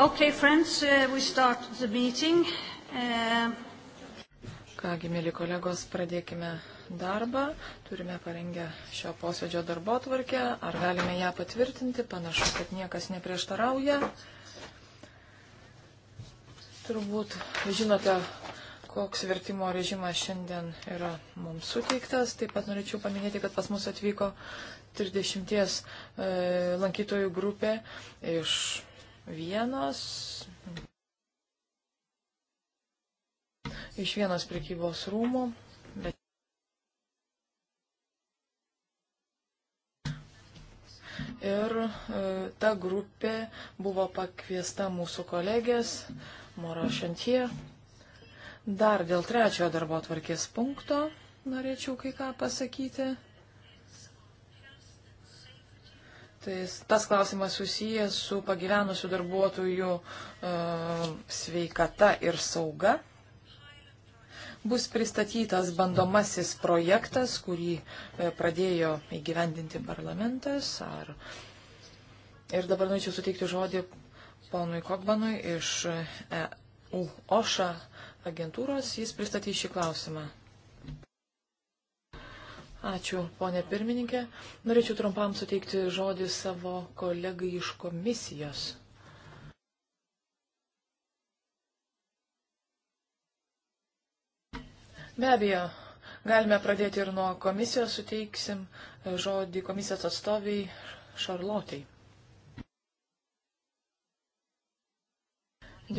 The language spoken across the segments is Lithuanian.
Okay, friends, uh, we start the meeting. Uh... Kągi, mėly kolegos, pradėkime darbą. Turime parengę šio posėdžio darbo tvarkę. Ar galime ją patvirtinti? Panašu, kad niekas neprieštarauja. Turbūt žinote, koks vertimo režimas šiandien yra mums suteiktas. Taip pat norėčiau paminėti, kad pas mus atvyko 30 e, lankytojų grupė iš vienas. Iš vienos prekybos rūmų. Bet... Ir e, ta grupė buvo pakviesta mūsų kolegės Moro Šantie. Dar dėl trečiojo darbo tvarkės punkto norėčiau kai ką pasakyti. Tai tas klausimas susijęs su pagyvenusių darbuotojų uh, sveikata ir sauga. Bus pristatytas bandomasis projektas, kurį uh, pradėjo įgyvendinti parlamentas. Ar... Ir dabar norėčiau suteikti žodį ponui Kokbanui iš EU OŠA agentūros. Jis pristatys šį klausimą. Ačiū, ponė pirmininkė. Norėčiau trumpam suteikti žodį savo kolegai iš komisijos. Be abejo, galime pradėti ir nuo komisijos, suteiksim e, žodį komisijos atstoviai Šarlotai.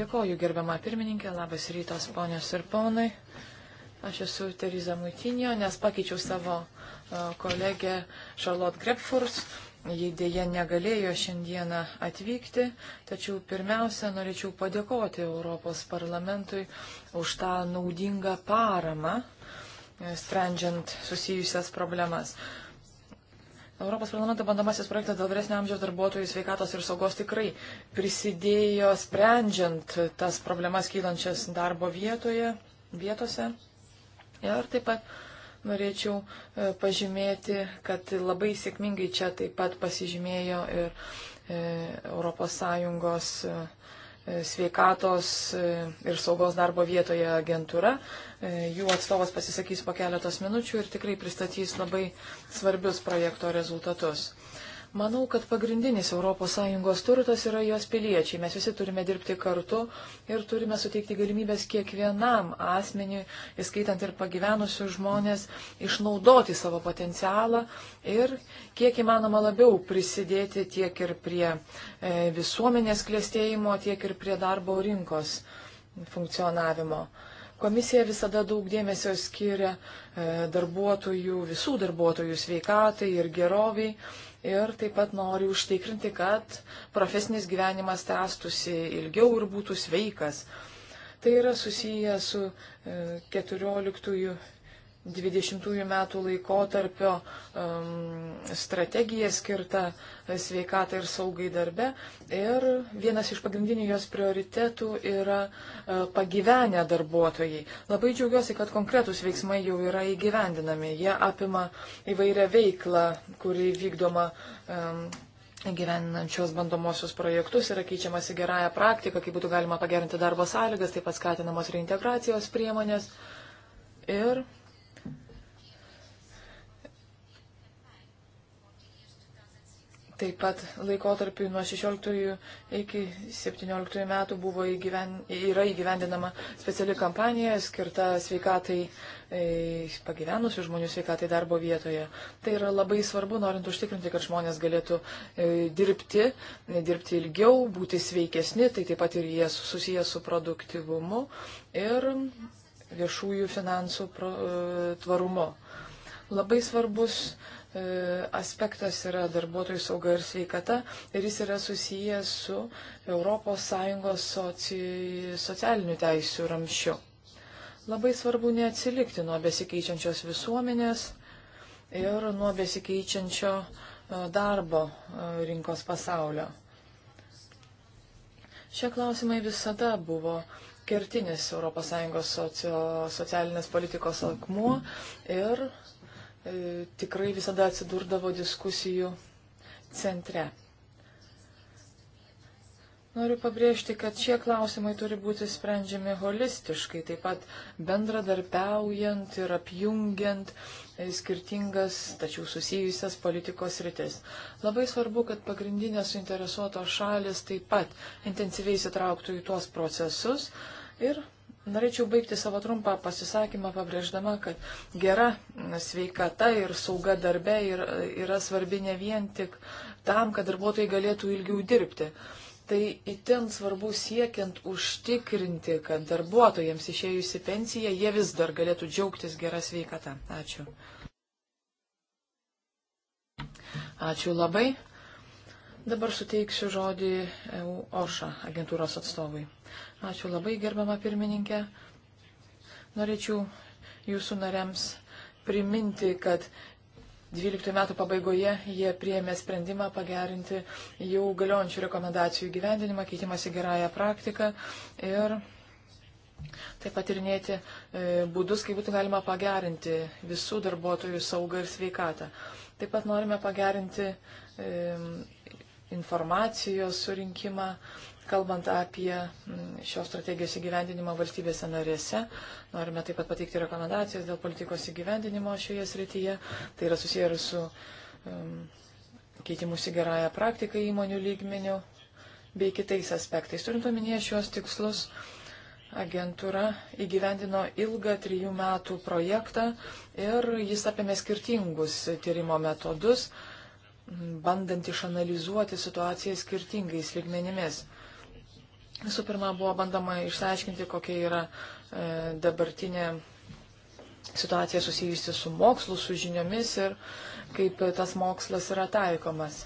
Dėkoju, gerbiama pirmininkė, labas rytas, ponios ir ponai. Aš esu Teriza Muitinio, nes pakeičiau savo e, kolegę Charlotte Grepfurs. Jie dėje negalėjo šiandieną atvykti, tačiau pirmiausia, norėčiau padėkoti Europos parlamentui už tą naudingą paramą, e, sprendžiant susijusias problemas. Europos parlamento bandamasis projektas dėl vyresnio amžiaus darbuotojų sveikatos ir saugos tikrai prisidėjo sprendžiant tas problemas kylančias darbo vietoje, vietose. Ir taip pat norėčiau e, pažymėti, kad labai sėkmingai čia taip pat pasižymėjo ir ES e, e, sveikatos ir saugos darbo vietoje agentūra. Jų atstovas pasisakys po keletos minučių ir tikrai pristatys labai svarbius projekto rezultatus. Manau, kad pagrindinis ES turtas yra jos piliečiai. Mes visi turime dirbti kartu ir turime suteikti galimybės kiekvienam asmeniui, įskaitant ir pagyvenusius žmonės, išnaudoti savo potencialą ir kiek įmanoma labiau prisidėti tiek ir prie e, visuomenės klėstėjimo, tiek ir prie darbo rinkos funkcionavimo. Komisija visada daug dėmesio skiria e, darbuotojų, visų darbuotojų sveikatai ir geroviai ir taip pat nori užtikrinti, kad profesinis gyvenimas tęstusi ilgiau ir būtų sveikas. Tai yra susiję su 14 e, 20 metų laikotarpio um, strategija skirta sveikatai ir saugai darbe. Ir vienas iš pagrindinių jos prioritetų yra uh, pagyvenę darbuotojai. Labai džiaugiuosi, kad konkretus veiksmai jau yra įgyvendinami. Jie apima įvairią veiklą, kuri vykdoma. Um, gyveninančios bandomosius projektus yra keičiamasi gerąją praktiką, kaip būtų galima pagerinti darbo sąlygas, taip pat skatinamos reintegracijos priemonės. Ir Taip pat laikotarpiu nuo 16 iki 17 metų buvo įgyven, yra įgyvendinama speciali kampanija skirta sveikatai e, pagyvenusių žmonių sveikatai darbo vietoje. Tai yra labai svarbu, norint užtikrinti, kad žmonės galėtų e, dirbti, dirbti ilgiau, būti sveikesni, tai taip pat ir jie susijęs su produktivumu ir viešųjų finansų pro, e, tvarumu. Labai svarbus E, aspektas yra darbuotojų sauga ir sveikata ir jis yra susijęs su ES soci... socialinių teisų ramščiu. Labai svarbu neatsilikti nuo besikeičiančios visuomenės ir nuo besikeičiančio e, darbo e, rinkos pasaulio. Šie klausimai visada buvo kertinis ES socio, socialinės politikos akmuo ir E, tikrai visada atsidurdavo diskusijų centre. Noriu pabrėžti, kad šie klausimai turi būti sprendžiami holistiškai, taip pat bendradarbiaujant ir apjungiant e, skirtingas, tačiau susijusias politikos rytis. Labai svarbu, kad pagrindinės suinteresuotos šalis taip pat intensyviai įsitrauktų į tuos procesus ir Norėčiau baigti savo trumpą pasisakymą pabrėždama, kad gera sveikata ir sauga darbe yra, yra svarbi ne vien tik tam, kad darbuotojai galėtų ilgiau dirbti. Tai itin svarbu siekiant užtikrinti, kad darbuotojams išėjusi pensija, jie vis dar galėtų džiaugtis gera sveikata. Ačiū. Ačiū labai. Dabar suteiksiu žodį EU OŠA agentūros atstovui. Ačiū labai, gerbama pirmininkė. Norėčiau jūsų nariams priminti, kad 12 metų pabaigoje jie priėmė sprendimą pagerinti jau galiojančių rekomendacijų gyvendinimą, keitimąsi gerąją praktiką ir taip pat tyrinėti e, būdus, kaip būtų galima pagerinti visų darbuotojų saugą ir sveikatą. Taip pat norime pagerinti e, informacijos surinkimą, kalbant apie mm, šios strategijos įgyvendinimą valstybėse narėse. Norime taip pat pateikti rekomendacijas dėl politikos įgyvendinimo šioje srityje. Tai yra susiję ir su um, keitimusi gerąją praktiką įmonių lygmenių bei kitais aspektais. Turint omenyje šios tikslus, agentūra įgyvendino ilgą trijų metų projektą ir jis apėmė skirtingus tyrimo metodus. Uh, bandant išanalizuoti situaciją skirtingais lygmenimis. Visų pirma, buvo bandama išsiaiškinti, kokia yra e, dabartinė situacija susijusi su mokslu, su žiniomis ir kaip tas mokslas yra taikomas.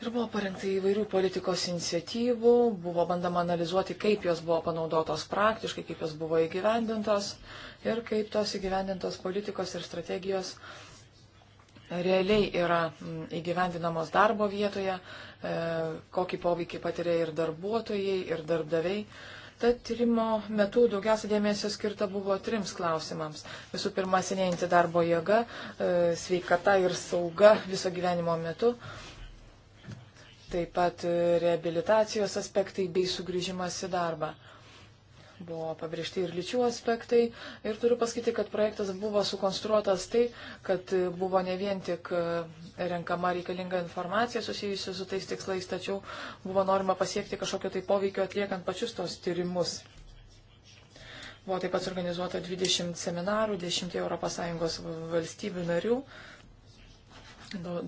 Ir buvo parengta įvairių politikos iniciatyvų, buvo bandama analizuoti, kaip jos buvo panaudotos praktiškai, kaip jos buvo įgyvendintos ir kaip tos įgyvendintos politikos ir strategijos realiai yra mm, įgyvendinamos darbo vietoje, e, kokį poveikį patiria ir darbuotojai, ir darbdaviai. Tad tyrimo metu daugiausia dėmesio skirta buvo trims klausimams. Visų pirma, senėjanti darbo jėga, e, sveikata ir sauga viso gyvenimo metu. Taip pat e, rehabilitacijos aspektai bei sugrįžimas į darbą. Buvo pabrėžti ir lyčių aspektai. Ir turiu pasakyti, kad projektas buvo sukonstruotas tai, kad buvo ne vien tik e, renkama reikalinga informacija susijusi su tais tikslais, tačiau buvo norima pasiekti kažkokio tai poveikio atliekant pačius tos tyrimus. Buvo taip pat organizuota 20 seminarų 10 ES valstybių narių.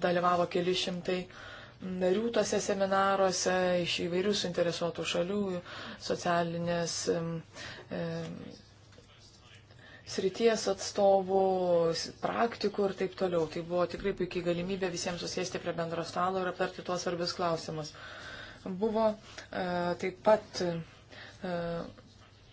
Dalyvavo keli šimtai uh, narių tose seminaruose, iš įvairių suinteresuotų šalių, socialinės e, srities atstovų, praktikų ir taip toliau. Tai buvo tikrai puikiai galimybė visiems susėsti prie bendro stalo ir aptarti tuos svarbius klausimus. Buvo e, taip pat e,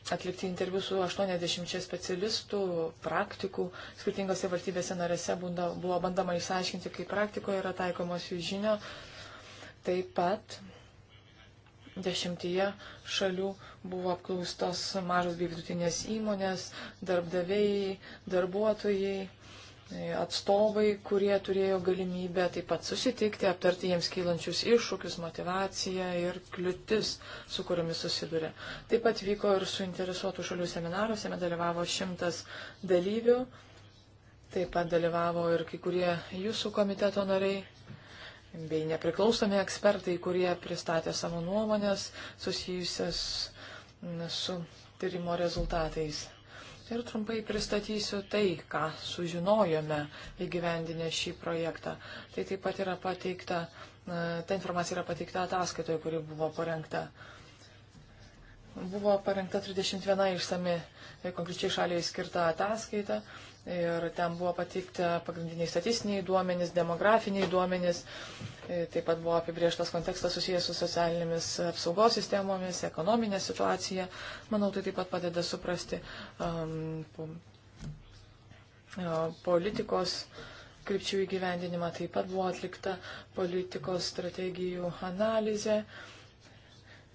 atlikti interviu su 80 specialistų, praktikų, skirtingose valstybėse narėse buvo bandama išsiaiškinti, kaip praktikoje yra taikomos jų žinios Taip pat dešimtyje šalių buvo apklaustos mažos bei vidutinės įmonės, darbdaviai, darbuotojai, atstovai, kurie turėjo galimybę taip pat susitikti, aptarti jiems kylančius iššūkius, motivaciją ir kliūtis, su kuriomis susiduria. Taip pat vyko ir suinteresuotų šalių seminaras, jame dalyvavo šimtas dalyvių, taip pat dalyvavo ir kai kurie jūsų komiteto nariai bei nepriklausomi ekspertai, kurie pristatė savo nuomonės susijusias su tyrimo rezultatais. Ir trumpai pristatysiu tai, ką sužinojome įgyvendinę šį projektą. Tai taip pat yra pateikta, ta informacija yra pateikta ataskaitoje, kuri buvo parengta. Buvo parengta 31 išsami konkrečiai šaliai skirta ataskaita Ir ten buvo pateikti pagrindiniai statistiniai duomenys, demografiniai duomenys, e, taip pat buvo apibrieštas kontekstas susijęs su socialinėmis apsaugos sistemomis, ekonominė situacija. Manau, tai taip pat padeda suprasti um, politikos krypčių įgyvendinimą. Taip pat buvo atlikta politikos strategijų analizė. Um,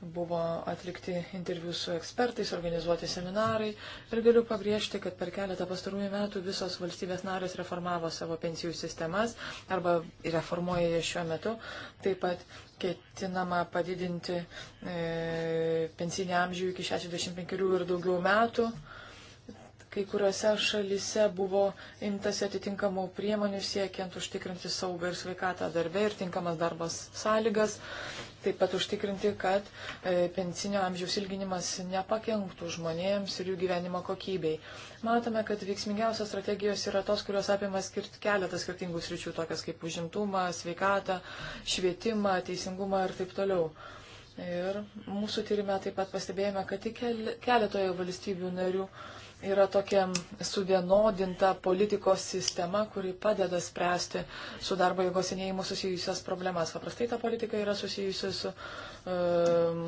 Buvo atlikti interviu su ekspertais, organizuoti seminarai ir galiu pabrėžti, kad per keletą pastarųjų metų visos valstybės narės reformavo savo pensijų sistemas arba reformuoja jas šiuo metu. Taip pat ketinama padidinti e, pensinį amžių iki 65 ir daugiau metų. Kai kuriuose šalise buvo imtas atitinkamų priemonių siekiant užtikrinti saugą ir sveikatą darbę ir tinkamas darbas sąlygas taip pat užtikrinti, kad e, pensinio amžiaus ilginimas nepakenktų žmonėms ir jų gyvenimo kokybei. Matome, kad veiksmingiausios strategijos yra tos, kurios apima skirt keletą skirtingų sričių, tokias kaip užimtumą, sveikatą, švietimą, teisingumą ir taip toliau. Ir mūsų tyrimė taip pat pastebėjome, kad tik keletoje valstybių narių yra tokia suvienodinta politikos sistema, kuri padeda spręsti su darbo jėgos senėjimu susijusias problemas. Paprastai ta politika yra susijusi su um,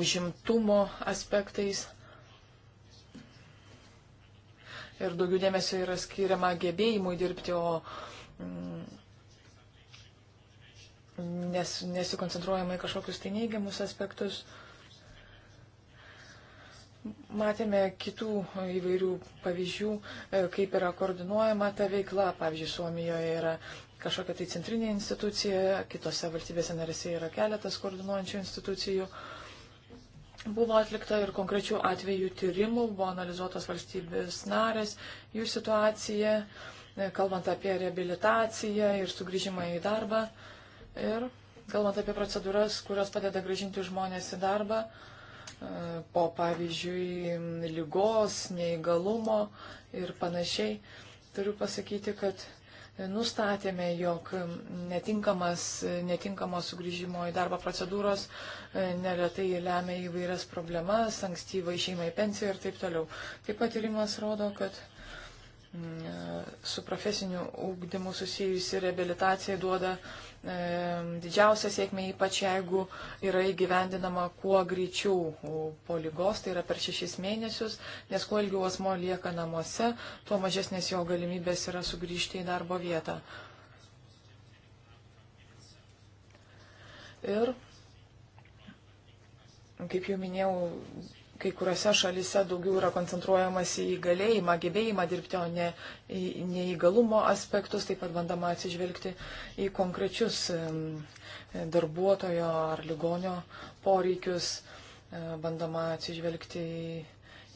užimtumo aspektais. Ir daugiau dėmesio yra skiriama gebėjimui dirbti, o mm, um, nes, nesikoncentruojama į kažkokius tai neigiamus aspektus. Uh, Matėme kitų įvairių pavyzdžių, e, kaip yra koordinuojama ta veikla. Pavyzdžiui, Suomijoje yra kažkokia tai centrinė institucija, kitose valstybėse narėse yra keletas koordinuojančių institucijų. Buvo atlikta ir konkrečių atvejų tyrimų, buvo analizuotos valstybės narės, jų situacija, e, kalbant apie reabilitaciją ir sugrįžimą į darbą. Ir kalbant apie procedūras, kurios padeda grįžinti žmonės į darbą. Uh, E, po, pavyzdžiui, lygos, neįgalumo ir panašiai. Turiu pasakyti, kad nustatėme, jog netinkamo sugrįžimo į darbą procedūros e, neretai lemia įvairias problemas, ankstyvą išeimą į pensiją ir taip toliau. Taip pat tyrimas rodo, kad mm, e, su profesiniu ūkdymu susijusi reabilitacija duoda uh, E, didžiausia sėkmė, ypač jeigu yra įgyvendinama kuo greičiau po lygos, tai yra per šešis mėnesius, nes kuo ilgiau asmo lieka namuose, tuo mažesnės jo galimybės yra sugrįžti į darbo vietą. Ir, kaip jau minėjau, kai kuriuose šalise daugiau yra koncentruojamas į galėjimą, gebėjimą dirbti, o ne į neįgalumo aspektus, taip pat bandama atsižvelgti į konkrečius darbuotojo ar ligonio poreikius, e, bandama atsižvelgti į,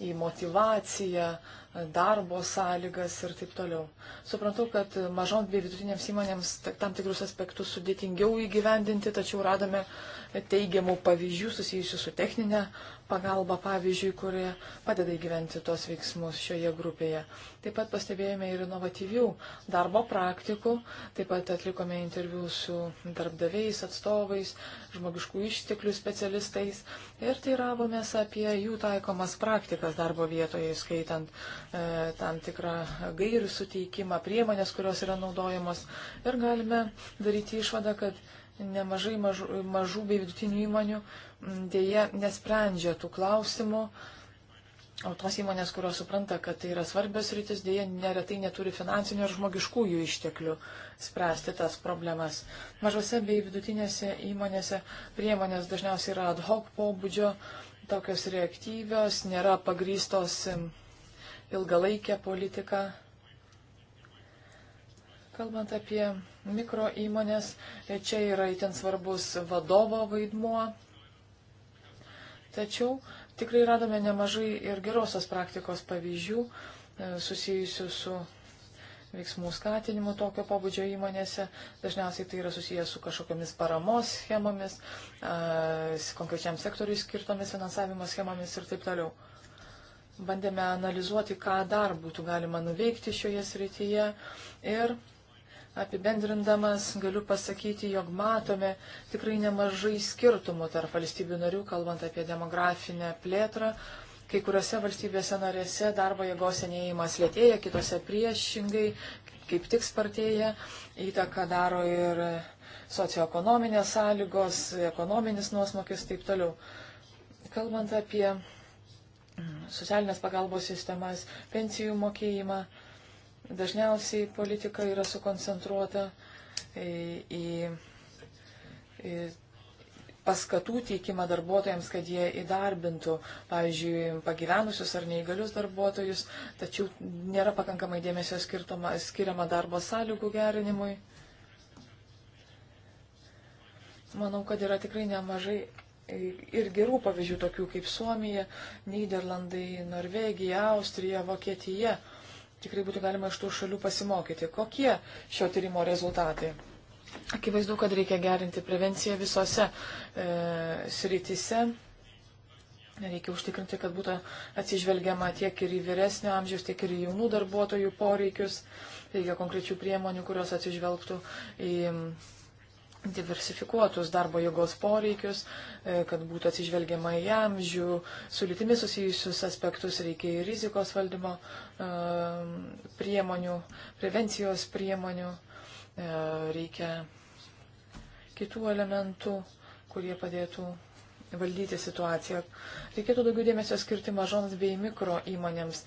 į motivaciją, darbo sąlygas ir taip toliau. Suprantu, kad mažoms bei vidutinėms įmonėms tam tikrus aspektus sudėtingiau įgyvendinti, tačiau radome teigiamų pavyzdžių susijusių su techninė pagalbą, pavyzdžiui, kurie padeda įgyventi tos veiksmus šioje grupėje. Taip pat pastebėjome ir inovatyvių darbo praktikų, taip pat atlikome interviu su darbdaviais, atstovais, žmogiškų išteklių specialistais ir teiravomės apie jų taikomas praktikas darbo vietoje, skaitant e, tam tikrą gairių suteikimą, priemonės, kurios yra naudojamos ir galime daryti išvadą, kad nemažai mažų, mažų bei vidutinių įmonių dėje nesprendžia tų klausimų, o tos įmonės, kurios supranta, kad tai yra svarbios rytis, dėje neretai neturi finansinių ir žmogiškųjų išteklių spręsti tas problemas. Mažose bei vidutinėse įmonėse priemonės dažniausiai yra ad hoc pobūdžio, tokios reaktyvios, nėra pagrystos ilgalaikę politiką kalbant apie mikro įmonės, čia yra itin svarbus vadovo vaidmuo. Tačiau tikrai radome nemažai ir gerosios praktikos pavyzdžių e, susijusių su veiksmų skatinimu tokio pobūdžio įmonėse. Dažniausiai tai yra susijęs su kažkokiamis paramos schemomis, konkrečiam sektoriui skirtomis finansavimo schemomis ir taip toliau. Bandėme analizuoti, ką dar būtų galima nuveikti šioje srityje ir Apibendrindamas galiu pasakyti, jog matome tikrai nemažai skirtumų tarp valstybių narių, kalbant apie demografinę plėtrą. Kai kuriuose valstybėse narėse darbo jėgos senėjimas lėtėja, kitose priešingai, kaip tik spartėja, įtaką daro ir socioekonominės sąlygos, ekonominis nuosmokis ir taip toliau. Kalbant apie socialinės pagalbos sistemas, pensijų mokėjimą, Dažniausiai politika yra sukoncentruota į, į paskatų teikimą darbuotojams, kad jie įdarbintų, pavyzdžiui, pagyvenusius ar neįgalius darbuotojus, tačiau nėra pakankamai dėmesio skirtoma, skiriama darbo sąlygų gerinimui. Manau, kad yra tikrai nemažai ir gerų pavyzdžių, tokių kaip Suomija, Niderlandai, Norvegija, Austrija, Vokietija, tikrai būtų galima iš tų šalių pasimokyti. Kokie šio tyrimo rezultatai? Akivaizdu, kad reikia gerinti prevenciją visose e, srityse. Reikia užtikrinti, kad būtų atsižvelgiama tiek ir į vyresnio amžiaus, tiek ir į jaunų darbuotojų poreikius. Reikia konkrečių priemonių, kurios atsižvelgtų į diversifikuotus darbo jėgos poreikius, e, kad būtų atsižvelgiama į amžių, su lytimi susijusius aspektus reikia ir rizikos valdymo e, priemonių, prevencijos priemonių, e, reikia kitų elementų, kurie padėtų valdyti situaciją. Reikėtų daugiau dėmesio skirti mažoms bei mikro įmonėms,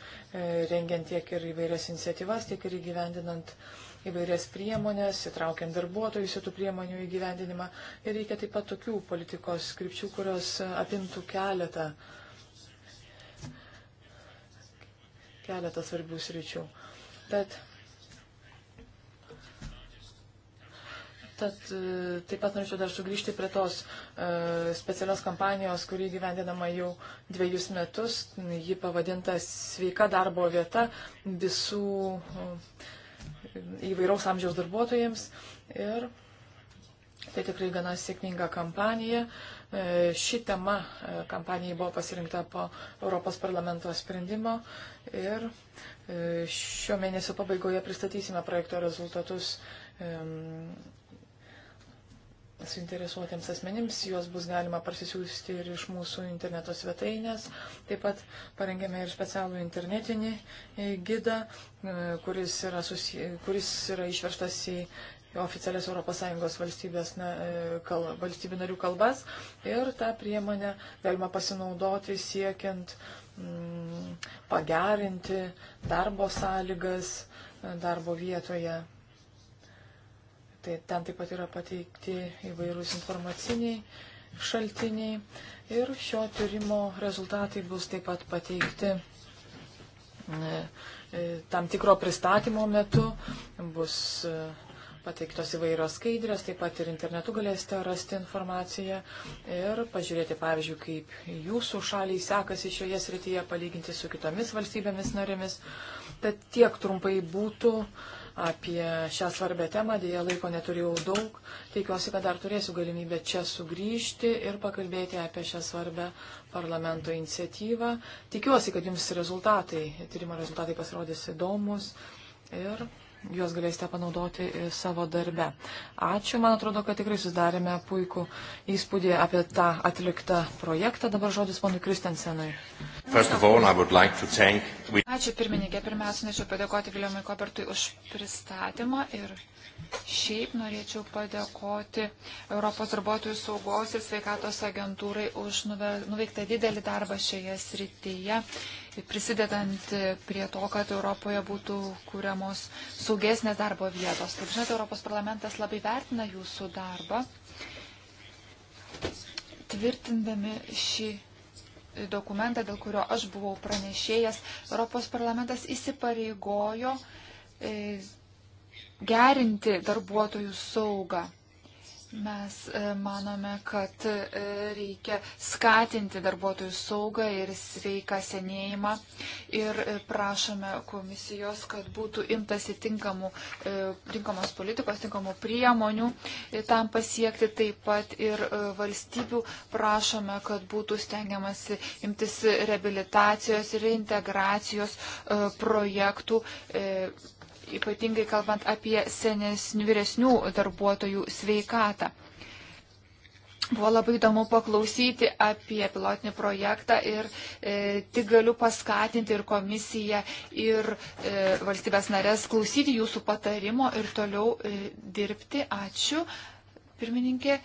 rengiant tiek ir įvairias iniciatyvas, tiek ir įgyvendinant uh, įvairias priemonės, įtraukiant darbuotojus į tų priemonių įgyvendinimą. Ir reikia taip pat tokių politikos skripčių, kurios apimtų keletą, keletą svarbių sričių. Tad Tad e, taip pat norėčiau dar sugrįžti prie tos uh, specialios kampanijos, kurį gyvendinama jau dviejus metus. Ji pavadinta sveika darbo vieta visų uh, įvairaus amžiaus darbuotojams. Ir tai tikrai gana sėkminga kampanija. E, ši tema e, kampanijai buvo pasirinkta po Europos parlamento sprendimo. Ir e, šio mėnesio pabaigoje pristatysime projekto rezultatus suinteresuotiems asmenims, juos bus galima parsisiųsti ir iš mūsų interneto svetainės. Taip pat parengėme ir specialų internetinį e, gidą, e, kuris yra, susi... kuris yra išverstas į oficialias ES valstybės, na, e, kal, valstybių narių kalbas ir tą priemonę galima pasinaudoti siekiant mm, pagerinti darbo sąlygas darbo vietoje. Tai ten taip pat yra pateikti įvairūs informaciniai šaltiniai ir šio tyrimo rezultatai bus taip pat pateikti e, e, tam tikro pristatymo metu. Bus e, pateiktos įvairios skaidrės, taip pat ir internetu galėsite rasti informaciją ir pažiūrėti, pavyzdžiui, kaip jūsų šaliai sekasi šioje srityje palyginti su kitomis valstybėmis narėmis. Tad tiek trumpai būtų apie šią svarbę temą, dėja laiko neturėjau daug. Tikiuosi, kad dar turėsiu galimybę čia sugrįžti ir pakalbėti apie šią svarbę parlamento iniciatyvą. Tikiuosi, kad jums rezultatai, tyrimo rezultatai pasirodys įdomus. Ir juos galėsite panaudoti savo darbe. Ačiū, man atrodo, kad tikrai susidarėme puikų įspūdį apie tą atliktą projektą. Dabar žodis ponui Kristensenui. Like Ačiū pirmininkė, pirmiausia, norėčiau padėkoti Viljamui Kobertui už pristatymą ir Šiaip norėčiau padėkoti Europos darbuotojų saugos ir sveikatos agentūrai už nuveiktą didelį darbą šioje srityje, prisidedant prie to, kad Europoje būtų kūriamos saugesnės darbo vietos. Kaip žinote, Europos parlamentas labai vertina jūsų darbą, tvirtindami šį dokumentą, dėl kurio aš buvau pranešėjęs, Europos parlamentas įsipareigojo e, gerinti darbuotojų saugą. Mes e, manome, kad e, reikia skatinti darbuotojų saugą ir sveiką senėjimą ir e, prašome komisijos, kad būtų imtasi tinkamų, tinkamos politikos, tinkamų priemonių tam pasiekti. Taip pat ir valstybių prašome, kad būtų stengiamasi imtis rehabilitacijos ir integracijos projektų ypatingai kalbant apie senesnių vyresnių darbuotojų sveikatą. Buvo labai įdomu paklausyti apie pilotinį projektą ir e, tik galiu paskatinti ir komisiją, ir e, valstybės narės klausyti jūsų patarimo ir toliau e, dirbti. Ačiū. Pirmininkė,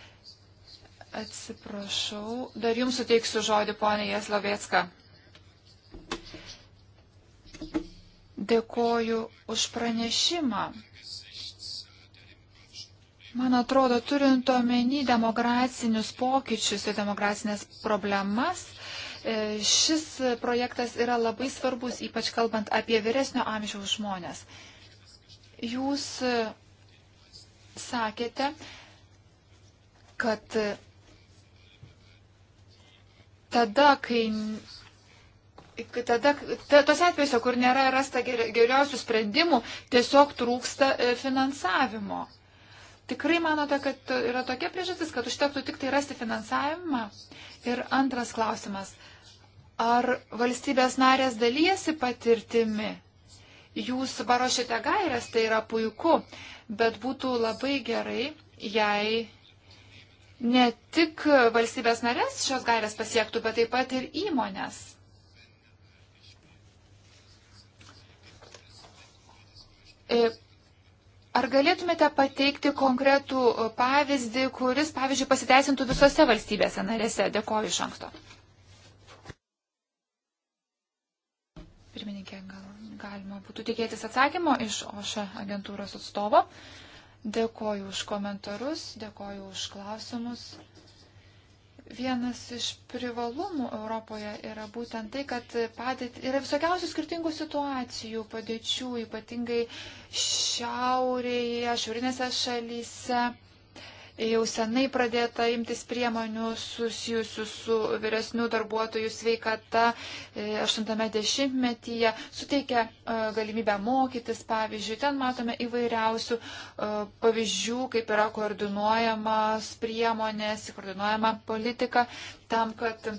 atsiprašau. Dar jums suteiksiu žodį, ponė Jeslovėcka. Dėkoju už pranešimą. Man atrodo, turint omeny demografinius pokyčius ir demografinės problemas, e, šis projektas yra labai svarbus, ypač kalbant apie vyresnio amžiaus žmonės. Jūs e, sakėte, kad tada, kai tada, tos atvejuose, kur nėra rasta geriausių sprendimų, tiesiog trūksta e, finansavimo. Tikrai manote, kad yra tokia priežastis, kad užtektų tik tai rasti finansavimą? Ir antras klausimas. Ar valstybės narės dalyjasi patirtimi? Jūs paruošite gairias, tai yra puiku, bet būtų labai gerai, jei ne tik valstybės narės šios gairias pasiektų, bet taip pat ir įmonės. E, ar galėtumėte pateikti konkretų e, pavyzdį, kuris, pavyzdžiui, pasiteisintų visose valstybėse narėse? Dėkoju iš anksto. Pirmininkė, gal, galima būtų tikėtis atsakymo iš OŠA agentūros atstovo. Dėkoju už komentarus, dėkoju už klausimus. Vienas iš privalumų Europoje yra būtent tai, kad padėt, yra visokiausių skirtingų situacijų, padėčių, ypatingai šiaurėje, šiaurinėse šalyse jau senai pradėta imtis priemonių susijusių su vyresnių darbuotojų sveikata 80-metyje, e, suteikia e, galimybę mokytis, pavyzdžiui, ten matome įvairiausių e, pavyzdžių, kaip yra koordinuojamas priemonės, koordinuojama politika tam, kad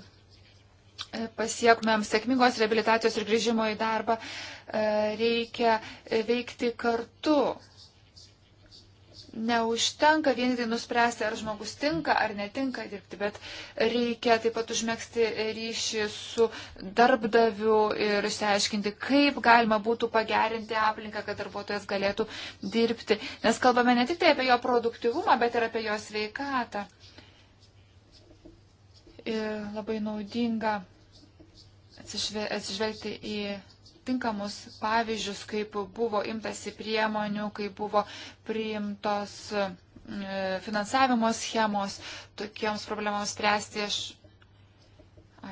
pasiekmėm sėkmingos rehabilitacijos ir grįžimo į darbą, reikia veikti kartu neužtenka vien tik nuspręsti, ar žmogus tinka ar netinka dirbti, bet reikia taip pat užmėgsti ryšį su darbdaviu ir išsiaiškinti, kaip galima būtų pagerinti aplinką, kad darbuotojas galėtų dirbti. Nes kalbame ne tik tai apie jo produktivumą, bet ir apie jo sveikatą. Ir labai naudinga atsižvelgti į tinkamus pavyzdžius, kaip buvo imtasi priemonių, kaip buvo priimtos mm, e, finansavimo schemos tokiems problemams spręsti. Aš...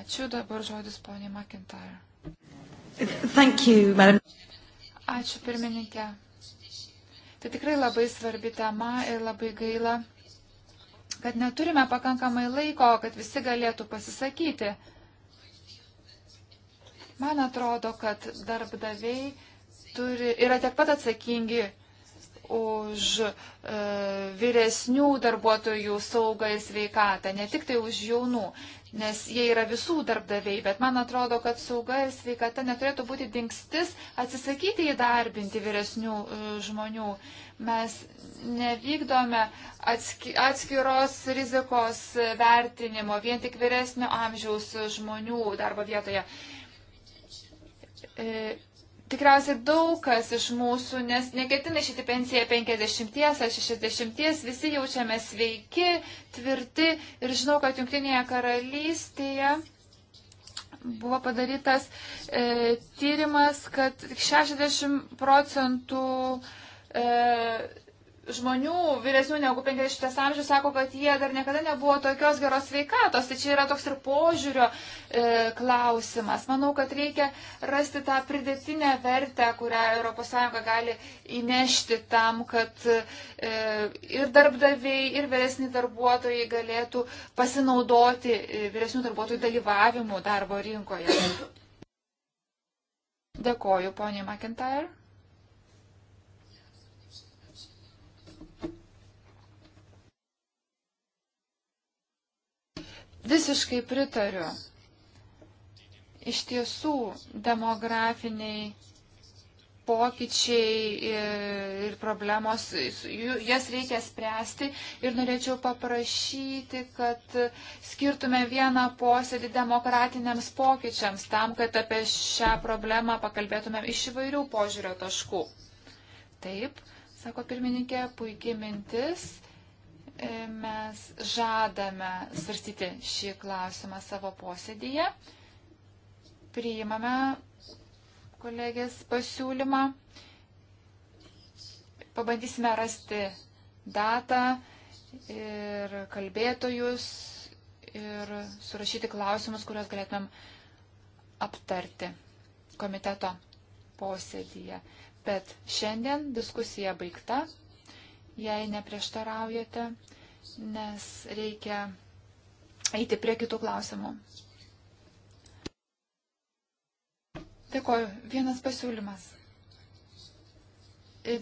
Ačiū dabar žodis poniai McIntyre. You, Ačiū pirmininkė. Tai tikrai labai svarbi tema ir labai gaila, kad neturime pakankamai laiko, kad visi galėtų pasisakyti. Man atrodo, kad darbdaviai turi, yra tiek pat atsakingi už e, vyresnių darbuotojų saugą ir sveikatą, ne tik tai už jaunų, nes jie yra visų darbdaviai, bet man atrodo, kad sauga ir sveikata neturėtų būti dingstis atsisakyti įdarbinti vyresnių e, žmonių. Mes nevykdome atski, atskiros rizikos vertinimo vien tik vyresnio amžiaus žmonių darbo vietoje. E, e, tikriausiai daug kas iš mūsų, nes neketina išėti pensiją 50 ar 60, visi jaučiame sveiki, tvirti ir žinau, kad Junktinėje karalystėje buvo padarytas e, tyrimas, kad 60 procentų e, žmonių vyresnių negu 50 amžius sako, kad jie dar niekada nebuvo tokios geros sveikatos. Tai čia yra toks ir požiūrio e, klausimas. Manau, kad reikia rasti tą pridėtinę vertę, kurią ES gali įnešti tam, kad e, ir darbdaviai, ir vyresni darbuotojai galėtų pasinaudoti e, vyresnių darbuotojų dalyvavimu darbo rinkoje. Dėkoju, poniai McIntyre. Visiškai pritariu. Iš tiesų, demografiniai pokyčiai ir problemos, jas reikia spręsti ir norėčiau paprašyti, kad skirtume vieną posėdį demokratiniams pokyčiams, tam, kad apie šią problemą pakalbėtumėm iš įvairių požiūrio taškų. Taip, sako pirmininkė, puikiai mintis. E, mes žadame svarstyti šį klausimą savo posėdėje. Priimame kolegės pasiūlymą. Pabandysime rasti datą ir kalbėtojus ir surašyti klausimus, kuriuos galėtumėm aptarti komiteto posėdyje. Bet šiandien diskusija baigta jei neprieštaraujate, nes reikia eiti prie kitų klausimų. Dėkoju. Vienas pasiūlymas.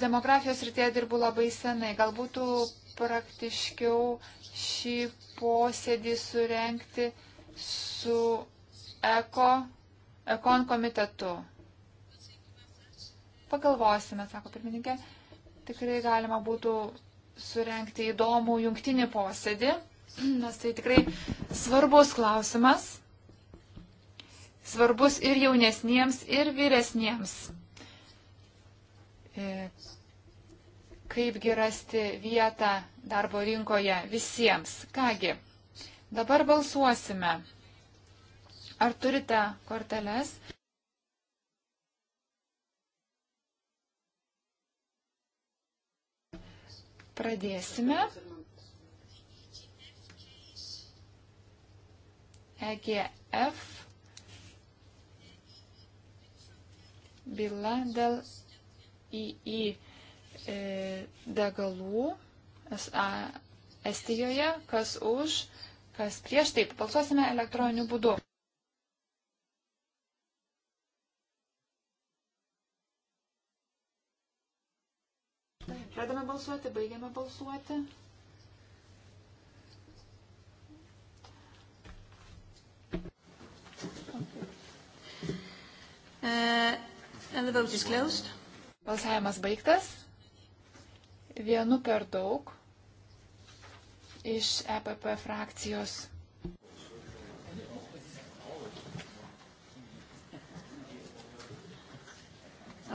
Demografijos rytėje dirbu labai senai. Gal būtų praktiškiau šį posėdį surenkti su eko, ekon komitetu. Pagalvosime, sako pirmininkė tikrai galima būtų surenkti įdomų jungtinį posėdį, nes tai tikrai svarbus klausimas. Svarbus ir jaunesniems, ir vyresniems. E, kaipgi rasti vietą darbo rinkoje visiems. Kągi, dabar balsuosime. Ar turite korteles? Pradėsime. EGF byla dėl II e, degalų Estijoje, kas už, kas prieš. Taip, balsuosime elektroniniu būdu. Pradame balsuoti, baigiame balsuoti. Okay. Uh, and the vote is closed. Balsavimas baigtas. Vienu per daug iš EPP frakcijos.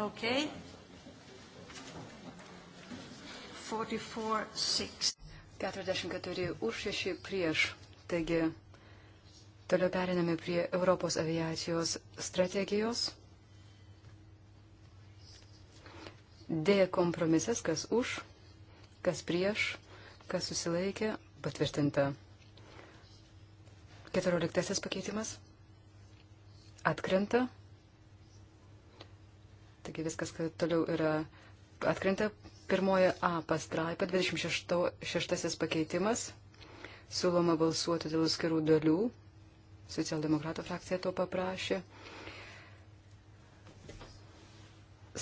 Okay. 44, 44 už 6 prieš. Taigi, toliau periname prie Europos aviacijos strategijos. D kompromisas, kas už, kas prieš, kas susilaikė, patvirtinta. 14 pakeitimas. Atkrenta. Taigi viskas, kad toliau yra atkrenta Pirmoji A pastraipa, 26 pakeitimas. Siūloma balsuoti dėl skirų dalių. Socialdemokratų frakcija to paprašė.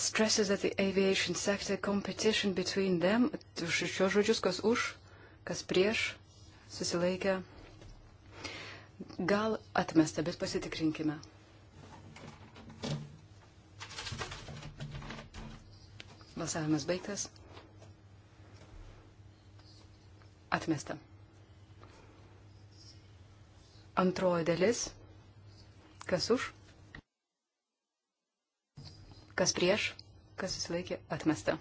Stresses that the aviation sector competition between them. Šios žodžius, kas už, kas prieš, susilaikė. Gal atmesta, bet pasitikrinkime. Balsavimas baigtas. Atmesta. Antroji dalis. Kas už? Kas prieš? Kas susilaikė? Atmesta.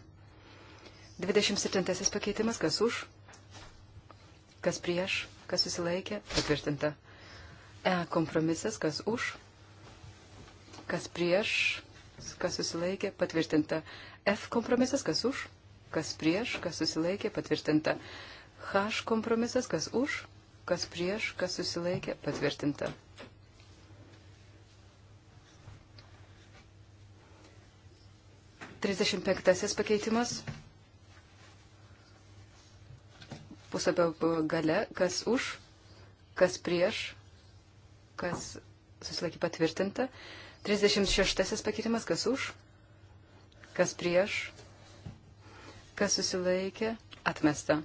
27 pakeitimas. Kas už? Kas prieš? Kas susilaikė? Patvirtinta. E kompromisas. Kas už? Kas prieš? Kas susilaikė? Patvirtinta. F kompromisas. Kas už? Kas prieš? Kas susilaikė? Patvirtinta. H kompromisas, kas už, kas prieš, kas susilaikė, patvirtinta. Trisdešimt penktasis pakeitimas. Pusapio gale, kas už, kas prieš, kas susilaikė patvirtinta. 36 pakeitimas, kas už, kas prieš, kas susilaikė, atmesta.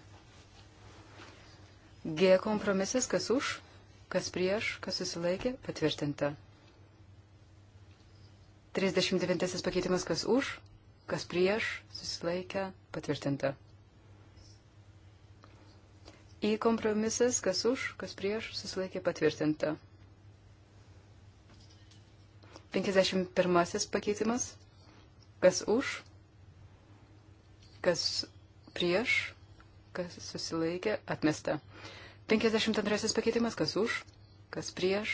G kompromisas, kas už, kas prieš, kas susilaikė, patvirtinta. 39 pakeitimas, kas už, kas prieš, susilaikė, patvirtinta. Į kompromisas, kas už, kas prieš, susilaikė, patvirtinta. 51 pakeitimas, kas už, kas prieš, kas susilaikė, atmesta. 52 pakeitimas, kas už, kas prieš,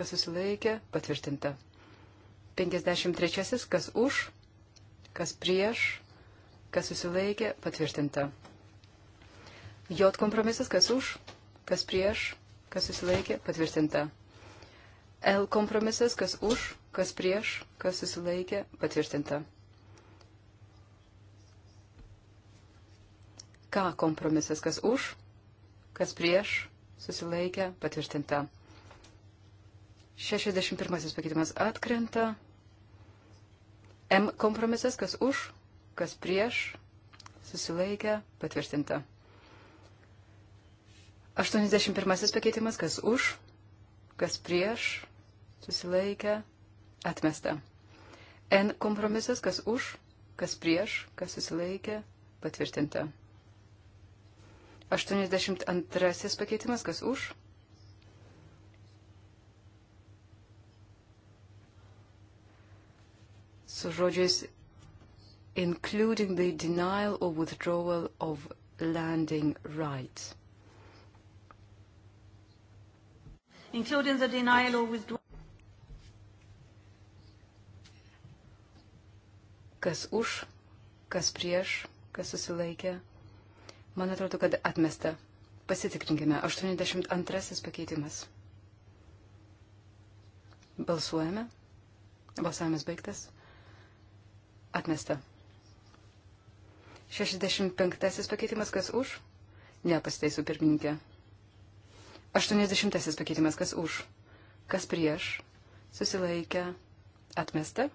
kas susilaikė, patvirtinta. 53 kas už, kas prieš, kas susilaikė, patvirtinta. J kompromisas, kas už, kas prieš, kas susilaikė, patvirtinta. L kompromisas, kas už, kas prieš, kas susilaikė, patvirtinta. Ką kompromisas, kas už, kas prieš, susilaikė, patvirtinta. 61 pakeitimas atkrenta. M kompromisas, kas už, kas prieš, susilaikė, patvirtinta. 81 pakeitimas, kas už, kas prieš, susilaikė, atmesta. N kompromisas, kas už, kas prieš, kas susilaikė, patvirtinta. 82 pakeitimas, kas už? Su žodžiais including the denial or withdrawal of landing rights. Including the denial or withdrawal. Kas už, kas prieš, kas susilaikė Man atrodo, kad atmesta. Pasitikrinkime. 82 pakeitimas. Balsuojame. Balsavimas baigtas. Atmesta. 65 pakeitimas kas už? Ne, pasiteisiu pirmininkė. 80 pakeitimas kas už? Kas prieš? Susilaikę. Atmesta.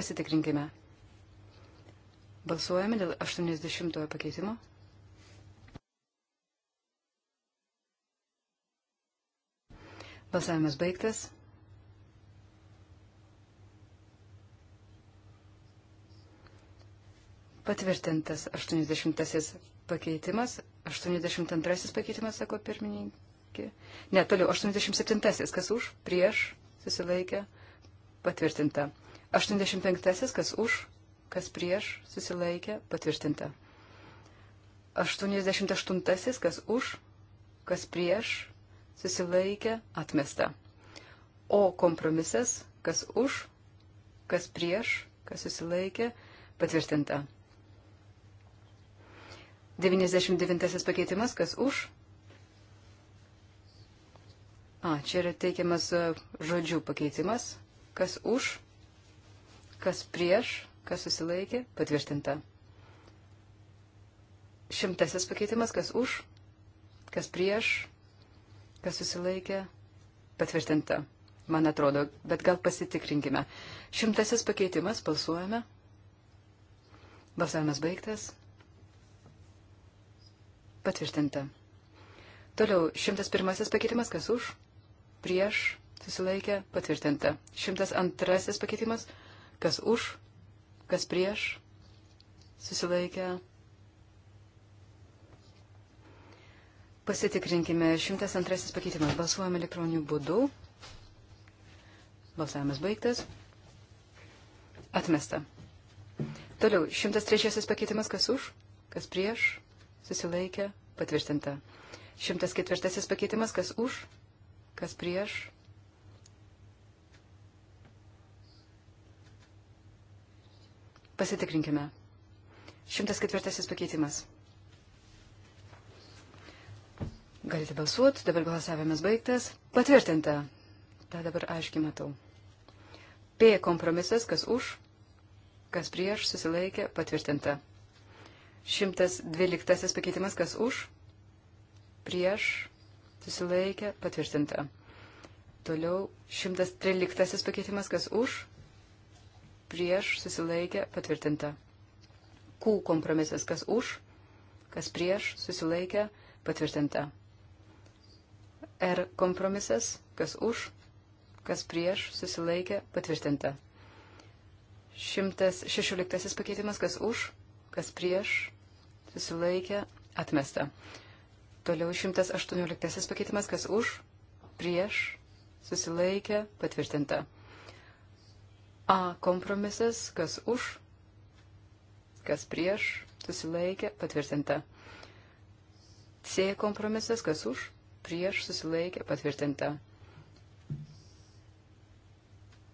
Pasitikrinkime. Balsuojame dėl 80 pakeitimo. Balsavimas baigtas. Patvirtintas 80 pakeitimas, 82 pakeitimas, sako pirmininkė. Ne, toliau, 87, kas už, prieš, susilaikė, patvirtinta. 85, kas už, kas prieš, susilaikė, patvirtinta. 88, kas už, kas prieš, susilaikė, atmesta. O kompromisas, kas už, kas prieš, kas susilaikė, patvirtinta. 99 pakeitimas, kas už. A, čia yra teikiamas e, žodžių pakeitimas, kas už, kas prieš, kas susilaikė, patvirtinta. Šimtasis pakeitimas, kas už, kas prieš, kas susilaikė, patvirtinta. Man atrodo, bet gal pasitikrinkime. Šimtasis pakeitimas, balsuojame. Balsavimas baigtas. Patvirtinta. Toliau, šimtas pirmasis pakeitimas, kas už, prieš, susilaikė, patvirtinta. Šimtas antrasis pakeitimas, kas už, Kas prieš? Susilaikę. Pasitikrinkime 102 pakeitimas. Balsuojame elektroniniu būdu. Balsavimas baigtas. Atmesta. Toliau, 103 pakeitimas kas už, kas prieš, susilaikė, patvirtinta. 104 pakeitimas kas už, kas prieš, Pasitikrinkime. 104 pakeitimas. Galite balsuoti, dabar balsavimas baigtas. Patvirtinta. Ta dabar aiškiai matau. P kompromisas, kas už, kas prieš, susilaikė, patvirtinta. 112 pakeitimas, kas už, prieš, susilaikė, patvirtinta. Toliau 113 pakeitimas, kas už, prieš, susilaikė, patvirtinta. Q kompromisas, kas už, kas prieš, susilaikė, patvirtinta. R kompromisas, kas už, kas prieš, susilaikė, patvirtinta. 116 pakeitimas, kas už, kas prieš, susilaikė, atmesta. Toliau 118 pakeitimas, kas už, prieš, susilaikė, patvirtinta. A kompromisas, kas už, kas prieš, susilaikė, patvirtinta. C kompromisas, kas už, prieš, susilaikė, patvirtinta.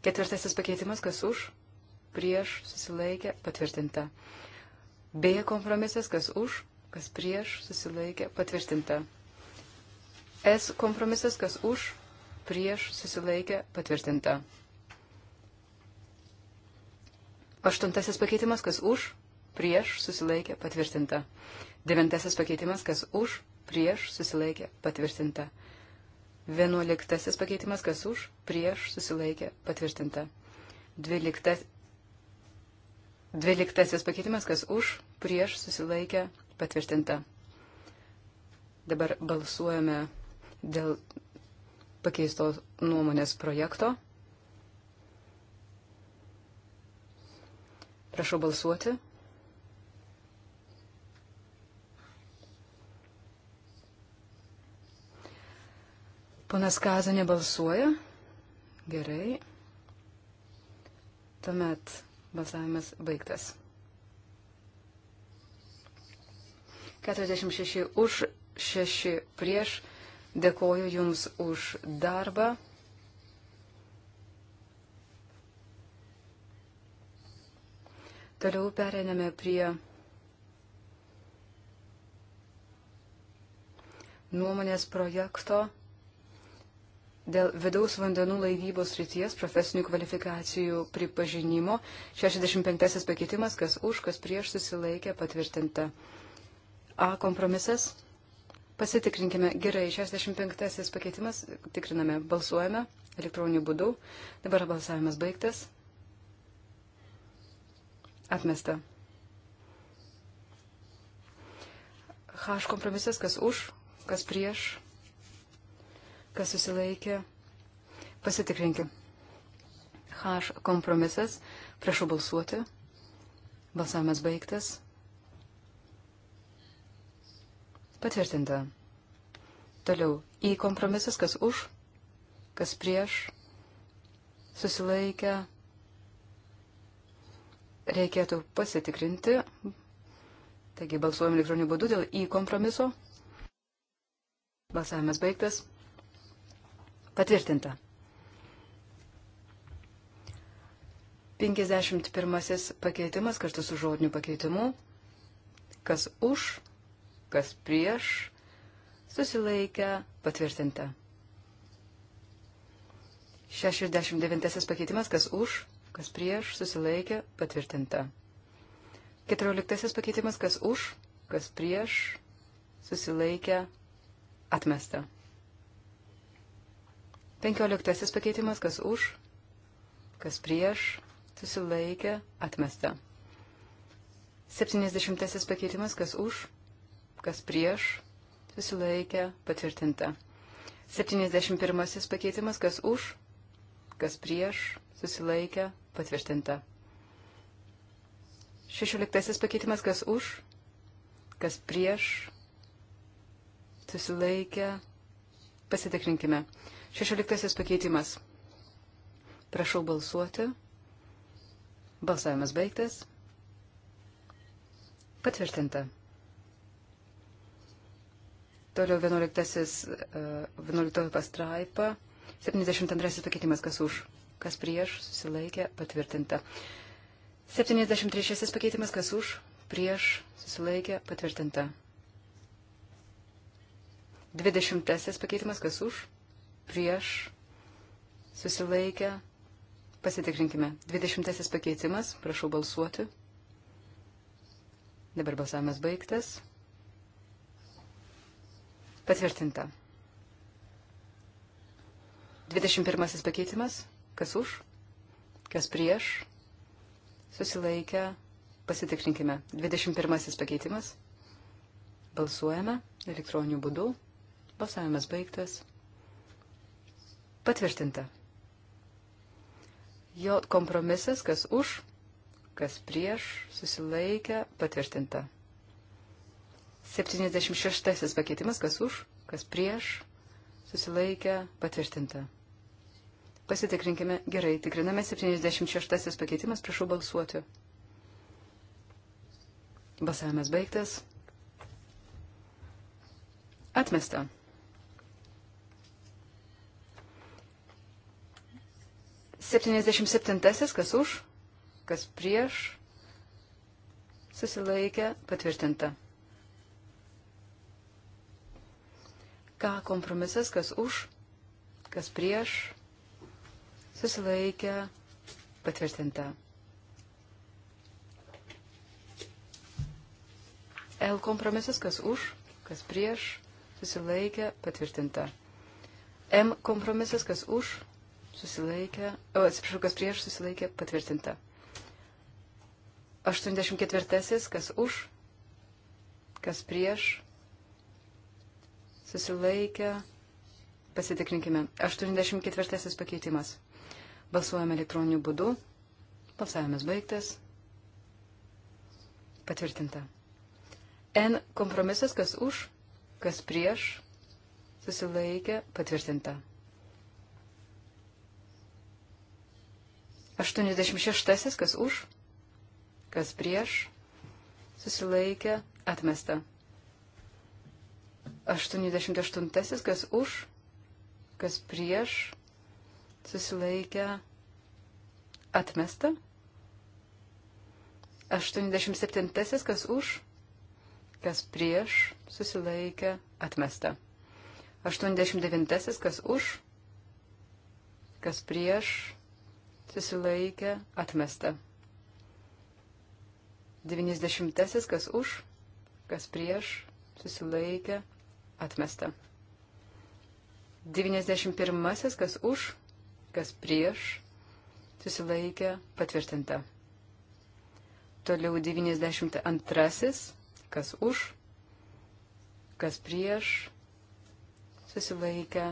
Ketvirtasis pakeitimas, kas už, prieš, susilaikė, patvirtinta. B kompromisas, kas už, kas prieš, susilaikė, patvirtinta. S kompromisas, kas už, prieš, susilaikė, patvirtinta. Aštuntasis pakeitimas, kas už, prieš, susilaikė, patvirtinta. Devintasis pakeitimas, kas už, prieš, susilaikė, patvirtinta. Vienuoliktasis pakeitimas, kas už, prieš, susilaikė, patvirtinta. Dvyliktas, dvyliktasis pakeitimas, kas už, prieš, susilaikė, patvirtinta. Dabar balsuojame dėl pakeistos nuomonės projekto. Prašau balsuoti. Ponas Kaza nebalsuoja. Gerai. Tuomet balsavimas baigtas. 46 už, 6 prieš. Dėkoju Jums už darbą. Toliau perėmėme prie nuomonės projekto dėl vidaus vandenų laivybos ryties profesinių kvalifikacijų pripažinimo. 65 pakeitimas, kas už, kas prieš susilaikė patvirtinta. A kompromisas. Pasitikrinkime. Gerai, 65 pakeitimas. Tikriname. Balsuojame elektroniniu būdu. Dabar balsavimas baigtas. Atmesta. H kompromisas, kas už, kas prieš, kas susilaikė. Pasitikrinkim. H kompromisas. Prašau balsuoti. Balsavimas baigtas. Patvirtinta. Toliau. Į kompromisas, kas už, kas prieš, susilaikę, reikėtų pasitikrinti. Taigi balsuojam elektroniniu būdu dėl į kompromiso. Balsavimas baigtas. Patvirtinta. 51 pakeitimas kartu su žodiniu pakeitimu. Kas už, kas prieš, susilaikę, patvirtinta. 69 pakeitimas, kas už, kas prieš, susilaikė, patvirtinta. Keturioliktasis pakeitimas, kas už, kas prieš, susilaikė, atmesta. Penkioliktasis pakeitimas, kas už, kas prieš, susilaikė, atmesta. Septyniasdešimtasis pakeitimas, kas už, kas prieš, susilaikė, patvirtinta. Septyniasdešimt pirmasis pakeitimas, kas už, kas prieš, susilaikę, patvirtinta. Šešioliktasis pakeitimas, kas už, kas prieš, susilaikę, pasitikrinkime. Šešioliktasis pakeitimas. Prašau balsuoti. Balsavimas baigtas. Patvirtinta. Toliau 11, 11 e, pastraipa, 72 pakeitimas, kas už, kas prieš, susilaikė, patvirtinta. 73 pakeitimas, kas už, prieš, susilaikė, patvirtinta. 20 pakeitimas, kas už, prieš, susilaikė, pasitikrinkime. 20 pakeitimas, prašau balsuoti. Dabar balsavimas baigtas. Patvirtinta. 21 pakeitimas. Kas už, kas prieš, susilaikę, pasitikrinkime. 21 pakeitimas. Balsuojame elektroniniu būdu. Balsavimas baigtas. Patvirtinta. Jo kompromisas, kas už, kas prieš, susilaikę, patvirtinta. 76 pakeitimas, kas už, kas prieš, susilaikę, patvirtinta. Pasitikrinkime. Gerai, tikriname 76 pakeitimas, prašau balsuoti. Balsavimas baigtas. Atmesta. Septyniasdešimt septintasis, kas už, kas prieš, susilaikė, patvirtinta. Ką kompromisas, kas už, kas prieš, susilaikę, patvirtinta. L kompromisas, kas už, kas prieš, susilaikė, patvirtinta. M kompromisas, kas už, susilaikė, o atsiprašau, kas prieš, susilaikė, patvirtinta. 84. kas už, kas prieš, susilaikė, pasitikrinkime. 84. pakeitimas. Balsuojame elektroniniu būdu. Balsavimas baigtas. Patvirtinta. N kompromisas, kas už, kas prieš, susilaikė, patvirtinta. 86, kas už, kas prieš, susilaikė, atmesta. 88, kas už, kas prieš, susilaikę, atmesta. 87. kas už, kas prieš, susilaikę, atmesta. 89. kas už, kas prieš, susilaikė, atmesta. 90. kas už, kas prieš, susilaikė, atmesta. 91. kas už, kas prieš, susilaikė, patvirtinta. Toliau 92, kas už, kas prieš, susilaikė,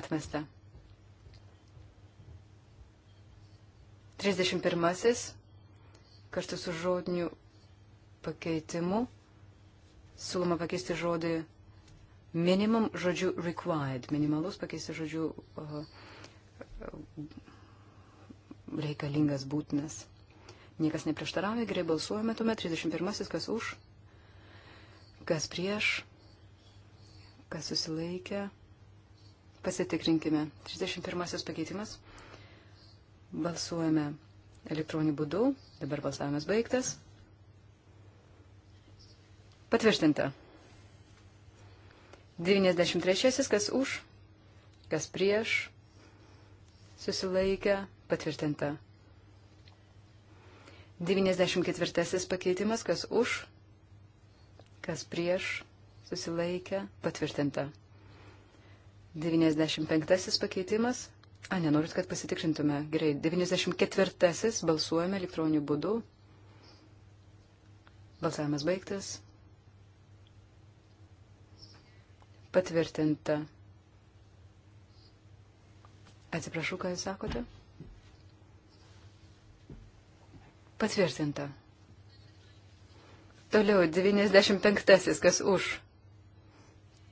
atmesta. 31, kartu su žodiniu pakeitimu, siūloma pakeisti žodį minimum žodžiu required, minimalus pakeisti žodžiu uh, reikalingas, būtinas. Niekas neprieštaravė, gerai balsuojame tuomet. 31. kas už, kas prieš, kas susilaikė. Pasitikrinkime. 31. pakeitimas. Balsuojame elektroniniu būdu. Dabar balsavimas baigtas. Patvirtinta. 93. kas už, kas prieš, susilaikę, patvirtinta. 94 pakeitimas, kas už, kas prieš, susilaikę, patvirtinta. 95 pakeitimas, a, nenorit, kad pasitikrintume, gerai, 94 balsuojame elektroniniu būdu. Balsavimas baigtas. Patvirtinta. Atsiprašau, ką jūs sakote? Patvirtinta. Toliau 95. Kas už?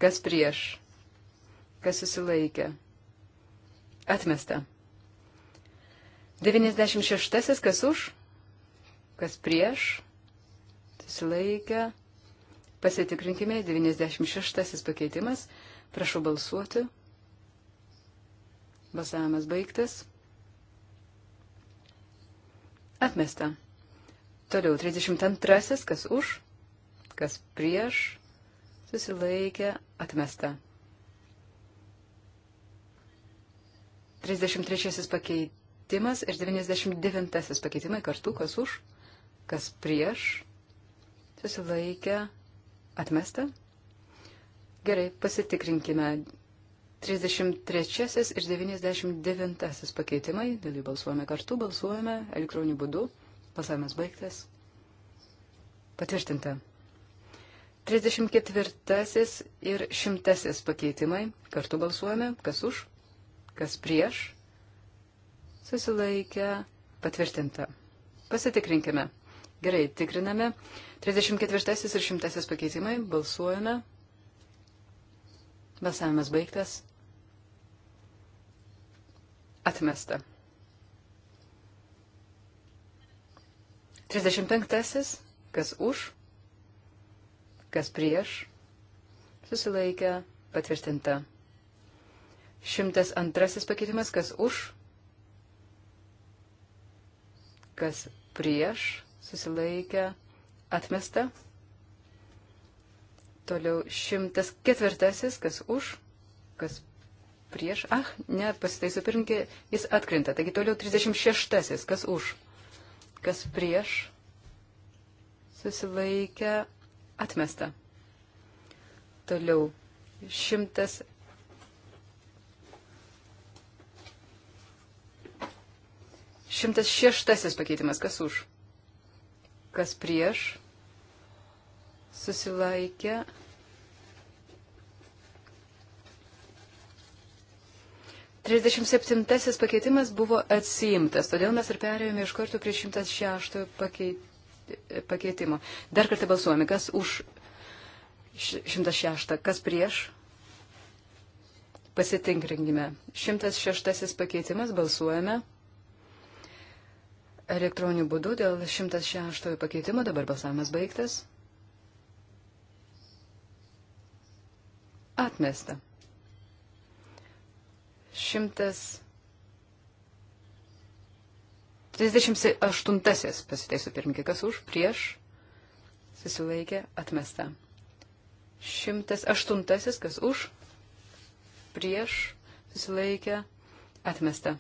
Kas prieš? Kas susilaikė? Atmesta. 96. Kas už? Kas prieš? Susilaikė. Pasitikrinkime. 96. pakeitimas. Prašau balsuoti. Balsavimas baigtas. Atmesta. Toliau 32. Kas už, kas prieš, susilaikė, atmesta. 33 pakeitimas ir 99 pakeitimai kartu, kas už, kas prieš, susilaikė, atmesta. Gerai, pasitikrinkime 33 ir 99 pakeitimai, dėl jų balsuojame kartu, balsuojame elektroniniu būdu, balsavimas baigtas. Patvirtinta. 34 ir 100 pakeitimai, kartu balsuojame, kas už, kas prieš, susilaikę, patvirtinta. Pasitikrinkime. Gerai, tikriname. 34 ir 100 pakeitimai, balsuojame. Balsavimas baigtas. Atmesta. 35. Kas už, kas prieš, susilaikė, patvirtinta. 102 pakeitimas, kas už, kas prieš, susilaikė, atmesta. Toliau 104, kas už, kas prieš. Ah, ne, pasitaisiu pirmkį, jis atkrinta. Taigi toliau 36. Kas už? Kas prieš? Susilaikę atmesta. Toliau 100. Šimtas šeštasis pakeitimas. Kas už? Kas prieš? Susilaikė 37 pakeitimas buvo atsiimtas, todėl mes ir perėjome iš karto prie 106 pakeitimo. Dar kartą balsuojame, kas už 106, kas prieš. Pasitikrinkime. 106 pakeitimas balsuojame elektroniniu būdu dėl 106 pakeitimo. Dabar balsavimas baigtas. Atmesta. Šimtas. 38 pasiteisiu pirmininkė, kas už, prieš, susilaikė, atmesta. 108 kas už, prieš, susilaikė, atmesta.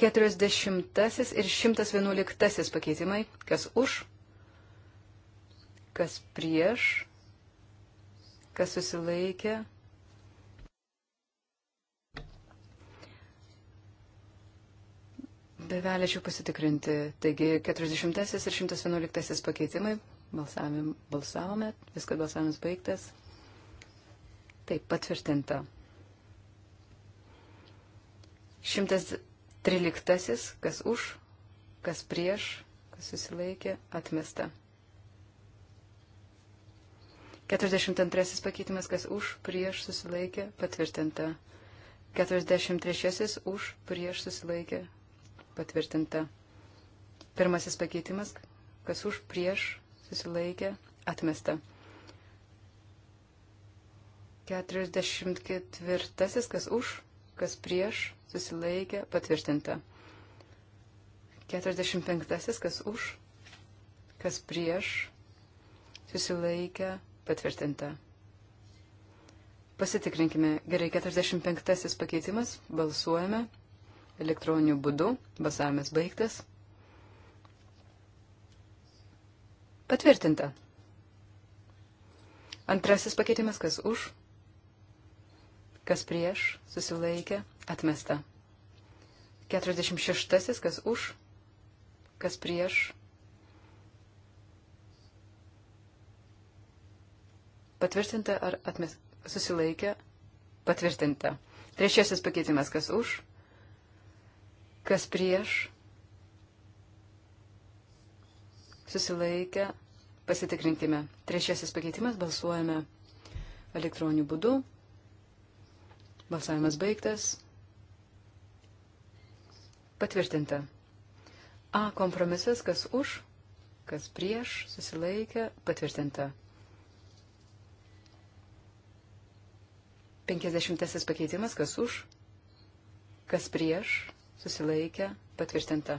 Keturiasdešimtasis ir šimtas vienuoliktasis pakeitimai, kas už, kas prieš, kas susilaikė. Bevelėčiau pasitikrinti. Taigi 40 ir 111 pakeitimai. Balsavim, balsavome, viskas balsavimas baigtas. Taip, patvirtinta. 113, kas už, kas prieš, kas susilaikė, atmesta. 42 pakeitimas, kas už, prieš susilaikė, patvirtinta. 43 už, prieš susilaikė, patvirtinta. Pirmasis pakeitimas, kas už, prieš susilaikė, atmesta. 44 kas už, kas prieš susilaikė, patvirtinta. 45 kas už, kas prieš susilaikė, patvirtinta Patvirtinta. Pasitikrinkime. Gerai, 45 pakeitimas. Balsuojame. Elektroniniu būdu. Balsavimas baigtas. Patvirtinta. Antrasis pakeitimas, kas už, kas prieš, susilaikė, atmesta. 46. kas už, kas prieš, Patvirtinta ar atmes... susilaikė? Patvirtinta. Trečiasis pakeitimas, kas už, kas prieš, susilaikė, pasitikrinkime. Trečiasis pakeitimas, balsuojame elektroniniu būdu. Balsavimas baigtas. Patvirtinta. A kompromisas, kas už, kas prieš, susilaikė, patvirtinta. 50 pakeitimas, kas už, kas prieš, susilaikė, patvirtinta.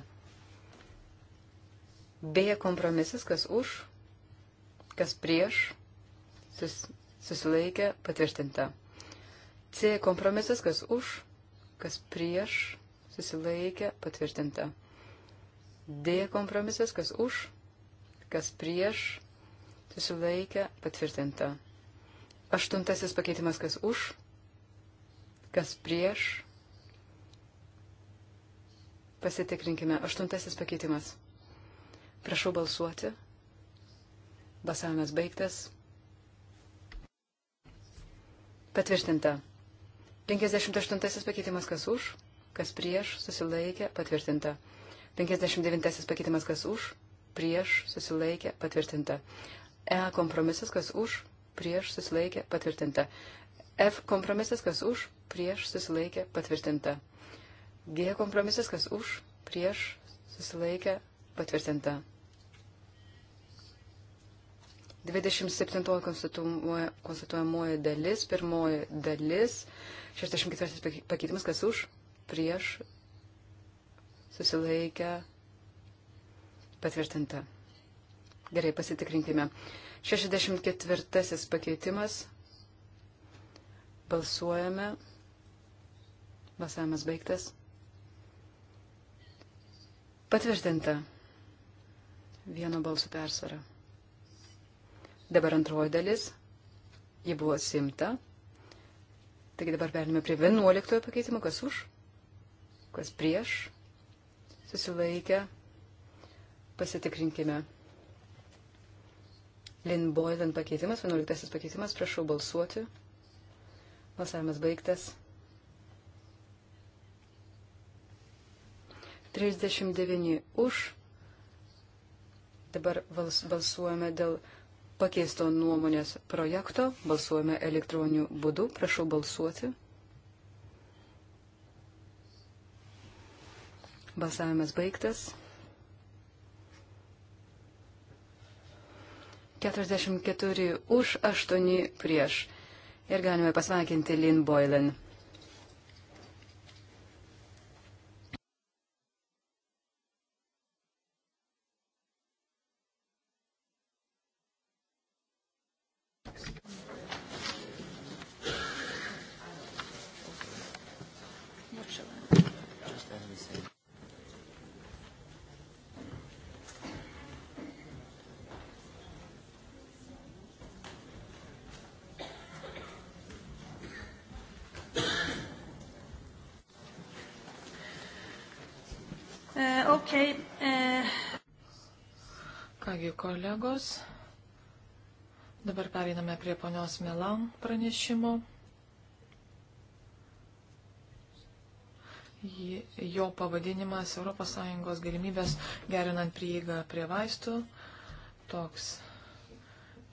B kompromisas, kas už, kas prieš, sus, susilaikė, patvirtinta. C kompromisas, kas už, kas prieš, susilaikė, patvirtinta. D kompromisas, kas už, kas prieš, susilaikė, patvirtinta. Aštuntasis pakeitimas, kas už, kas prieš. Pasitikrinkime. Aštuntasis pakeitimas. Prašau balsuoti. Balsavimas baigtas. Patvirtinta. 58 pakeitimas kas už, kas prieš, susilaikė, patvirtinta. 59 pakeitimas kas už, prieš, susilaikė, patvirtinta. E kompromisas kas už, prieš, susilaikė, patvirtinta. F kompromisas kas už, prieš susilaikė patvirtinta. G kompromisas, kas už, prieš susilaikė patvirtinta. 27 konstatuojamoji dalis, pirmoji dalis, 64 pakeitimas, kas už, prieš susilaikė patvirtinta. Gerai, pasitikrinkime. 64 pakeitimas. Balsuojame. Balsavimas baigtas. Patvirtinta. Vieno balsų persvara. Dabar antroji dalis. Ji buvo simta. Taigi dabar perėmė prie 11 pakeitimo. Kas už? Kas prieš? Susilaikę. Pasitikrinkime. Lin Boylan pakeitimas, 11 pakeitimas, prašau balsuoti. Balsavimas baigtas. 39 už. Dabar balsuojame dėl pakeisto nuomonės projekto. Balsuojame elektroniniu būdu. Prašau balsuoti. Balsavimas baigtas. 44 už 8 prieš. Ir galime pasveikinti Lynn Boylan. kolegos. Dabar pereiname prie ponios Melan pranešimo. Jo pavadinimas ES galimybės gerinant prieigą prie vaistų. Toks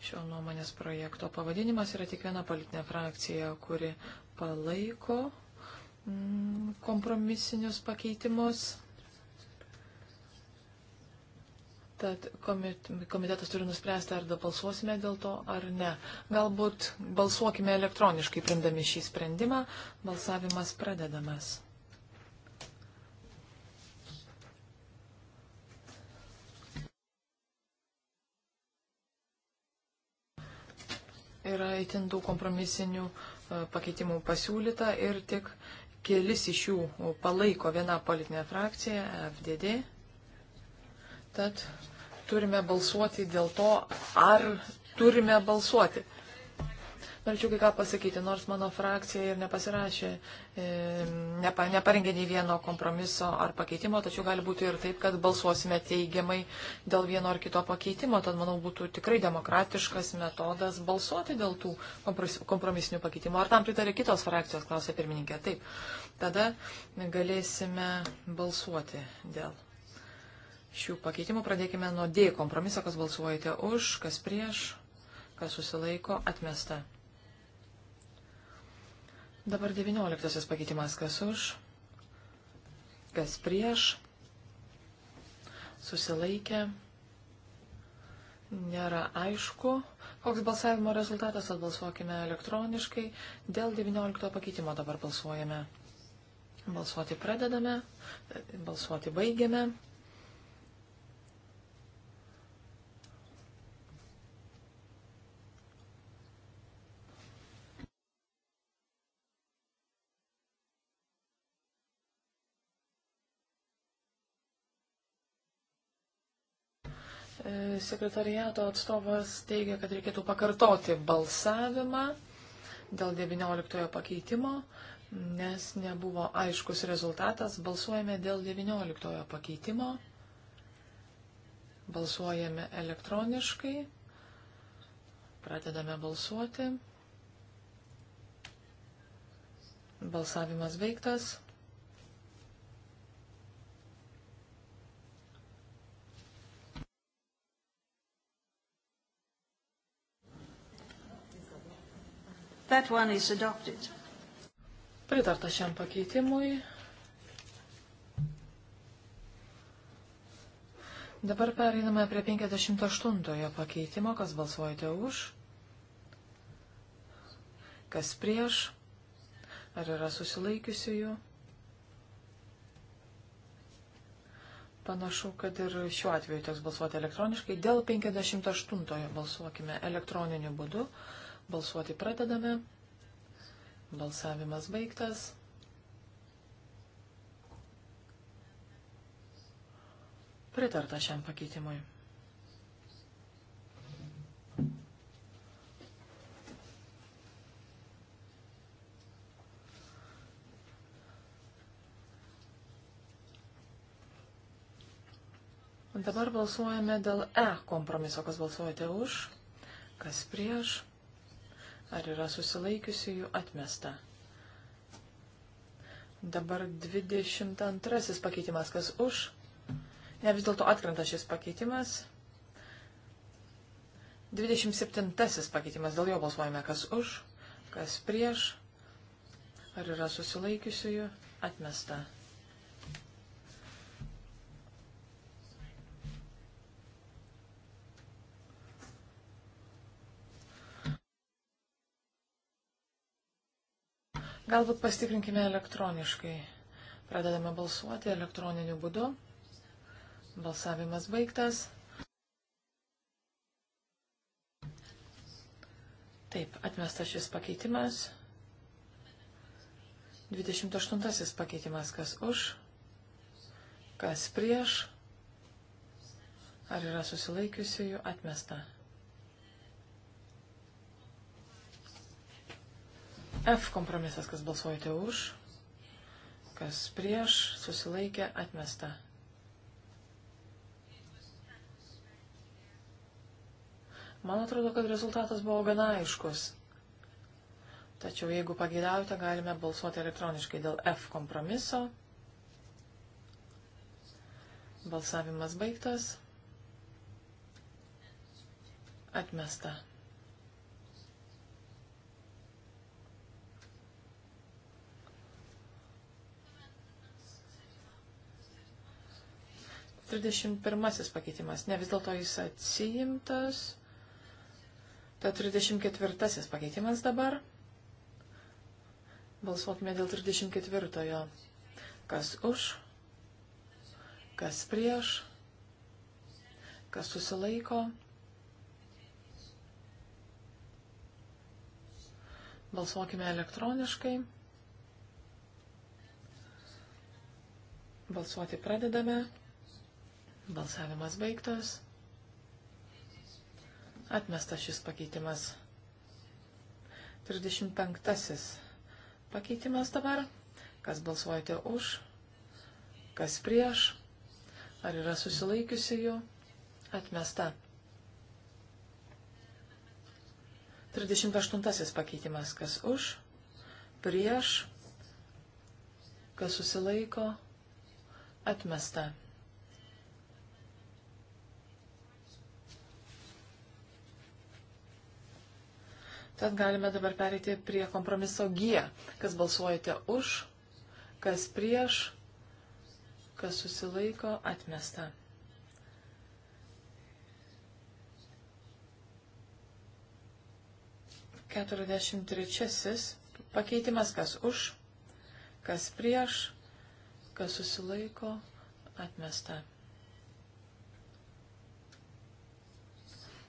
šio nuomonės projekto pavadinimas yra tik viena politinė frakcija, kuri palaiko mm, kompromisinius pakeitimus. Tad komitetas turi nuspręsti, ar balsuosime dėl to, ar ne. Galbūt balsuokime elektroniškai, primdami šį sprendimą. Balsavimas pradedamas. Yra itin daug kompromisinių e, pakeitimų pasiūlyta ir tik kelis iš jų palaiko viena politinė frakcija, FDD. Tad turime balsuoti dėl to, ar turime balsuoti. Norėčiau kai ką pasakyti, nors mano frakcija ir nepasirašė, e, nepa, neparengė nei vieno kompromiso ar pakeitimo, tačiau gali būti ir taip, kad balsuosime teigiamai dėl vieno ar kito pakeitimo. Tad, manau, būtų tikrai demokratiškas metodas balsuoti dėl tų kompromisinių pakeitimų. Ar tam pritarė kitos frakcijos, klausė pirmininkė. Taip. Tada galėsime balsuoti dėl šių pakeitimų. Pradėkime nuo D kompromiso, kas balsuojate už, kas prieš, kas susilaiko, atmesta. Dabar 19 pakeitimas, kas už, kas prieš, susilaikė, nėra aišku. Koks balsavimo rezultatas, atbalsuokime elektroniškai. Dėl 19 pakeitimo dabar balsuojame. Balsuoti pradedame, balsuoti baigiame. E, sekretariato atstovas teigia, kad reikėtų pakartoti balsavimą dėl 19 pakeitimo, nes nebuvo aiškus rezultatas. Balsuojame dėl 19 pakeitimo. Balsuojame elektroniškai. Pradedame balsuoti. Balsavimas baigtas. That one is adopted. Pritarta šiam pakeitimui. Dabar pereiname prie 58 pakeitimo, kas balsuojate už, kas prieš, ar yra susilaikiusiųjų. Panašu, kad ir šiuo atveju teks balsuoti elektroniškai. Dėl 58 balsuokime elektroniniu būdu. Balsuoti pradedame. Balsavimas baigtas. Pritarta šiam pakeitimui. Dabar balsuojame dėl E kompromiso, kas balsuojate už, kas prieš, ar yra susilaikiusiųjų atmesta. Dabar 22 pakeitimas, kas už. Ne, vis dėlto atkrenta šis pakeitimas. 27 pakeitimas, dėl jo balsuojame, kas už, kas prieš, ar yra susilaikiusiųjų atmesta. Galbūt pastikrinkime elektroniškai. Pradedame balsuoti elektroniniu būdu. Balsavimas baigtas. Taip, atmestas šis pakeitimas. 28 pakeitimas, kas už, kas prieš, ar yra susilaikiusiųjų atmesta. F kompromisas, kas balsuojate už, kas prieš, susilaikė, atmesta. Man atrodo, kad rezultatas buvo gana aiškus. Tačiau jeigu pagėdavote, galime balsuoti elektroniškai dėl F kompromiso. Balsavimas baigtas. Atmesta. 31 pakeitimas. Ne, vis dėlto jis atsiimtas. Ta 34 pakeitimas dabar. Balsuokime dėl 34-ojo. Kas už, kas prieš, kas susilaiko. Balsuokime elektroniškai. Balsuoti pradedame. Balsavimas baigtas. Atmestas šis pakeitimas. 35. Pakeitimas dabar. Kas balsuojate už? Kas prieš? Ar yra susilaikiusi jų? Atmesta. 38. Pakeitimas. Kas už? Prieš? Kas susilaiko? Atmesta. Tad galime dabar pereiti prie kompromiso G. Kas balsuojate už, kas prieš, kas susilaiko, atmesta. Keturiasdešimt trečiasis pakeitimas, kas už, kas prieš, kas susilaiko, atmesta.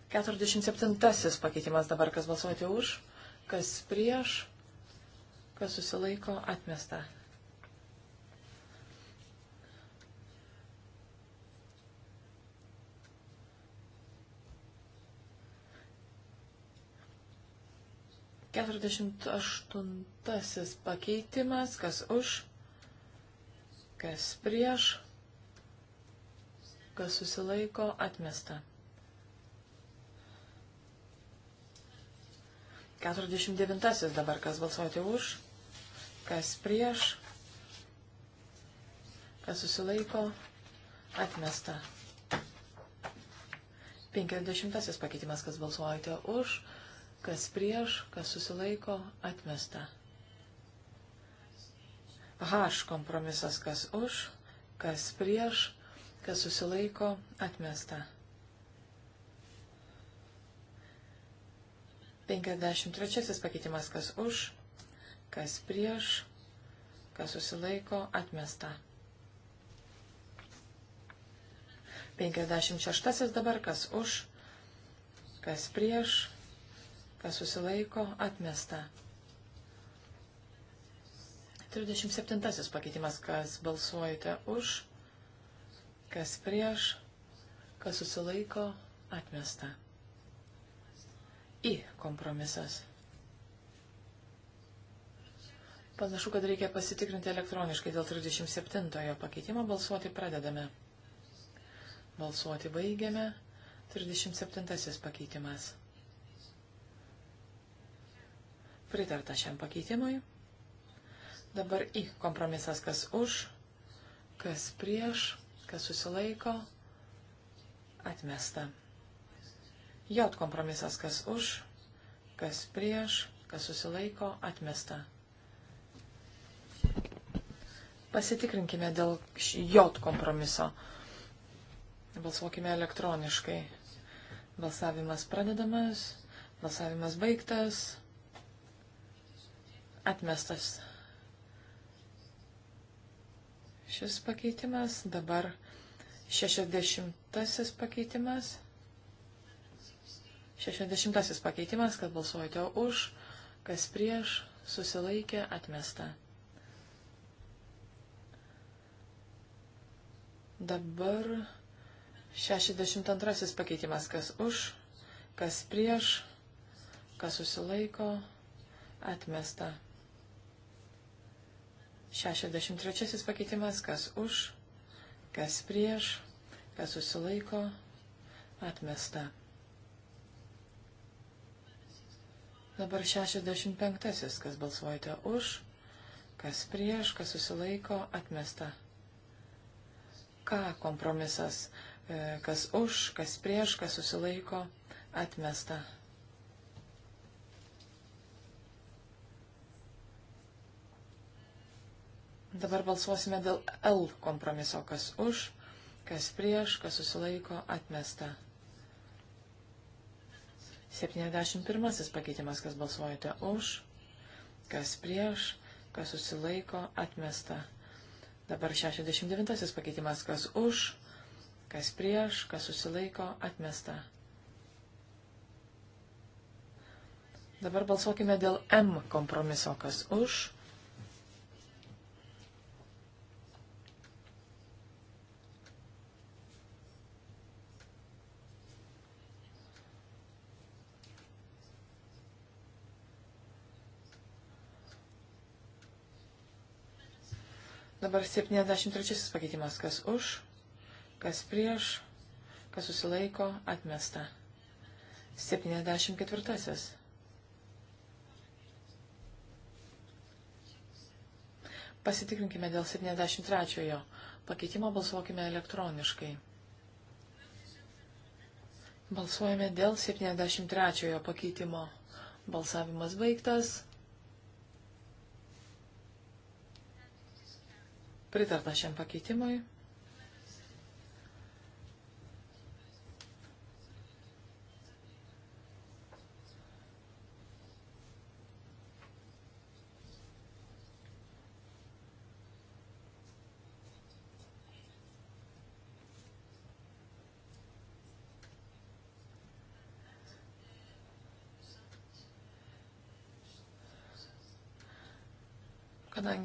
47 pakeitimas dabar, kas balsuoti už, kas prieš, kas susilaiko atmesta. Keturiasdešimt aštuntasis pakeitimas, kas už, kas prieš, kas susilaiko, atmesta. 49 dabar kas balsuoti už, kas prieš, kas susilaiko, atmesta. 50 pakeitimas, kas balsuojate už, kas prieš, kas susilaiko, atmesta. H kompromisas, kas už, kas prieš, kas susilaiko, atmesta. 53 pakeitimas, kas už, kas prieš, kas susilaiko, atmesta. 56 dabar, kas už, kas prieš, kas susilaiko, atmesta. 37 pakeitimas, kas balsuojate už, kas prieš, kas susilaiko, atmesta į kompromisas. Panašu, kad reikia pasitikrinti elektroniškai dėl 37 pakeitimo. Balsuoti pradedame. Balsuoti baigiame. 37 pakeitimas. Pritarta šiam pakeitimui. Dabar į kompromisas, kas už, kas prieš, kas susilaiko, atmesta. J kompromisas, kas už, kas prieš, kas susilaiko, atmesta. Pasitikrinkime dėl J kompromiso. Balsuokime elektroniškai. Balsavimas pradedamas, balsavimas baigtas, atmestas. Šis pakeitimas, dabar 60 pakeitimas. 60 pakeitimas, kad balsuojate už, kas prieš, susilaikė, atmesta. Dabar 62 pakeitimas, kas už, kas prieš, kas susilaiko, atmesta. 63 pakeitimas, kas už, kas prieš, kas susilaiko, atmesta. Dabar 65. Kas balsuojate už, kas prieš, kas susilaiko, atmesta. Ką kompromisas? E, kas už, kas prieš, kas susilaiko, atmesta. Dabar balsuosime dėl L kompromiso, kas už, kas prieš, kas susilaiko, atmesta. 71 pakeitimas, kas balsuojate už, kas prieš, kas susilaiko, atmesta. Dabar 69 pakeitimas, kas už, kas prieš, kas susilaiko, atmesta. Dabar balsuokime dėl M kompromiso, kas už, Dabar 73 pakeitimas, kas už, kas prieš, kas susilaiko, atmesta. 74. Pasitikrinkime dėl 73. Pakeitimo balsuokime elektroniškai. Balsuojame dėl 73. pakeitimo. Balsavimas baigtas. Pritarta šiam pakeitimui.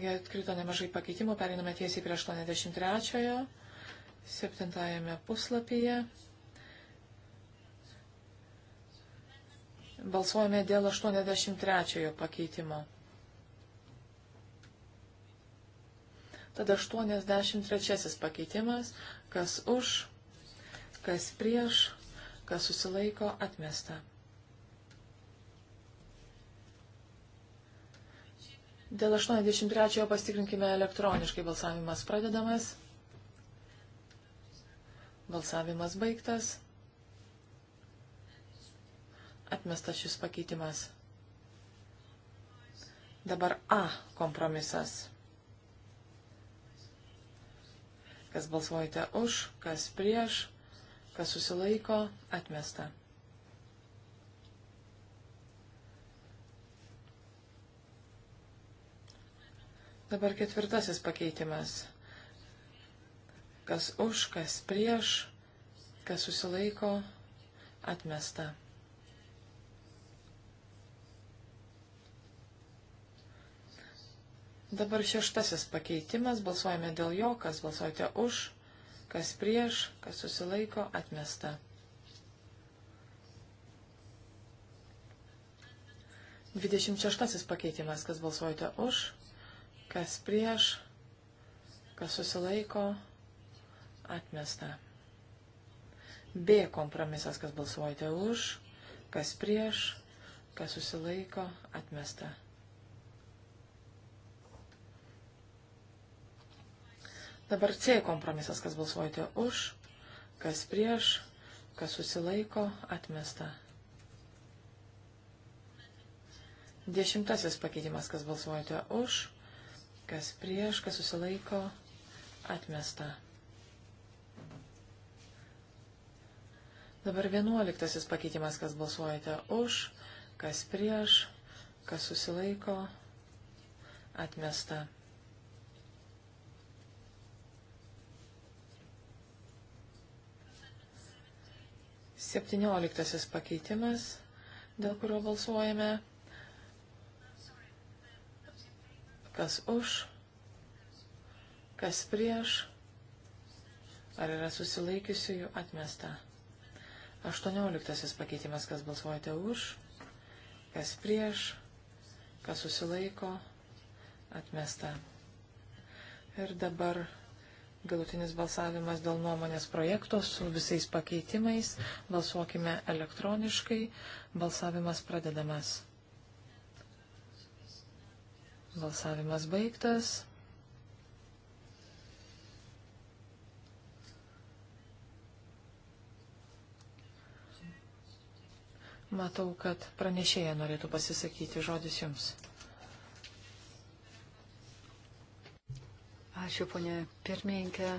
kadangi atkrito nemažai pakeitimų, periname tiesiai prie 83-ojo, 7-ame puslapyje. Balsuojame dėl 83-ojo pakeitimo. Tada 83-asis pakeitimas, kas už, kas prieš, kas susilaiko, atmesta. Dėl 83 pasitikrinkime elektroniškai. Balsavimas pradedamas. Balsavimas baigtas. Atmestas šis pakeitimas. Dabar A kompromisas. Kas balsuojate už, kas prieš, kas susilaiko, atmesta. Dabar ketvirtasis pakeitimas. Kas už, kas prieš, kas susilaiko, atmesta. Dabar šeštasis pakeitimas, balsuojame dėl jo, kas balsuojate už, kas prieš, kas susilaiko, atmesta. Dvidešimt šeštasis pakeitimas, kas balsuojate už, kas prieš, kas susilaiko, atmesta. B kompromisas, kas balsuojate už, kas prieš, kas susilaiko, atmesta. Dabar C kompromisas, kas balsuojate už, kas prieš, kas susilaiko, atmesta. Dešimtasis pakeitimas, kas balsuojate už, kas prieš, kas susilaiko, atmesta. Dabar vienuoliktasis pakeitimas, kas balsuojate už, kas prieš, kas susilaiko, atmesta. Septynioliktasis pakeitimas, dėl kurio balsuojame. kas už, kas prieš, ar yra susilaikiusiųjų atmesta. 18 pakeitimas, kas balsuojate už, kas prieš, kas susilaiko, atmesta. Ir dabar galutinis balsavimas dėl nuomonės projekto su visais pakeitimais. Balsuokime elektroniškai. Balsavimas pradedamas. Balsavimas baigtas. Matau, kad pranešėja norėtų pasisakyti žodis jums. Ačiū, ponė pirmininkė.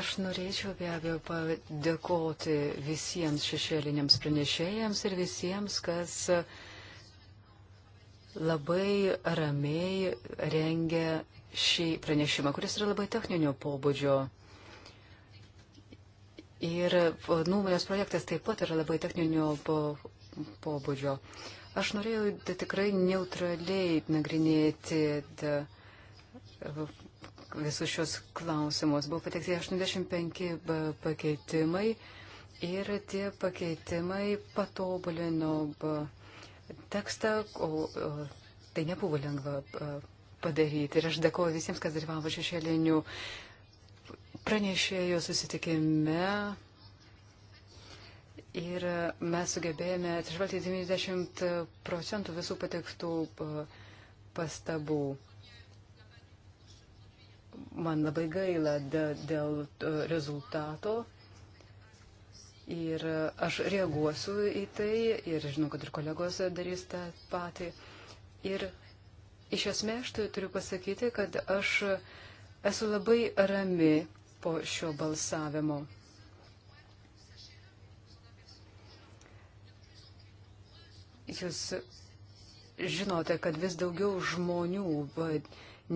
Aš norėčiau be abejo padėkoti visiems šešėliniams pranešėjams ir visiems, kas uh, labai ramiai rengia šį pranešimą, kuris yra labai techninio pobūdžio. Ir nuomonės projektas taip pat yra labai techninio po, pobūdžio. Aš norėjau da, tikrai neutraliai nagrinėti da, visus šios klausimus. Buvo patekti 85 pakeitimai ir tie pakeitimai patobulino. Ba, tekstą, o, o tai nebuvo lengva padaryti. Ir aš dėkoju visiems, kas dalyvavo šešėlinių pranešėjo susitikime. Ir mes sugebėjome atsižvelgti 90 procentų visų patektų pastabų. Man labai gaila dėl rezultato, Ir aš reaguosiu į tai ir žinau, kad ir kolegos darys tą patį. Ir iš esmės aš tai turiu pasakyti, kad aš esu labai rami po šio balsavimo. Jūs žinote, kad vis daugiau žmonių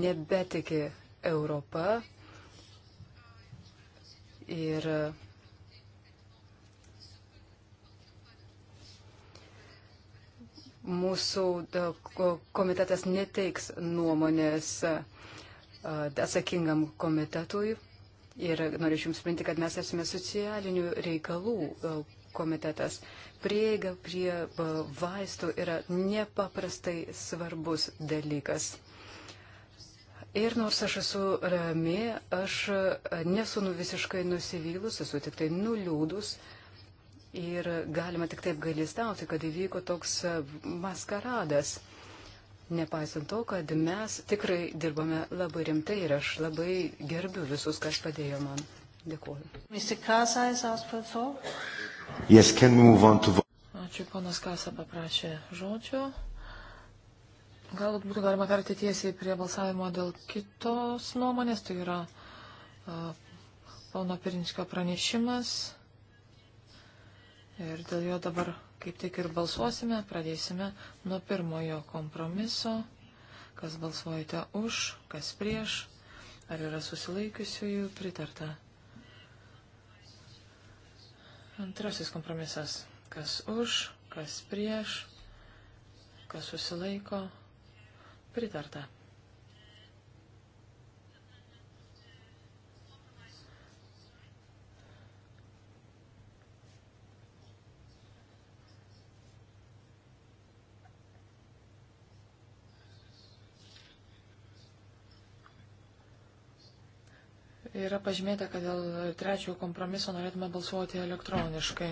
nebetiki Europą ir mūsų komitetas neteiks nuomonės atsakingam komitetui. Ir norėčiau Jums priminti, kad mes esame socialinių reikalų komitetas. Prieiga prie vaistų yra nepaprastai svarbus dalykas. Ir nors aš esu rami, aš nesu nu visiškai nusivylus, esu tik tai nuliūdus, uh, Ir galima tik taip gailistauti, kad įvyko toks e, maskaradas. Nepaisant to, kad mes tikrai dirbame labai rimtai ir aš labai gerbiu visus, kas padėjo man. Dėkuoju. Yes, to... Ačiū, ponas Kasa paprašė žodžio. Galbūt būtų galima perti tiesiai prie balsavimo dėl kitos nuomonės, tai yra uh, pono Pirinskio pranešimas. Ir dėl jo dabar kaip tik ir balsuosime. Pradėsime nuo pirmojo kompromiso. Kas balsuojate už, kas prieš. Ar yra susilaikiusiųjų pritarta? Antrasis kompromisas. Kas už, kas prieš, kas susilaiko. Pritarta. Yra pažymėta, kad dėl trečiojo kompromiso norėtume balsuoti elektroniškai.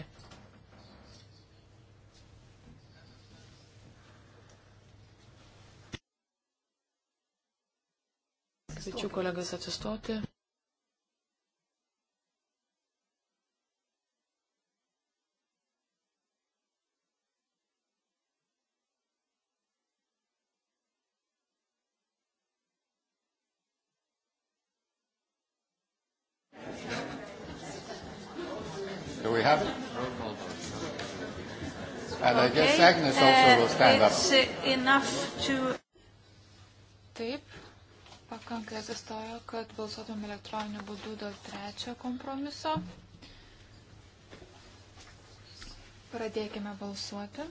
Kviečiu kolegas atsistoti. Agnes also eh, will stand up. It's eh, enough to... Taip, pakankai atsistojo, kad balsuotum elektroniniu būdu dėl trečio kompromiso. Pradėkime balsuoti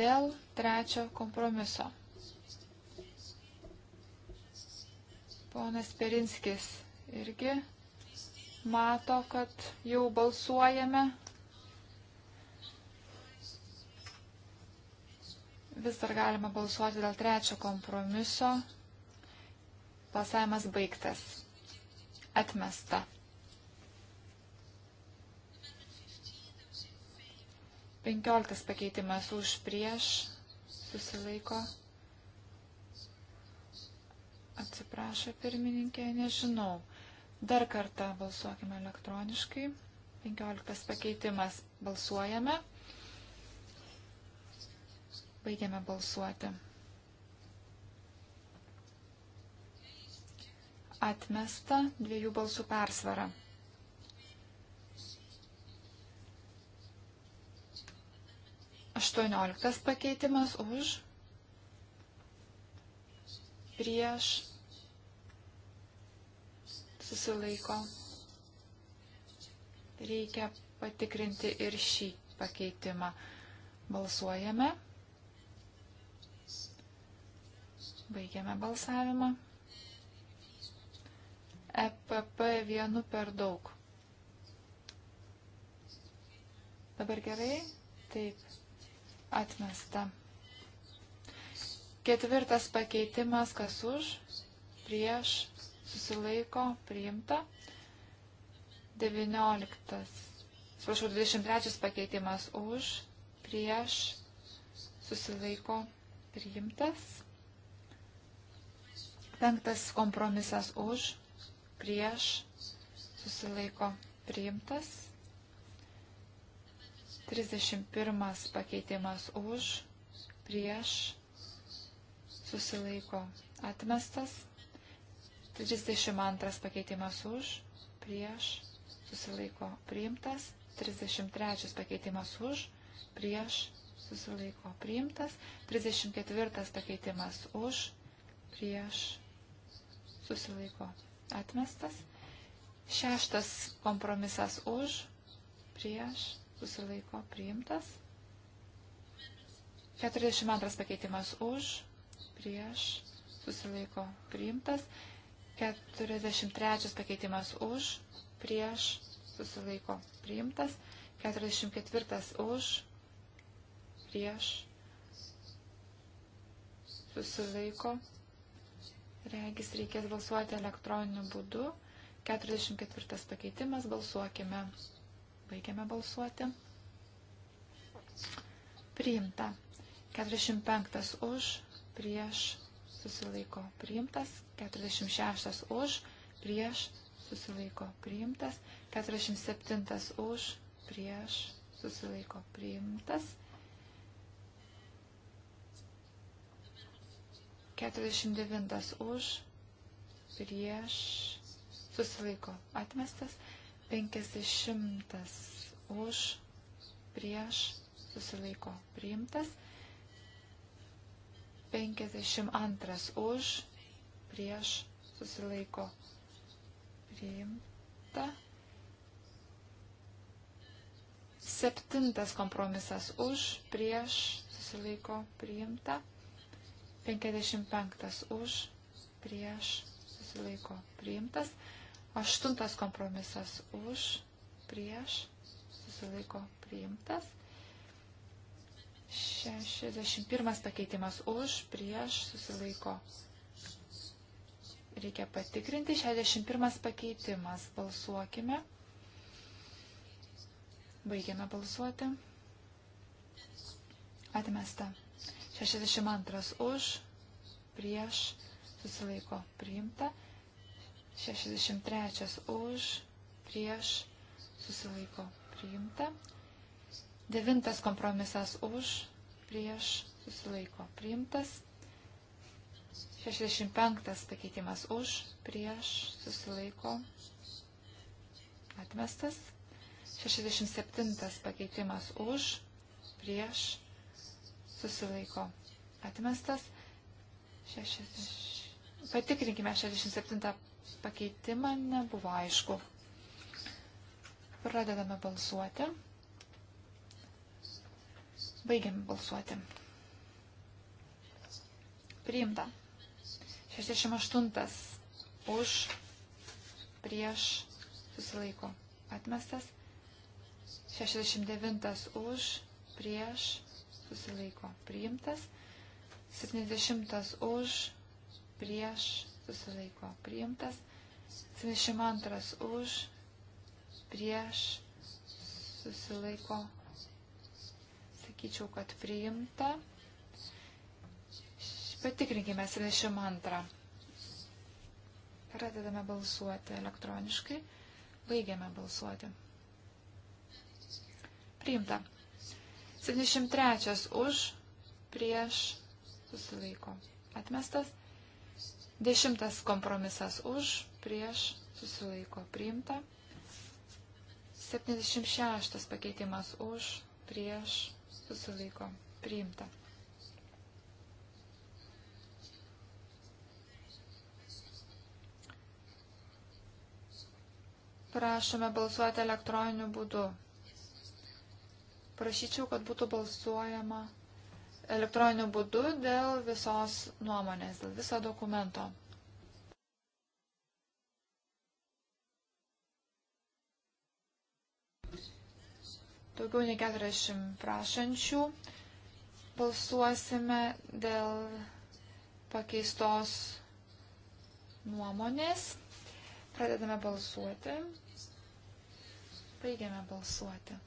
dėl trečio kompromiso. Ponas Perinskis irgi mato, kad jau balsuojame. Vis dar galima balsuoti dėl trečio kompromiso. Balsavimas baigtas. Atmesta. 15 pakeitimas už prieš susilaiko. Atsiprašo pirmininkė, nežinau. Dar kartą balsuokime elektroniškai. 15 pakeitimas balsuojame. Baigiame balsuoti. Atmesta dviejų balsų persvara. Aštuonioliktas pakeitimas už prieš susilaiko. Reikia patikrinti ir šį pakeitimą. Balsuojame. Baigiame balsavimą. EPP vienu per daug. Dabar gerai? Taip. Atmesta. Ketvirtas pakeitimas, kas už, prieš, susilaiko, priimta. Devinioliktas. Sprašau, 23 pakeitimas už, prieš, susilaiko, priimtas. Penktas kompromisas už, prieš, susilaiko priimtas. 31 pakeitimas už, prieš, susilaiko atmestas. 32 pakeitimas už, prieš, susilaiko priimtas. 33 pakeitimas už, prieš, susilaiko priimtas. 34 pakeitimas už, prieš, susilaiko atmestas. Šeštas kompromisas už, prieš, susilaiko priimtas. 42 pakeitimas už, prieš, susilaiko priimtas. 43 pakeitimas už, prieš, susilaiko priimtas. 44 už, prieš, susilaiko priimtas Regis reikės balsuoti elektroniniu būdu. 44 pakeitimas. Balsuokime. Baigiame balsuoti. Priimta. 45 už, prieš, susilaiko. Priimtas. 46 už, prieš, susilaiko. Priimtas. 47 už, prieš, susilaiko. Priimtas. 49 už, prieš, susilaiko atmestas, 50 už, prieš, susilaiko priimtas, 52 už, prieš, susilaiko priimta. Septintas kompromisas už, prieš, susilaiko priimta. 55 už, prieš, susilaiko priimtas. Aštuntas kompromisas už, prieš, susilaiko priimtas. 61 pakeitimas už, prieš, susilaiko. Reikia patikrinti. 61 pakeitimas. Balsuokime. Baigiame balsuoti. Atmesta. 62 už, prieš, susilaiko priimta. 63 už, prieš, susilaiko priimta. 9 kompromisas už, prieš, susilaiko priimtas. 65 pakeitimas už, prieš, susilaiko atmestas. 67 pakeitimas už, prieš, susilaiko atmestas. 60. Patikrinkime 67 pakeitimą, nebuvo aišku. Pradedame balsuoti. Baigiame balsuoti. Priimta. 68 už, prieš, susilaiko atmestas. 69 už, prieš, susilaiko priimtas, 70 už, prieš, susilaiko priimtas, 72 už, prieš, susilaiko, sakyčiau, kad priimta. Patikrinkime 72. Pradedame balsuoti elektroniškai, baigiame balsuoti. Priimta. 73 už, prieš, susilaiko, atmestas. 10 kompromisas už, prieš, susilaiko, priimta. 76 pakeitimas už, prieš, susilaiko, priimta. Prašome balsuoti elektroniniu būdu prašyčiau, kad būtų balsuojama elektroniniu būdu dėl visos nuomonės, dėl viso dokumento. Daugiau nei 40 prašančių balsuosime dėl pakeistos nuomonės. Pradedame balsuoti. Baigiame balsuoti.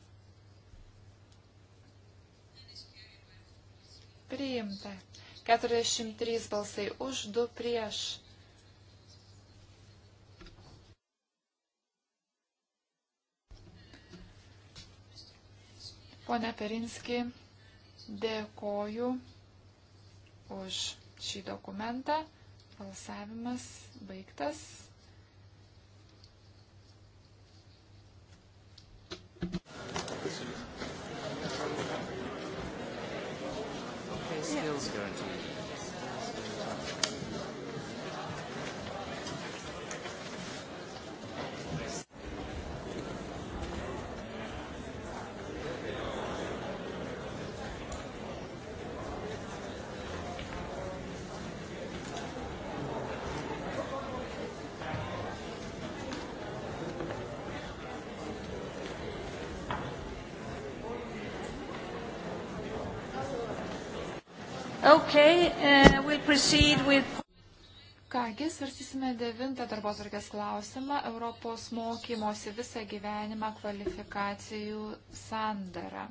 priimta. 43 balsai už, 2 prieš. Pone Perinski, dėkoju už šį dokumentą. Balsavimas baigtas. skills guarantee. Okay, uh, we proceed with... Kągi, svarstysime devintą darbos arkės klausimą - Europos mokymosi visą gyvenimą kvalifikacijų sandarą.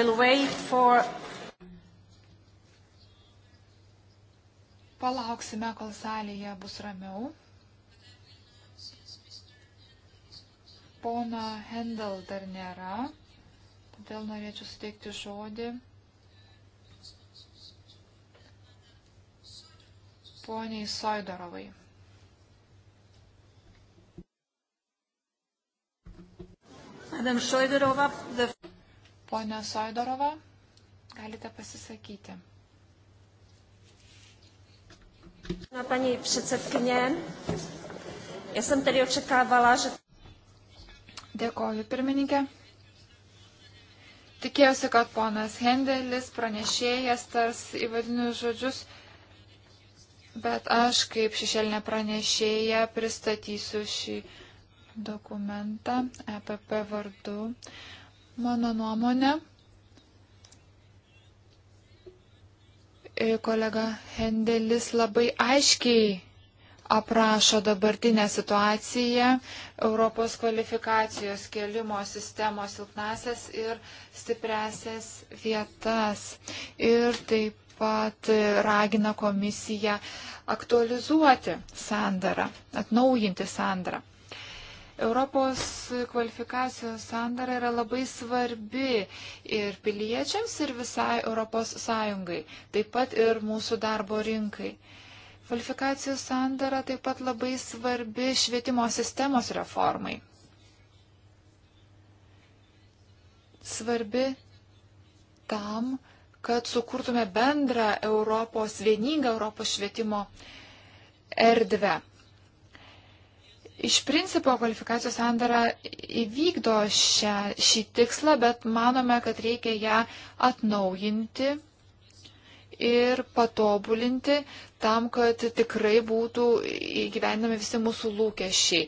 We'll wait for. Palauksime, kol salėje bus ramiau. Pono Hendel dar nėra, todėl norėčiau suteikti žodį. Poniai Soidorovai. Madam Soidorova, the... Pone Soidorova, galite pasisakyti. Na paní předsedkyně, já jsem tedy očekávala, že... Dėkoju, pirmininkė. Tikėjausi, kad ponas Hendelis pranešėjas tars įvadinius žodžius, bet aš kaip šešėlinė pranešėja pristatysiu šį dokumentą EPP vardu. Mano nuomonė, e, kolega Hendelis labai aiškiai aprašo dabartinę situaciją Europos kvalifikacijos kelimo sistemos silpnasias ir stipresias vietas. Ir taip pat ragina komisiją aktualizuoti sandarą, atnaujinti sandarą. Europos kvalifikacijos sandara yra labai svarbi ir piliečiams, ir visai Europos Sąjungai, taip pat ir mūsų darbo rinkai. Kvalifikacijų sandara taip pat labai svarbi švietimo sistemos reformai. Svarbi tam, kad sukurtume bendrą Europos, vieningą Europos švietimo erdvę. Iš principo kvalifikacijos sandara įvykdo šią, šį tikslą, bet manome, kad reikia ją atnaujinti ir patobulinti tam, kad tikrai būtų įgyvendami visi mūsų lūkesčiai.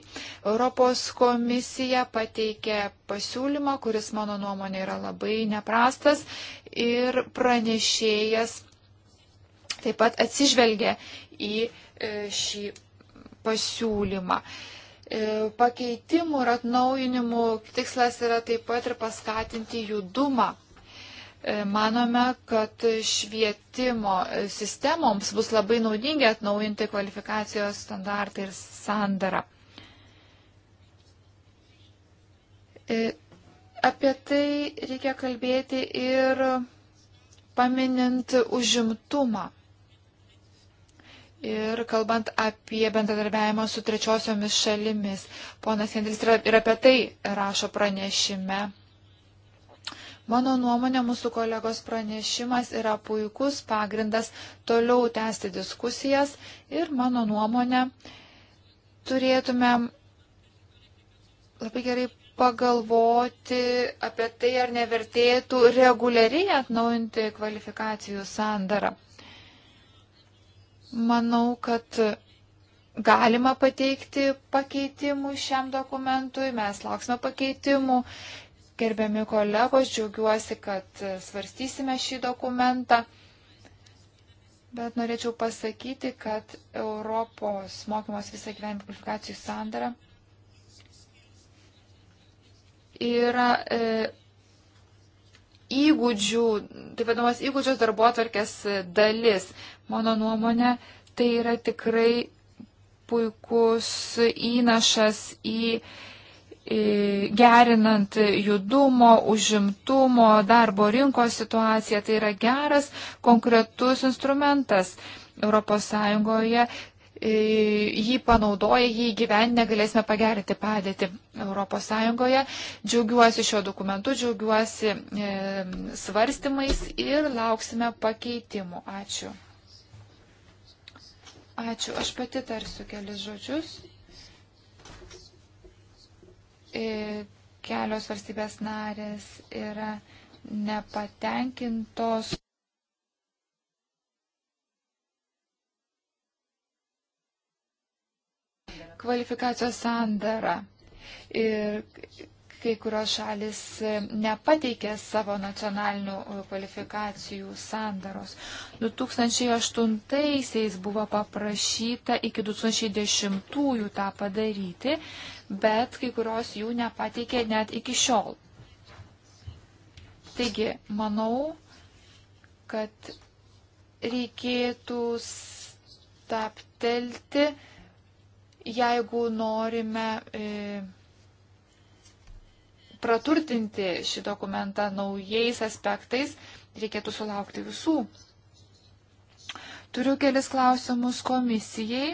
Europos komisija pateikė pasiūlymą, kuris mano nuomonė yra labai neprastas ir pranešėjas taip pat atsižvelgia į e, šį pasiūlymą. E, E, pakeitimų ir atnaujinimų tikslas yra taip pat ir paskatinti judumą. E, manome, kad švietimo sistemoms bus labai naudingi atnaujinti kvalifikacijos standartą ir sandarą. E, apie tai reikia kalbėti ir paminint užimtumą. Ir kalbant apie bendradarbiavimą su trečiosiomis šalimis, ponas Hendris ir apie tai rašo pranešime. Mano nuomonė, mūsų kolegos pranešimas yra puikus pagrindas toliau tęsti diskusijas ir mano nuomonė, turėtumėm labai gerai pagalvoti apie tai, ar nevertėtų reguliariai atnaujinti kvalifikacijų sandarą. Manau, kad galima pateikti pakeitimų šiam dokumentui, mes lauksime pakeitimų. Gerbiami kolegos, džiaugiuosi, kad svarstysime šį dokumentą. Bet norėčiau pasakyti, kad Europos mokymos visą gyvenimą kvalifikacijų sandara yra e, įgūdžių, taip vadinamas įgūdžios darbo atvarkės dalis mano nuomonė, tai yra tikrai puikus įnašas į gerinant judumo, užimtumo, darbo rinkos situaciją. Tai yra geras, konkretus instrumentas ES. E, jį panaudoja, jį gyvenime galėsime pagerinti padėtį ES. Džiaugiuosi šio dokumentu, džiaugiuosi e, svarstymais ir lauksime pakeitimų. Ačiū. Ačiū, aš pati tarsiu kelis žodžius. E, kelios valstybės narės yra nepatenkintos. kvalifikacijos sandara. Ir kai kurios šalis e, nepateikė savo nacionalinių e, kvalifikacijų sandaros. 2008-aisiais buvo paprašyta iki 2010-ųjų tą padaryti, bet kai kurios jų nepateikė net iki šiol. Taigi, manau, kad reikėtų staptelti, jeigu norime. E, praturtinti šį dokumentą naujais aspektais, reikėtų sulaukti visų. Turiu kelis klausimus komisijai.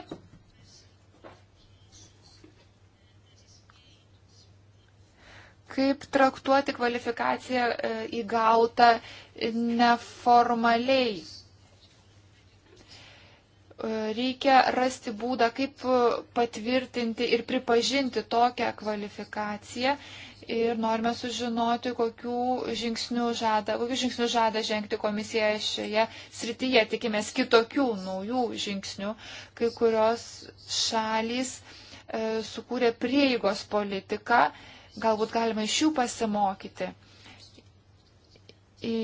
Kaip traktuoti kvalifikaciją e, įgautą neformaliai? E, reikia rasti būdą, kaip patvirtinti ir pripažinti tokią kvalifikaciją, ir norime sužinoti, kokiu žingsniu žada, kokiu žingsniu žada žengti komisija šioje srityje. Tikimės kitokių naujų žingsnių, kai kurios šalys e, sukūrė prieigos politiką, galbūt galima iš jų pasimokyti. I,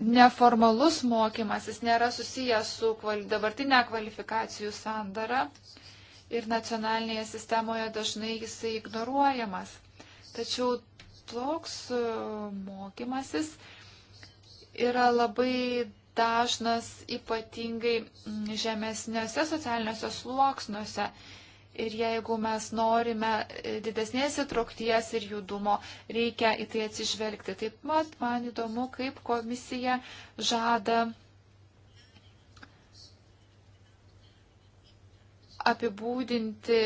Neformalus mokymasis nėra susijęs su kval, dabartinė kvalifikacijų sandara. E, ir nacionalinėje sistemoje dažnai jisai ignoruojamas. Tačiau toks e, mokymasis yra labai dažnas ypatingai žemesniuose socialiniuose sluoksniuose. Ir jeigu mes norime e, didesnės įtraukties ir judumo, reikia į tai atsižvelgti. Taip pat man įdomu, kaip komisija žada apibūdinti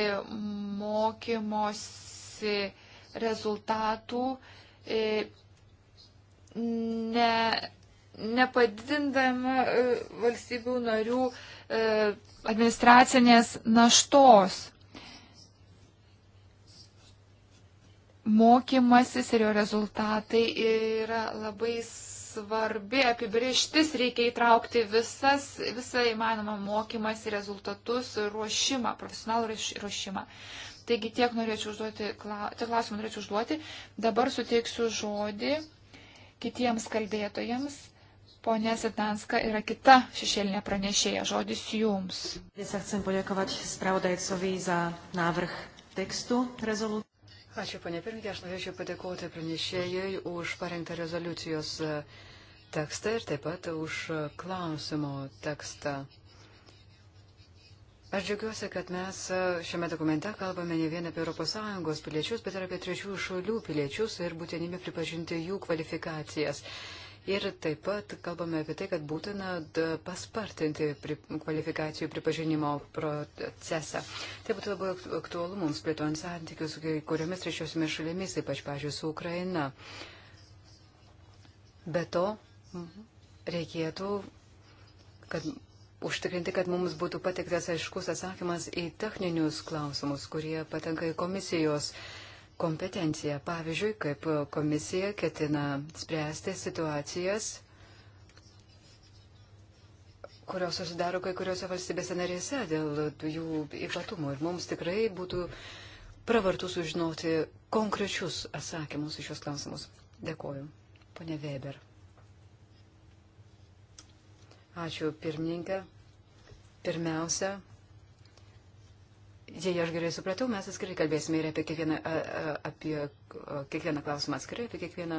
mokymosi rezultatų, e, ne, nepadidindama e, valstybių narių e, administracinės naštos. Mokymasis ir jo rezultatai yra labai svarbu svarbi apibrieštis, reikia įtraukti visas, visą įmanomą mokymąsi rezultatus, ruošimą, profesionalų ruošimą. Taigi tiek norėčiau užduoti, tiek klausimų norėčiau užduoti. Dabar suteiksiu žodį kitiems kalbėtojams. Pone Sitanska yra kita šešėlinė pranešėja. Žodis jums. Visą chcem padėkovat spravodajcovi za navrh tekstų rezoliucijų. Ačiū, ponė pirmininkė, aš norėčiau padėkoti pranešėjai už parengtą rezoliucijos e, tekstą ir taip pat už klausimo tekstą. Aš džiaugiuosi, kad mes e, šiame dokumente kalbame ne vien apie ES piliečius, bet ir apie trečiųjų šalių piliečius ir būtinybę pripažinti jų kvalifikacijas. Ir taip pat kalbame apie tai, kad būtina paspartinti pri, kvalifikacijų pripažinimo procesą. Tai būtų labai aktualu mums plėtojant santykius su kuriomis trečiosiomis šalimis, ypač, pažiūrėjau, su Ukraina. Be to, reikėtų, kad užtikrinti, kad mums būtų patiktas aiškus atsakymas į techninius klausimus, kurie patenka į komisijos uh, kompetenciją. Pavyzdžiui, kaip komisija ketina spręsti situacijas, kurios susidaro kai kuriuose valstybėse narėse dėl jų ypatumų. Ir mums tikrai būtų pravartu sužinoti konkrečius atsakymus iš šios klausimus. Dėkoju. Pone Weber. Ačiū pirmininkė. Pirmiausia, Jei aš gerai supratau, mes atskirai kalbėsime ir apie kiekvieną, apie kiekvieną klausimą atskirai, apie kiekvieną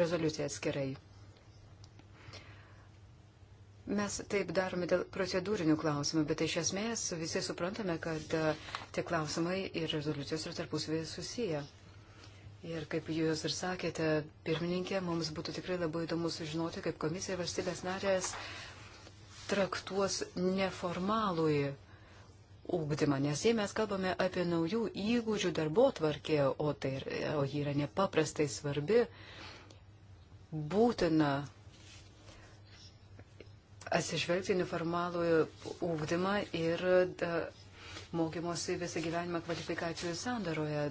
rezoliuciją atskirai. Mes taip darome dėl procedūrinių klausimų, bet iš esmės visi suprantame, kad tie klausimai ir rezoliucijos yra tarpusvėje susiję. Ir kaip jūs ir sakėte, pirmininkė, mums būtų tikrai labai įdomu sužinoti, kaip komisija valstybės narės traktuos neformalųjį ūkdymą, nes jei mes kalbame apie naujų įgūdžių darbo tvarkę, o, tai, o ji yra nepaprastai svarbi, būtina atsižvelgti neformalų ūkdymą ir da, mokymosi visą gyvenimą kvalifikacijų sandaroje.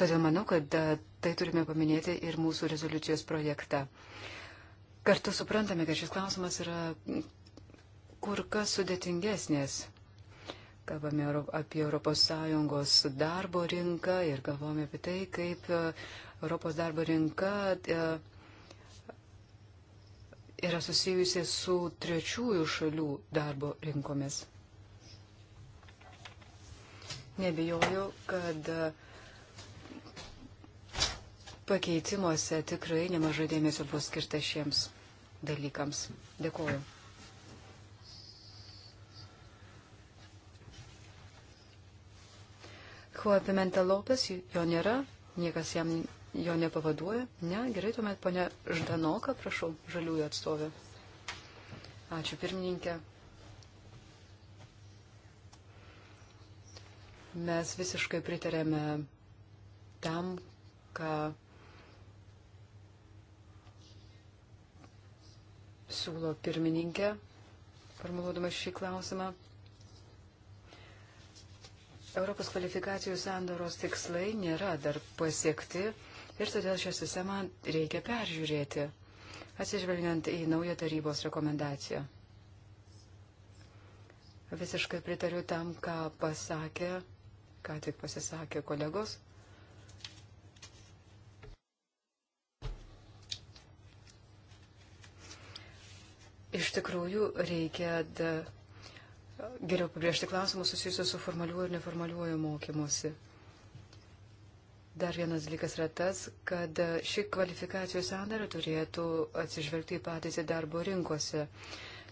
Todėl manau, kad da, tai turime paminėti ir mūsų rezoliucijos projekte. Kartu suprantame, kad šis klausimas yra kur kas sudėtingesnės. Kalbame apie ES darbo rinką ir galvome apie tai, kaip e, Europos darbo rinka e, yra susijusi su trečiųjų šalių darbo rinkomis. Nebijoju, kad e, pakeitimuose tikrai nemažai dėmesio bus skirta šiems dalykams. Dėkuoju. Kuo Pimenta Lopes, jo nėra, niekas jam jo nepavaduoja. Ne, gerai, tuomet ponia Ždanoka, prašau, žaliųjų atstovė. Ačiū pirmininkė. Mes visiškai pritarėme tam, ką siūlo pirmininkė, formuluodama šį klausimą. Europos kvalifikacijų sandaros tikslai nėra dar pasiekti ir todėl šią sistemą reikia peržiūrėti, atsižvelgiant į naują tarybos rekomendaciją. Visiškai pritariu tam, ką pasakė, ką tik pasisakė kolegos. Iš tikrųjų, reikia da geriau pabrėžti klausimus susijusius su formaliuoju ir neformaliuoju mokymusi. Dar vienas dalykas yra tas, kad ši kvalifikacijos sandara turėtų atsižvelgti į patys į darbo rinkose.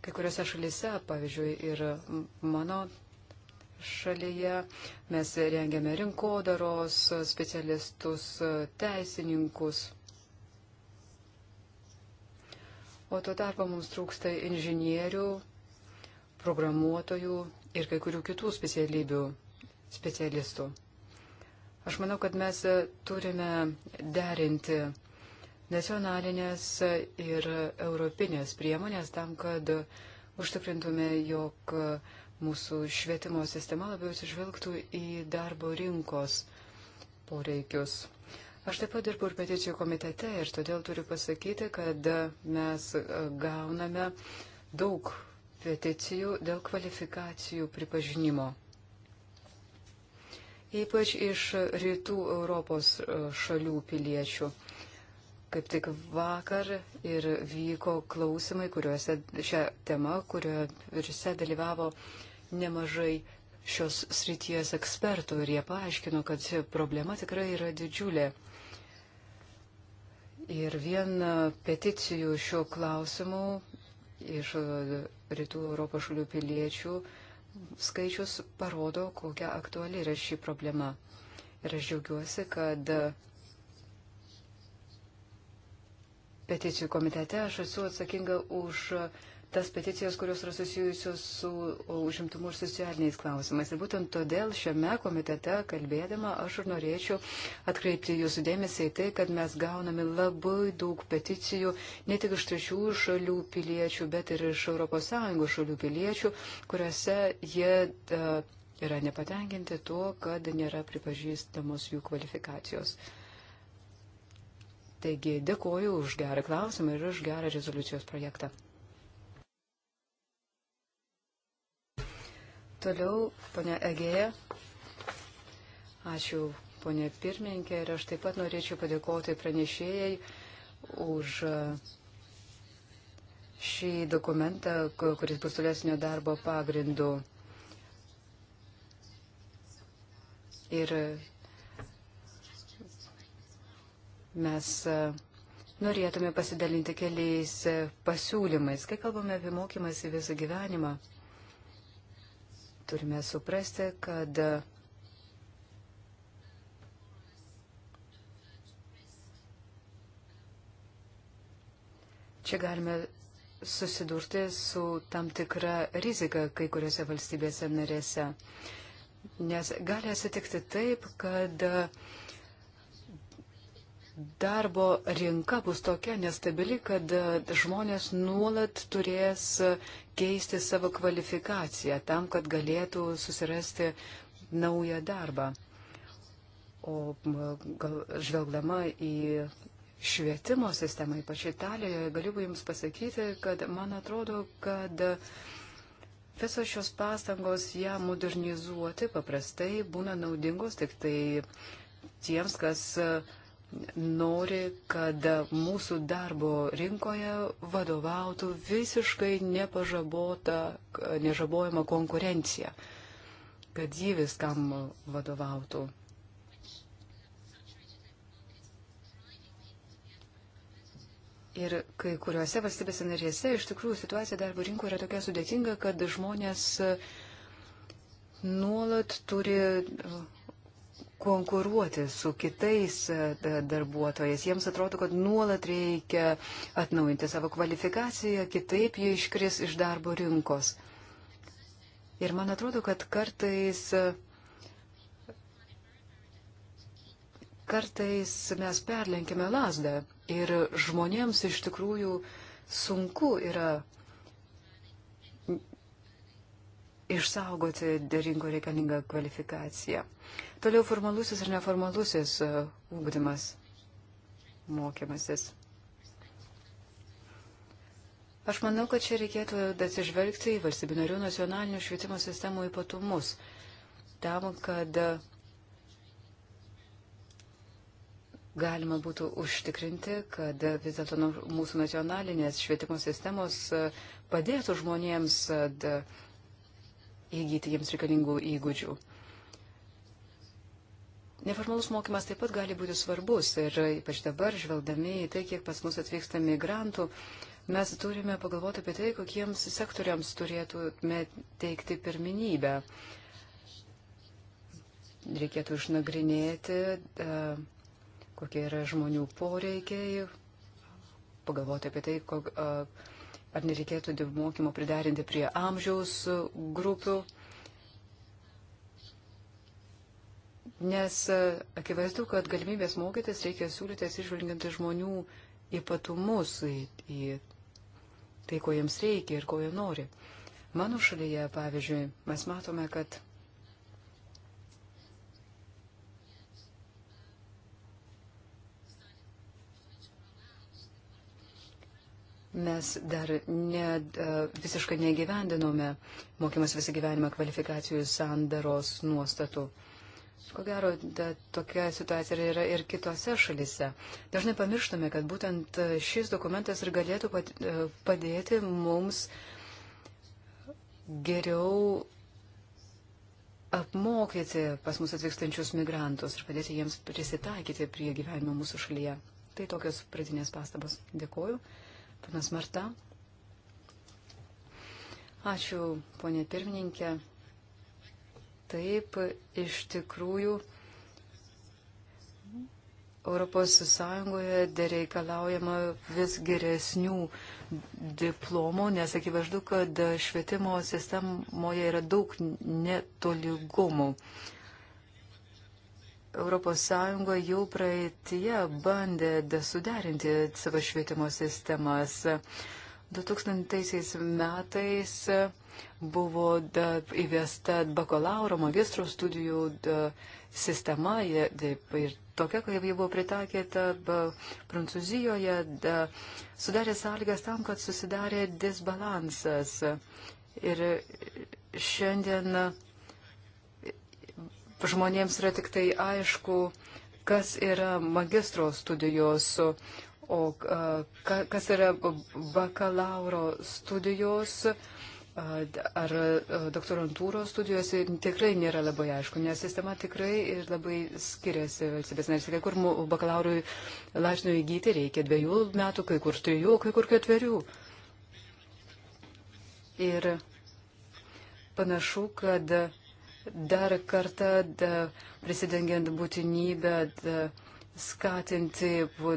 Kai kuriuose šalyse, pavyzdžiui, ir mano šalyje mes rengiame rinkodaros specialistus, teisininkus. O tuo tarpu mums trūksta inžinierių, programuotojų ir kai kurių kitų specialybių specialistų. Aš manau, kad mes turime derinti nacionalinės ir europinės priemonės tam, kad užtikrintume, jog mūsų švietimo sistema labiau atsižvelgtų į darbo rinkos poreikius. Aš taip pat dirbu ir peticijų komitete ir todėl turiu pasakyti, kad mes gauname daug peticijų dėl kvalifikacijų pripažinimo. Ypač iš rytų Europos e, šalių piliečių. Kaip tik vakar ir vyko klausimai, kuriuose šią temą, kuriuose dalyvavo nemažai šios srities ekspertų ir jie paaiškino, kad problema tikrai yra didžiulė. Ir vien peticijų šiuo klausimu iš rytų Europos šalių piliečių skaičius parodo, kokia aktuali yra ši problema. Ir aš džiaugiuosi, kad peticijų komitete aš esu atsakinga už uh, tas peticijas, kurios yra susijusios su užimtumu ir socialiniais klausimais. Ir būtent todėl šiame komitete kalbėdama aš ir norėčiau atkreipti jūsų dėmesį į tai, kad mes gauname labai daug peticijų ne tik iš trečių šalių piliečių, bet ir iš ES šalių piliečių, kuriuose jie. Uh, yra nepatenkinti tuo, kad nėra pripažįstamos jų kvalifikacijos. Taigi dėkoju už gerą klausimą ir už gerą rezoliucijos projektą. Toliau, ponė Egėja. Ačiū, ponė pirmininkė. Ir aš taip pat norėčiau padėkoti pranešėjai už e, šį dokumentą, kuris bus tolesnio darbo pagrindu. Ir mes e, norėtume pasidalinti keliais e, pasiūlymais, kai kalbame apie mokymąsi visą gyvenimą. Turime suprasti, kad čia galime susidurti su tam tikra rizika kai kuriuose valstybėse narėse. Nes gali atsitikti taip, kad uh, darbo rinka bus tokia nestabili, kad e, žmonės nuolat turės e, keisti savo kvalifikaciją tam, kad galėtų susirasti naują darbą. O gal, žvelgdama į švietimo sistemą, ypač Italijoje, galiu Jums pasakyti, kad man atrodo, kad visos šios pastangos ją modernizuoti paprastai būna naudingos tik tai tiems, kas uh, nori, kad mūsų darbo rinkoje vadovautų visiškai nepažabota, nežabojama konkurencija, kad ji viskam vadovautų. Ir kai kuriuose valstybėse narėse iš tikrųjų situacija darbo rinkoje yra tokia sudėtinga, kad žmonės nuolat turi konkuruoti su kitais e, darbuotojais. Jiems atrodo, kad nuolat reikia atnaujinti savo kvalifikaciją, kitaip jie iškris iš darbo rinkos. Ir man atrodo, kad kartais, e, kartais mes perlenkime lasdą ir žmonėms iš tikrųjų sunku yra išsaugoti deringo reikalingą kvalifikaciją. Toliau formalusis ir neformalusis ūkdymas, e, mokymasis. Aš manau, kad čia reikėtų atsižvelgti į valstybinarių nacionalinių švietimo sistemų ypatumus, tam, kad e, galima būtų užtikrinti, kad vis dėlto nu, mūsų nacionalinės švietimo sistemos e, padėtų žmonėms įgyti jiems reikalingų įgūdžių. Neformalus mokymas taip pat gali būti svarbus ir ypač dabar, žvelgdami į tai, kiek pas mus atvyksta migrantų, mes turime pagalvoti apie tai, kokiems sektoriams turėtume teikti pirminybę. Reikėtų išnagrinėti, e, kokie yra žmonių poreikiai, pagalvoti apie tai, kok, e, ar nereikėtų mokymo pridarinti prie amžiaus grupių. nes e, akivaizdu, kad galimybės mokytis reikia siūlyti atsižvelgiant į žmonių ypatumus, į, į tai, ko jiems reikia ir ko jie nori. Mano šalyje, pavyzdžiui, mes matome, kad mes dar ne, e, visiškai negyvendinome mokymas visą gyvenimą kvalifikacijų sandaros nuostatų. Ko gero, da, tokia situacija yra ir kitose šalise. Dažnai pamirštame, kad būtent e, šis dokumentas ir galėtų e, padėti mums geriau apmokyti pas mus atvykstančius migrantus ir padėti jiems prisitaikyti prie gyvenimo mūsų šalyje. Tai tokios pradinės pastabos. Dėkuoju. Panas Marta. Ačiū, ponė pirmininkė. Taip, iš tikrųjų, ES dereikalaujama vis geresnių diplomų, nes akivaizdu, kad švietimo sistemoje yra daug netolygumų. ES jau praeitie bandė suderinti savo švietimo sistemas. 2000 metais buvo da, įvesta bakalauro magistro studijų da, sistema ja, da, ir tokia, kaip ji buvo pritaikyta Prancūzijoje, da, sudarė sąlygas tam, kad susidarė disbalansas. Ir šiandien žmonėms yra tik tai aišku, kas yra magistro studijos, o ka, kas yra bakalauro studijos ar doktorantūros studijos tikrai nėra labai aišku, nes sistema tikrai ir labai skiriasi valstybės narės. Kai kur bakalaurui lašinio įgyti reikia dviejų metų, kai kur trijų, kai kur ketverių. Ir panašu, kad dar kartą da, prisidengiant būtinybę da, skatinti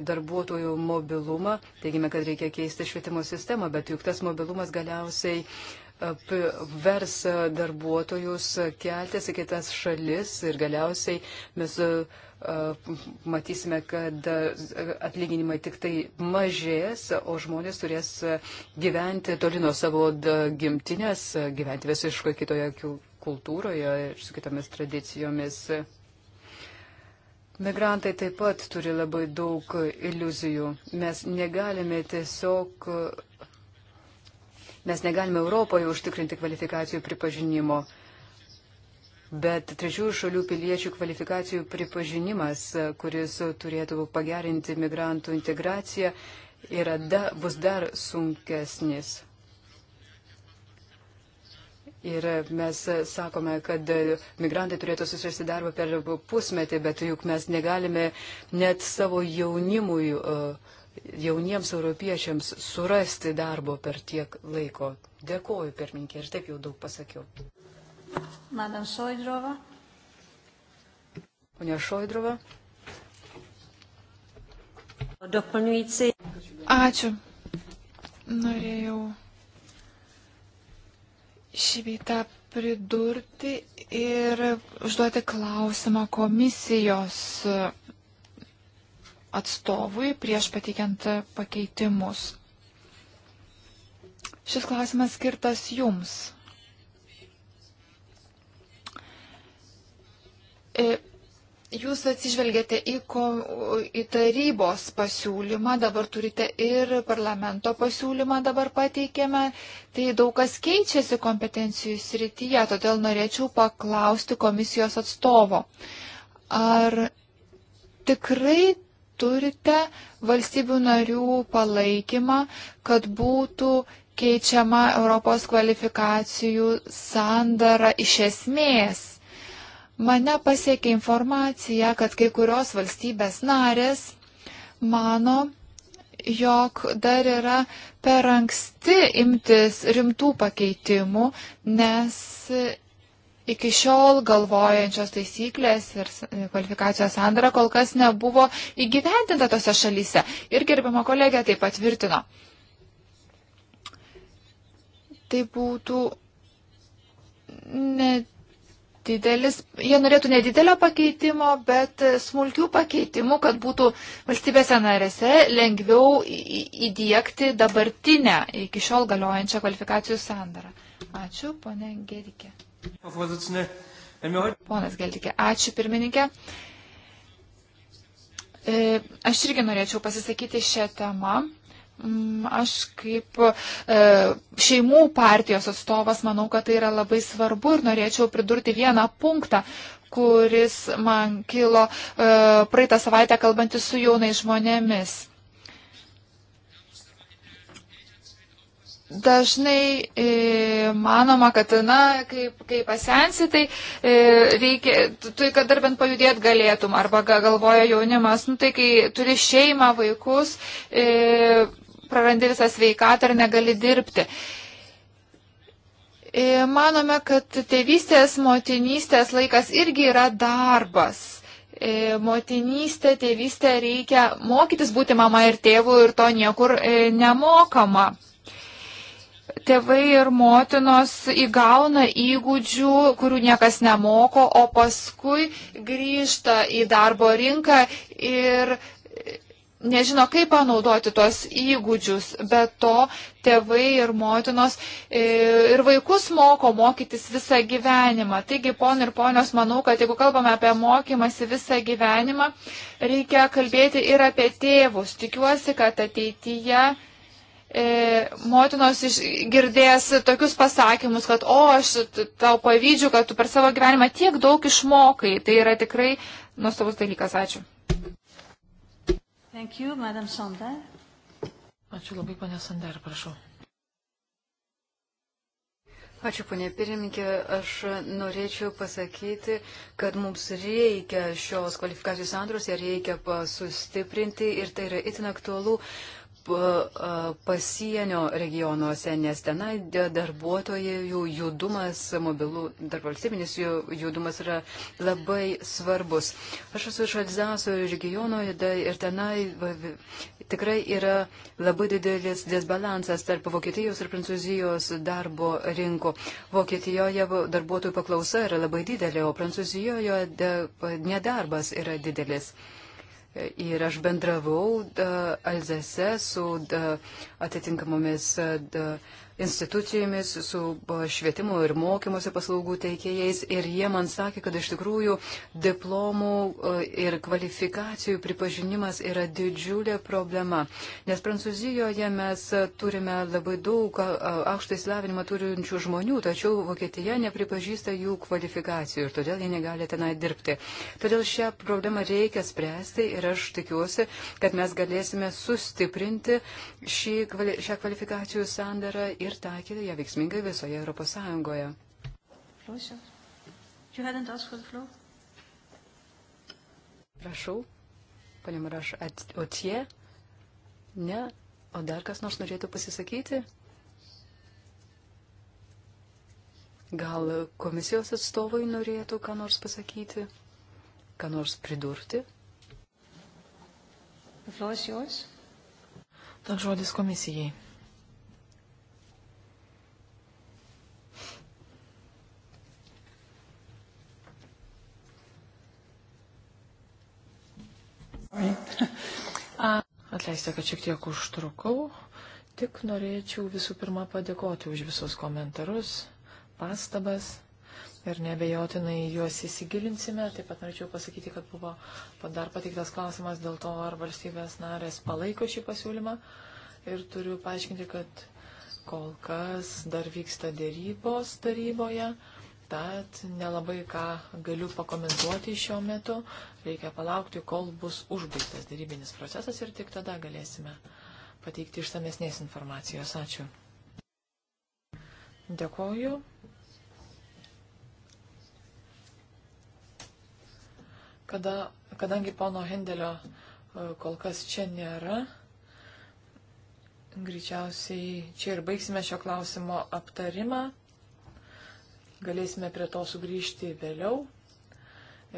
darbuotojų mobilumą. Teigime, kad reikia keisti švietimo sistemą, bet juk tas mobilumas galiausiai uh, vers darbuotojus keltis į kitas šalis ir galiausiai mes e, matysime, kad atlyginimai tik tai mažės, o žmonės turės gyventi toli nuo savo gimtinės, gyventi visiškai kitoje kultūroje ir su kitomis tradicijomis. Migrantai taip pat turi labai daug iliuzijų. Mes negalime tiesiog uh, Mes negalime Europoje užtikrinti kvalifikacijų pripažinimo. Bet trečiųjų šalių piliečių kvalifikacijų pripažinimas, kuris turėtų pagerinti migrantų integraciją, yra da, bus dar sunkesnis. Ir mes sakome, kad migrantai turėtų susirasti darbą per pusmetį, bet juk mes negalime net savo jaunimui uh, jauniems europiečiams surasti darbo per tiek laiko. Dėkoju, pirminkė, ir taip jau daug pasakiau. Madam Šoidrova. Ponia Šoidrova. Doplňující. Ačiū. Norėjau šį beitą pridurti ir užduoti klausimą komisijos atstovui prieš pateikiant pakeitimus. Šis klausimas skirtas jums. E, jūs atsižvelgėte į, ko, į tarybos pasiūlymą, dabar turite ir parlamento pasiūlymą dabar pateikėme, tai daug kas keičiasi kompetencijų srityje, todėl norėčiau paklausti komisijos atstovo. Ar tikrai turite valstybių narių palaikymą, kad būtų keičiama Europos kvalifikacijų sandara iš esmės. Mane pasiekė informacija, kad kai kurios valstybės narės mano, jog dar yra per anksti imtis rimtų pakeitimų, nes iki šiol galvojančios taisyklės ir e, kvalifikacijos sandara kol kas nebuvo įgyvendinta tose šalyse. Ir gerbimo kolegė tai patvirtino. Tai būtų nedidelis, jie norėtų nedidelio pakeitimo, bet smulkių pakeitimų, kad būtų valstybėse narėse lengviau įdėkti dabartinę iki šiol galiojančią kvalifikacijų sandarą. Ačiū, ponė Gerikė. Ponas Geltikė, ačiū pirmininkė. E, aš irgi norėčiau pasisakyti šią temą. Mm, aš kaip e, šeimų partijos atstovas manau, kad tai yra labai svarbu ir norėčiau pridurti vieną punktą, kuris man kilo e, praeitą savaitę kalbantį su jaunais žmonėmis. Dažnai e, manoma, kad, na, kai, kai pasensi, tai e, reikia, tu, kad dar bent pajudėt galėtum, arba galvoja jaunimas, nu, tai kai turi šeimą, vaikus, e, prarandi visą sveikatą ir negali dirbti. E, manome, kad tėvystės, motinystės laikas irgi yra darbas e, motinystę, tėvystę reikia mokytis būti mama ir tėvu ir to niekur e, nemokama tėvai ir motinos įgauna įgūdžių, kurių niekas nemoko, o paskui grįžta į darbo rinką ir nežino, kaip panaudoti tuos įgūdžius. Be to, tėvai ir motinos e, ir vaikus moko mokytis visą gyvenimą. Taigi, ponai ir ponios, manau, kad jeigu kalbame apie mokymasi visą gyvenimą, reikia kalbėti ir apie tėvus. Tikiuosi, kad ateityje E, motinos girdės tokius pasakymus, kad o, aš tau pavyzdžių, kad tu per savo gyvenimą tiek daug išmokai. Tai yra tikrai nuostabus dalykas. Ačiū. Thank you, Madam Sander. Ačiū labai, ponė Sander, prašau. Ačiū, ponė pirmininkė. Aš norėčiau pasakyti, kad mums reikia šios kvalifikacijos sandros, ją reikia sustiprinti ir tai yra itin aktualu. Uh, pasienio regionuose, nes tenai darbuotojai jų judumas, mobilų, tarpvalstybinis jų judumas yra labai svarbus. Aš esu iš Alzaso regiono ir tenai tikrai yra labai didelis disbalansas tarp Vokietijos ir Prancūzijos darbo rinkų. Vokietijoje darbuotojų paklausa yra labai didelė, o Prancūzijoje nedarbas yra didelis. Ir aš bendravau Alzese su atitinkamomis. Da, institucijomis, su švietimo ir mokymosi paslaugų teikėjais ir jie man sakė, kad iš tikrųjų diplomų e, ir kvalifikacijų pripažinimas yra didžiulė problema. Nes Prancūzijoje mes turime labai daug aukštą įsilavinimą turinčių žmonių, tačiau Vokietija nepripažįsta jų kvalifikacijų ir todėl jie negali tenai dirbti. Todėl šią problemą reikia spręsti ir aš tikiuosi, kad mes galėsime sustiprinti šį, šią kvalifikacijų sandarą ir ir taikyti ją veiksmingai visoje Europos Sąjungoje. Prašau, panė Maraš, o tie? Ne? O dar kas nors norėtų pasisakyti? Gal komisijos atstovai norėtų ką nors pasakyti? Ką nors pridurti? The floor is yours. Tad žodis komisijai. Atleiskite, kad šiek tiek užtrukau. Tik norėčiau visų pirma padėkoti už visus komentarus, pastabas ir nebejotinai juos įsigilinsime. Taip pat norėčiau pasakyti, kad buvo dar pateiktas klausimas dėl to, ar valstybės narės palaiko šį pasiūlymą. Ir turiu paaiškinti, kad kol kas dar vyksta dėrybos taryboje. Tad nelabai ką galiu pakomentuoti šiuo metu. Reikia palaukti, kol bus užbaigtas darybinis procesas ir tik tada galėsime pateikti išsamesnės informacijos. Ačiū. Dėkoju. Kada, kadangi pono Hendelio e, kol kas čia nėra, greičiausiai čia ir baigsime šio klausimo aptarimą. Galėsime prie to sugrįžti vėliau.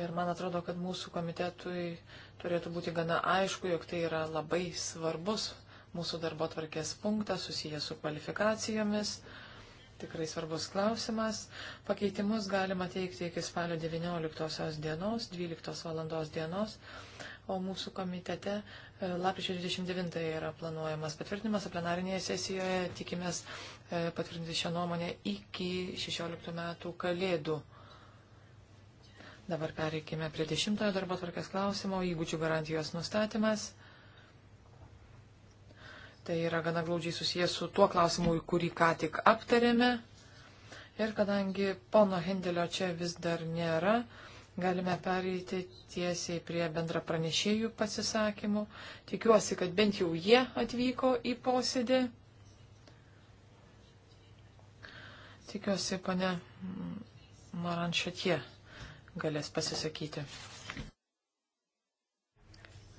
Ir man atrodo, kad mūsų komitetui turėtų būti gana aišku, jog tai yra labai svarbus mūsų darbo tvarkės punktas susijęs su kvalifikacijomis. Tikrai svarbus klausimas. Pakeitimus galima teikti iki spalio 19 dienos, 12 valandos dienos o mūsų komitete e, lapkričio 29 yra planuojamas patvirtinimas, o plenarinėje sesijoje tikimės e, patvirtinti šią nuomonę iki 16 metų kalėdų. Dabar pereikime prie 10 darbo tvarkės klausimo, įgūdžių garantijos nustatymas. Tai yra gana glaudžiai susijęs su tuo klausimu, kurį ką tik aptarėme. Ir kadangi pono Hendelio čia vis dar nėra, galime pereiti tiesiai prie bendra pranešėjų pasisakymų. Tikiuosi, kad bent jau jie atvyko į posėdį. Tikiuosi, pane Maranšatie galės pasisakyti.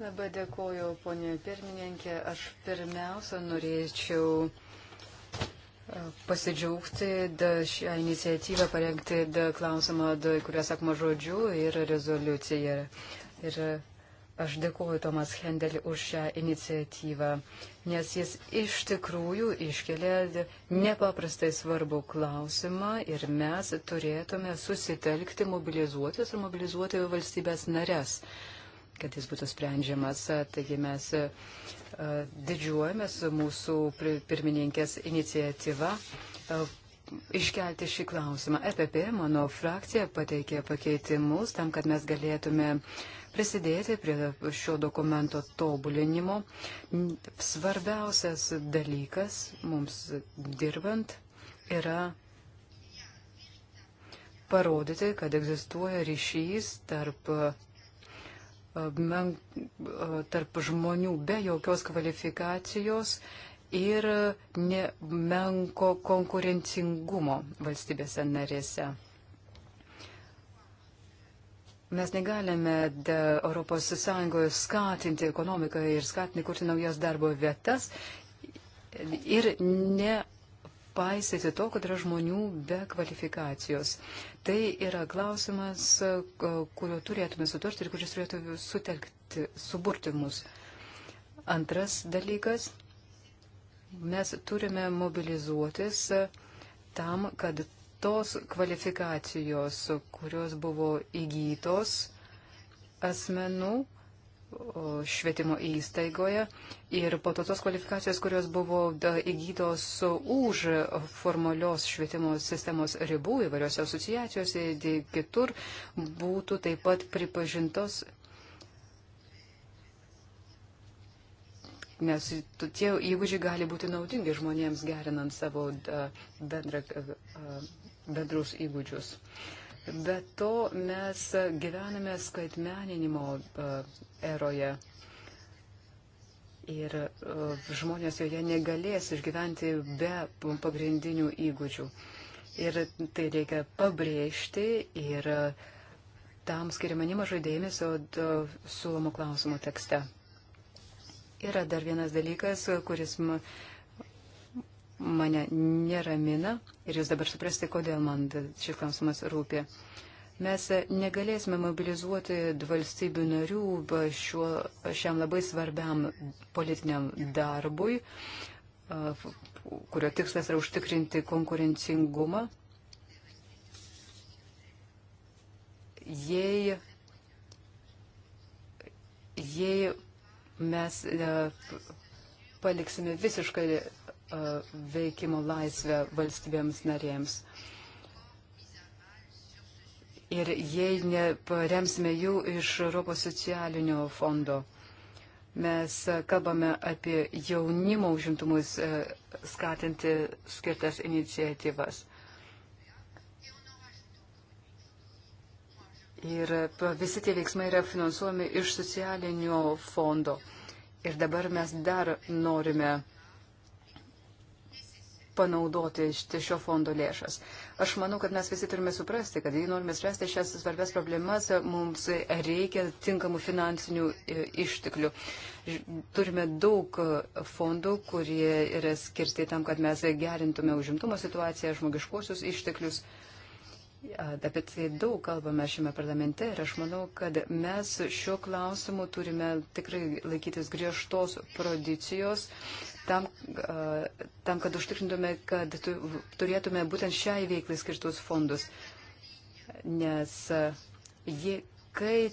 Labai dėkoju, ponė pirmininkė. Aš pirmiausia norėčiau pasidžiaugti šią iniciatyvą, parengti klausimą, kurią sakoma žodžiu ir rezoliuciją. Ir aš dėkuoju Tomas Hendel už šią iniciatyvą, nes jis iš tikrųjų iškelia nepaprastai svarbų klausimą ir mes turėtume susitelkti, mobilizuotis ir mobilizuoti valstybės nares, kad jis būtų sprendžiamas. Taigi mes didžiuojamės mūsų pirmininkės iniciatyva iškelti šį klausimą. EPP, mano frakcija, pateikė pakeitimus tam, kad mes galėtume prisidėti prie šio dokumento tobulinimo. Svarbiausias dalykas mums dirbant yra parodyti, kad egzistuoja ryšys tarp uh, men, tarp žmonių be jokios kvalifikacijos ir menko konkurencingumo valstybėse narėse. Mes negalime ES skatinti ekonomiką ir skatinti kurti naujas darbo vietas ir ne paisyti to, kad yra žmonių be kvalifikacijos. Tai yra klausimas, e, kurio turėtume sutarti ir kuris turėtų sutelkti, suburti mus. Antras dalykas, mes turime mobilizuotis e, tam, kad tos kvalifikacijos, kurios buvo įgytos asmenų, švietimo įstaigoje ir po to tos kvalifikacijos, kurios buvo įgytos už formalios švietimo sistemos ribų įvairiose asociacijose ir kitur, būtų taip pat pripažintos. Nes tie įgūdžiai gali būti naudingi žmonėms gerinant savo bendra, bendrus įgūdžius. Uh, Bet to mes gyvename skaitmeninimo e, eroje. Ir e, žmonės joje negalės išgyventi be pagrindinių įgūdžių. Ir tai reikia pabrėžti ir e, tam skiriama nemažai dėmesio siūlomų klausimų tekste. Yra dar vienas dalykas, kuris mane neramina ir jūs dabar suprasti, kodėl man šis klausimas rūpi. Mes negalėsime mobilizuoti valstybių narių šiuo, šiam labai svarbiam politiniam darbui, kurio tikslas yra užtikrinti konkurencingumą, jei, jei mes paliksime visiškai E, veikimo laisvę valstybėms narėms. Ir jei neparemsime jų iš Europos socialinio fondo, mes kalbame apie jaunimo užimtumus e, skatinti skirtas iniciatyvas. Ir visi tie veiksmai yra finansuojami iš socialinio fondo. Ir dabar mes dar norime panaudoti šio fondo lėšas. Aš manau, kad mes visi turime suprasti, kad jei norime spręsti šias svarbias problemas, mums reikia tinkamų finansinių e, išteklių. Turime daug e, fondų, kurie yra skirti tam, kad mes gerintume užimtumo situaciją, žmogiškosius išteklius. Apie tai daug kalbame šiame parlamente ir aš manau, kad mes šiuo klausimu turime tikrai laikytis griežtos tradicijos, tam, tam kad užtikrintume, kad turėtume būtent šiai veiklai skirtus fondus. Nes jie, kai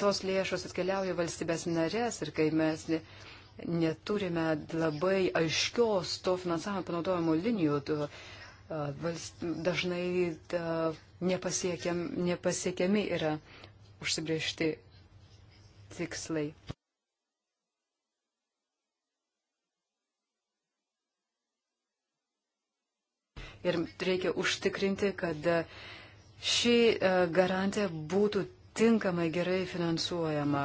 tos lėšos atkeliauja valstybės narės ir kai mes neturime labai aiškios to finansavimo panaudojimo linijų, to, valst, dažnai ta, nepasiekiam, nepasiekiami yra užsibriežti tikslai. ir reikia užtikrinti, kad ši e, garantija būtų tinkamai gerai finansuojama.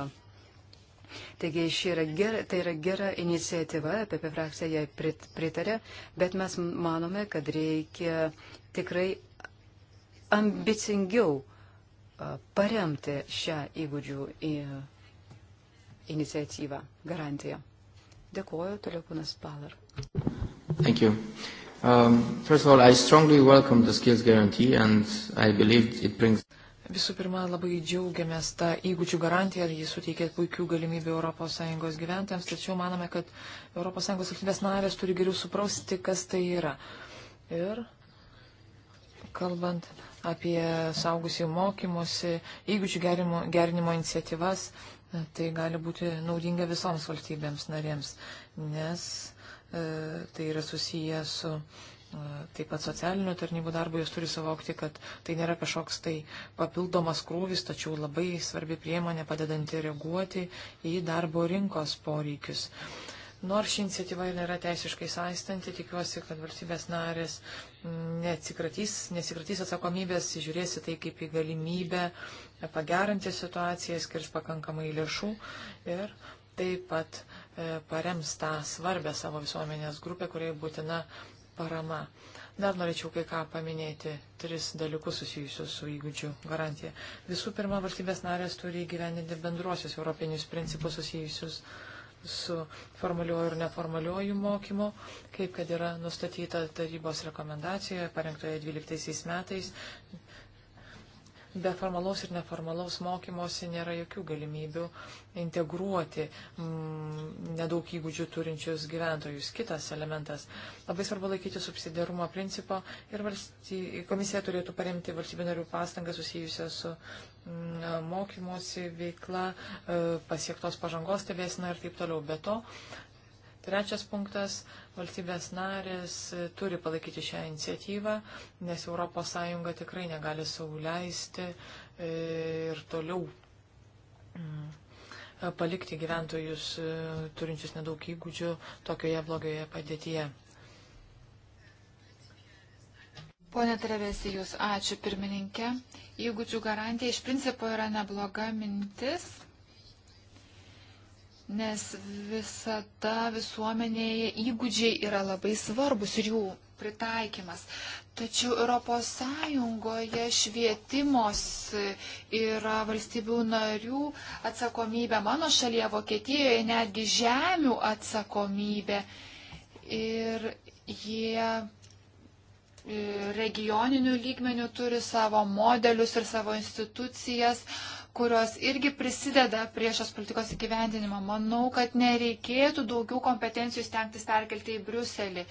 Taigi yra gera, tai yra gera iniciatyva, PP frakcija jai pritarė, bet mes manome, kad reikia tikrai ambicingiau e, paremti šią įgūdžių iniciatyvą, garantiją. Dėkuoju, toliau ponas Palar. Thank you. Um, first of all, I strongly welcome the skills guarantee and I believe it brings. Visų pirma, labai džiaugiamės tą įgūdžių garantiją ir jis suteikia puikių galimybių ES gyventojams, tačiau manome, kad ES valstybės narės turi geriau suprasti, kas tai yra. Ir kalbant apie saugusių mokymosi, įgūdžių gerimo, gerinimo iniciatyvas, tai gali būti naudinga visoms valstybėms narėms, nes E, tai yra susiję su e, taip pat socialinių tarnybų darbu, jūs turi savokti, kad tai nėra kažkoks tai papildomas krūvis, tačiau labai svarbi priemonė padedanti reaguoti į darbo rinkos poreikius. Nors ši iniciatyva nėra teisiškai saistanti, tikiuosi, kad valstybės narės neatsikratys, nesikratys atsakomybės, žiūrėsi tai kaip į galimybę pagerinti situaciją, skirs pakankamai lėšų ir taip pat E, parems tą svarbę savo visuomenės grupę, kuriai būtina parama. Dar norėčiau kai ką paminėti, tris dalykus susijusius su įgūdžių garantija. Visų pirma, valstybės narės turi įgyveninti bendruosius europinius principus susijusius su formaliuoju ir neformaliuoju mokymu, kaip kad yra nustatyta tarybos rekomendacijoje parengtoje 12 metais be formalaus ir neformalaus mokymosi nėra jokių galimybių integruoti m, mm, nedaug įgūdžių turinčius gyventojus. Kitas elementas. Labai svarbu laikyti subsidiarumo principo ir valsty... komisija turėtų paremti valstybių narių pastangą susijusią su m, mm, mokymosi veikla, e, pasiektos pažangos stebėsina ir taip toliau. Be to, Trečias punktas - valstybės narės turi palaikyti šią iniciatyvą, nes ES tikrai negali sauliaisti e, ir toliau mm, palikti gyventojus e, turinčius nedaug įgūdžių tokioje blogioje padėtyje. Pone Trevesi, jūs ačiū pirmininkė. Įgūdžių garantija iš principo yra nebloga mintis nes visada visuomenėje įgūdžiai yra labai svarbus ir jų pritaikymas. Tačiau ES švietimos yra valstybių narių atsakomybė, mano šalyje Vokietijoje netgi žemių atsakomybė. Ir jie e, regioninių lygmenių turi savo modelius ir savo institucijas, kurios irgi prisideda prie šios politikos įgyvendinimo. Manau, kad nereikėtų daugiau kompetencijų stengtis perkelti į Briuselį.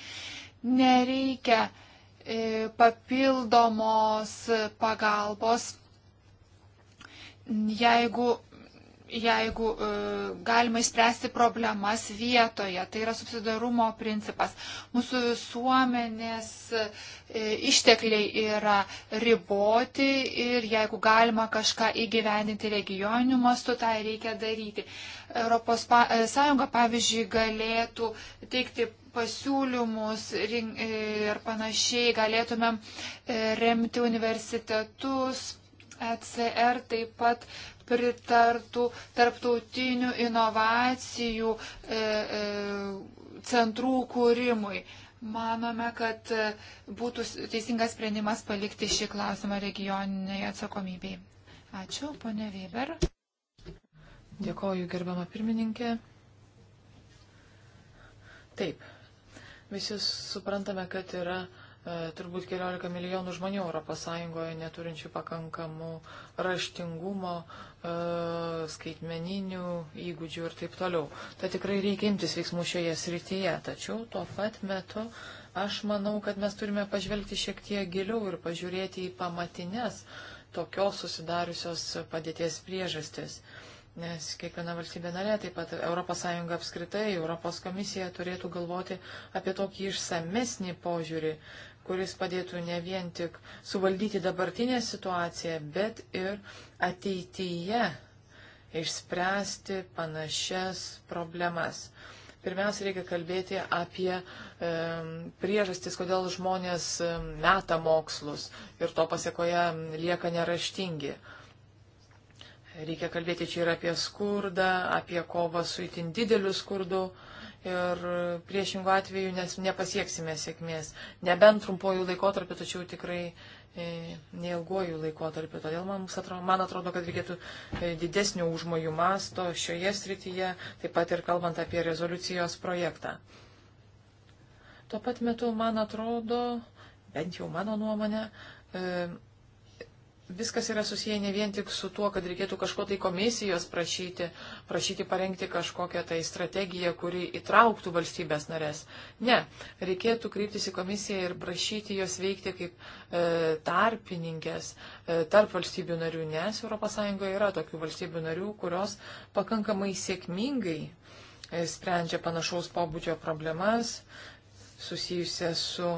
Nereikia e, papildomos pagalbos, jeigu jeigu e, galima išspręsti problemas vietoje. Tai yra subsidarumo principas. Mūsų visuomenės e, ištekliai yra riboti ir jeigu galima kažką įgyvendinti regioniniu mastu, tai reikia daryti. Europos pa, e, Sąjunga, pavyzdžiui, galėtų teikti pasiūlymus e, ir panašiai galėtumėm e, remti universitetus, ECR taip pat pritartų tarptautinių inovacijų e, e, centrų kūrimui. Manome, kad e, būtų teisingas sprendimas palikti šį klausimą regioniniai atsakomybei. Ačiū, ponė Weber. Dėkoju, gerbama pirmininkė. Taip, visi suprantame, kad yra E, turbūt 14 milijonų žmonių ES neturinčių pakankamų raštingumo, e, skaitmeninių įgūdžių ir taip toliau. Tad tikrai reikia imtis veiksmų šioje srityje. Tačiau tuo pat metu aš manau, kad mes turime pažvelgti šiek tiek giliau ir pažiūrėti į pamatinės tokios susidariusios padėties priežastis. Nes kiekviena valstybė narė, taip pat ES apskritai, ES komisija turėtų galvoti apie tokį išsamesnį požiūrį, kuris padėtų ne vien tik suvaldyti dabartinę situaciją, bet ir ateityje išspręsti panašias problemas. Pirmiausia, reikia kalbėti apie e, priežastis, kodėl žmonės meta mokslus ir to pasiekoje lieka neraštingi. Reikia kalbėti čia ir apie skurdą, apie kovą su itin dideliu skurdu. E, ir priešingų atveju nes nepasieksime sėkmės. Nebent trumpojų laikotarpių, tačiau tikrai e, neilgojų laikotarpių. Todėl man, atrodo, man atrodo, kad reikėtų e, didesnio užmojų masto šioje srityje, taip pat ir kalbant apie rezoliucijos projektą. Tuo pat metu, man atrodo, bent jau mano nuomonė, e, viskas yra susiję ne vien tik su tuo, kad reikėtų kažko tai komisijos prašyti, prašyti parengti kažkokią tai strategiją, kuri įtrauktų valstybės narės. Ne, reikėtų kryptis į komisiją ir prašyti jos veikti kaip e, tarpininkės e, tarp valstybių narių, nes ES yra tokių valstybių narių, kurios pakankamai sėkmingai e, sprendžia panašaus pobūdžio problemas susijusias su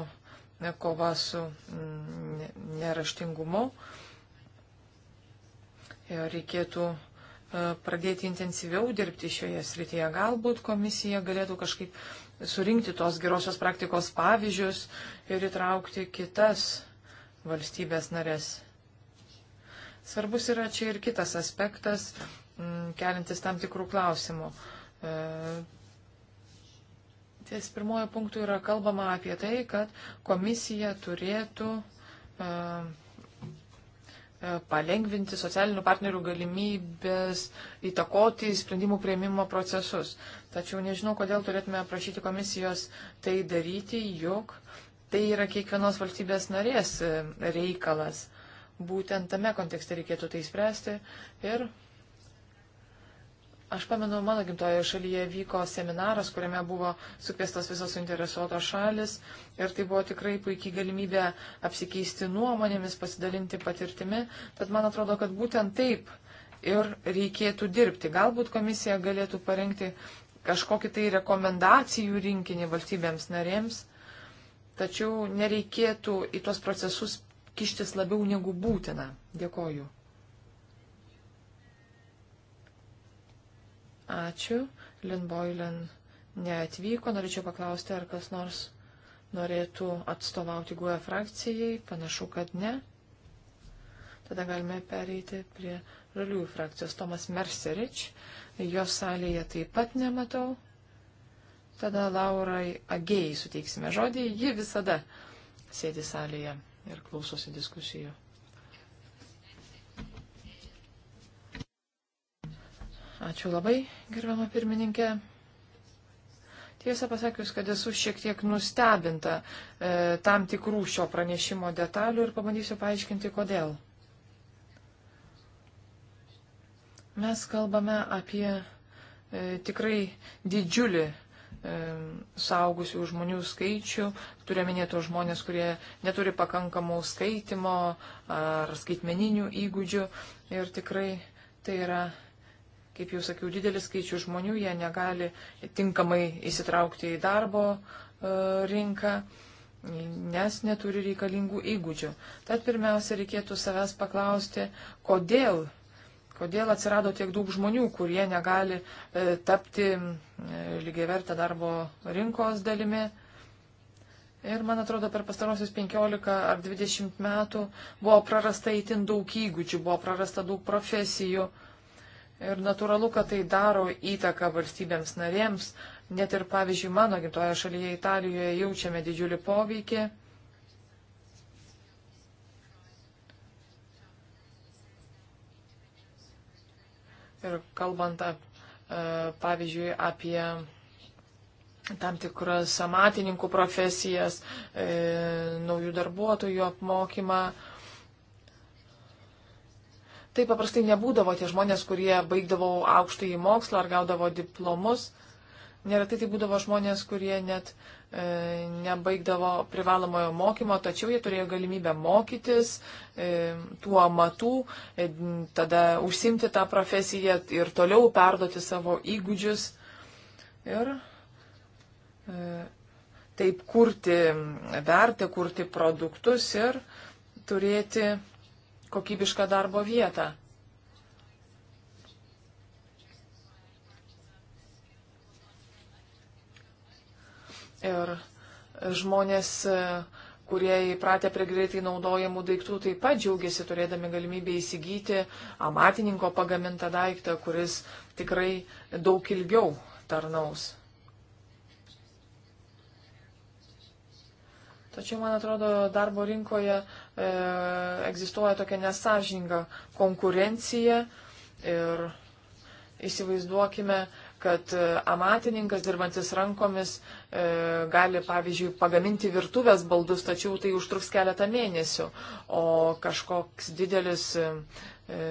e, kova su mm, neraštingumu. Ne E, reikėtų e, pradėti intensyviau dirbti šioje srityje. Galbūt komisija galėtų kažkaip surinkti tos gerosios praktikos pavyzdžius ir įtraukti kitas valstybės narės. Svarbus yra čia ir kitas aspektas, mm, kelintis tam tikrų klausimų. E, ties pirmojo punktų yra kalbama apie tai, kad komisija turėtų uh, E, palengvinti socialinių partnerių galimybės įtakoti sprendimų prieimimo procesus. Tačiau nežinau, kodėl turėtume prašyti komisijos tai daryti, juk tai yra kiekvienos valstybės narės e, reikalas. Būtent tame kontekste reikėtų tai spręsti ir Aš pamenu, mano gimtojoje šalyje vyko seminaras, kuriame buvo sukviestas visos suinteresuotos šalis ir tai buvo tikrai puikiai galimybė apsikeisti nuomonėmis, pasidalinti patirtimi. Tad man atrodo, kad būtent taip ir reikėtų dirbti. Galbūt komisija galėtų parengti kažkokį tai rekomendacijų rinkinį valstybėms narėms, tačiau nereikėtų į tuos procesus kištis labiau negu būtina. Dėkoju. Ačiū. Lin Boylan neatvyko. Norėčiau paklausti, ar kas nors norėtų atstovauti GUE frakcijai. Panašu, kad ne. Tada galime pereiti prie žaliųjų frakcijos. Tomas Merserič. Jos salėje taip pat nematau. Tada Laurai Agėjai suteiksime žodį. Ji visada sėdi salėje ir klausosi diskusijų. Ačiū labai, gerbama pirmininkė. Tiesą pasakius, kad esu šiek tiek nustebinta e, tam tikrų šio pranešimo detalių ir pabandysiu paaiškinti, kodėl. Mes kalbame apie e, tikrai didžiulį e, saugusių žmonių skaičių, turiu minėto žmonės, kurie neturi pakankamų skaitimo ar skaitmeninių įgūdžių ir tikrai tai yra kaip jau sakiau, didelis skaičius žmonių, jie negali tinkamai įsitraukti į darbo e, rinką, nes neturi reikalingų įgūdžių. Tad pirmiausia, reikėtų savęs paklausti, kodėl, kodėl atsirado tiek daug žmonių, kurie negali e, tapti e, lygiavertę darbo rinkos dalimi. Ir man atrodo, per pastarosius 15 ar 20 metų buvo prarasta įtin daug įgūdžių, buvo prarasta daug profesijų. Uh, Ir natūralu, kad tai daro įtaką valstybėms narėms. Net ir, pavyzdžiui, mano gimtoje šalyje Italijoje jaučiame didžiulį poveikį. Ir kalbant, e, pavyzdžiui, apie tam tikras amatininkų profesijas, e, naujų darbuotojų apmokymą, tai paprastai nebūdavo tie žmonės, kurie baigdavo aukštąjį mokslą ar gaudavo diplomus. Neretai tai būdavo žmonės, kurie net e, nebaigdavo privalomojo mokymo, tačiau jie turėjo galimybę mokytis e, tuo matų, e, tada užsimti tą profesiją ir toliau perduoti savo įgūdžius. Ir e, taip kurti vertę, kurti produktus ir turėti kokybišką darbo vietą. Ir žmonės, kurie įpratę prie greitai naudojamų daiktų, taip pat džiaugiasi turėdami galimybę įsigyti amatininko pagamintą daiktą, kuris tikrai daug ilgiau tarnaus. Tačiau, man atrodo, darbo rinkoje e, egzistuoja tokia nesažininga konkurencija ir įsivaizduokime, kad e, amatininkas dirbantis rankomis e, gali, pavyzdžiui, pagaminti virtuvės baldus, tačiau tai užtruks keletą mėnesių, o kažkoks didelis e, e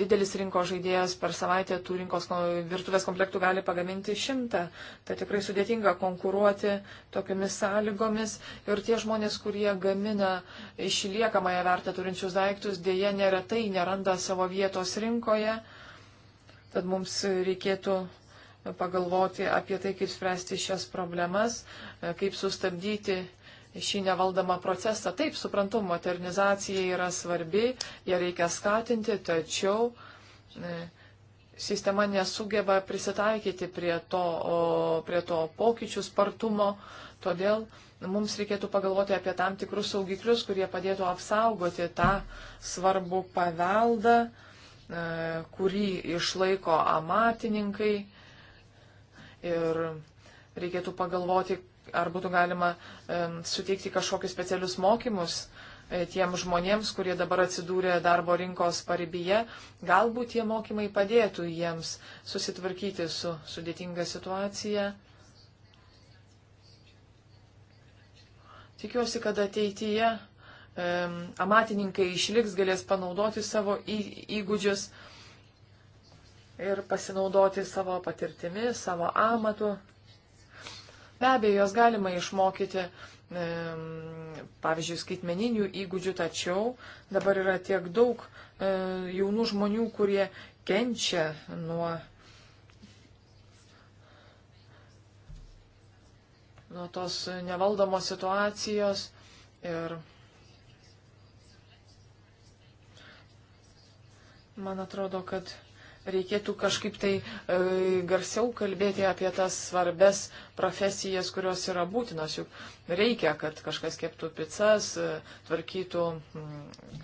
didelis rinkos žaidėjas per savaitę tų rinkos virtuvės komplektų gali pagaminti šimtą. Tai tikrai sudėtinga konkuruoti tokiamis sąlygomis. Ir tie žmonės, kurie gamina išliekamąją vertę turinčius daiktus, dėje neretai neranda savo vietos rinkoje. Tad mums reikėtų pagalvoti apie tai, kaip spręsti šias problemas, kaip sustabdyti šį nevaldomą procesą. Taip, suprantu, modernizacija yra svarbi, ją reikia skatinti, tačiau e, sistema nesugeba prisitaikyti prie to, prie to pokyčių spartumo, todėl mums reikėtų pagalvoti apie tam tikrus saugiklius, kurie padėtų apsaugoti tą svarbų paveldą, e, kurį išlaiko amatininkai. Ir reikėtų pagalvoti, ar būtų galima suteikti kažkokius specialius mokymus e, tiem žmonėms, kurie dabar atsidūrė darbo rinkos paribyje, galbūt tie mokymai padėtų jiems susitvarkyti su sudėtinga situacija. Tikiuosi, kad ateityje um, amatininkai išliks, galės panaudoti savo į, įgūdžius ir pasinaudoti savo patirtimi, savo amatu. Be abejo, jos galima išmokyti, pavyzdžiui, skaitmeninių įgūdžių, tačiau dabar yra tiek daug e, jaunų žmonių, kurie kenčia nuo, nuo tos nevaldomos situacijos ir man atrodo, kad reikėtų kažkaip tai e, garsiau kalbėti apie tas svarbes profesijas, kurios yra būtinos. Juk reikia, kad kažkas keptų pizzas, e, tvarkytų mm,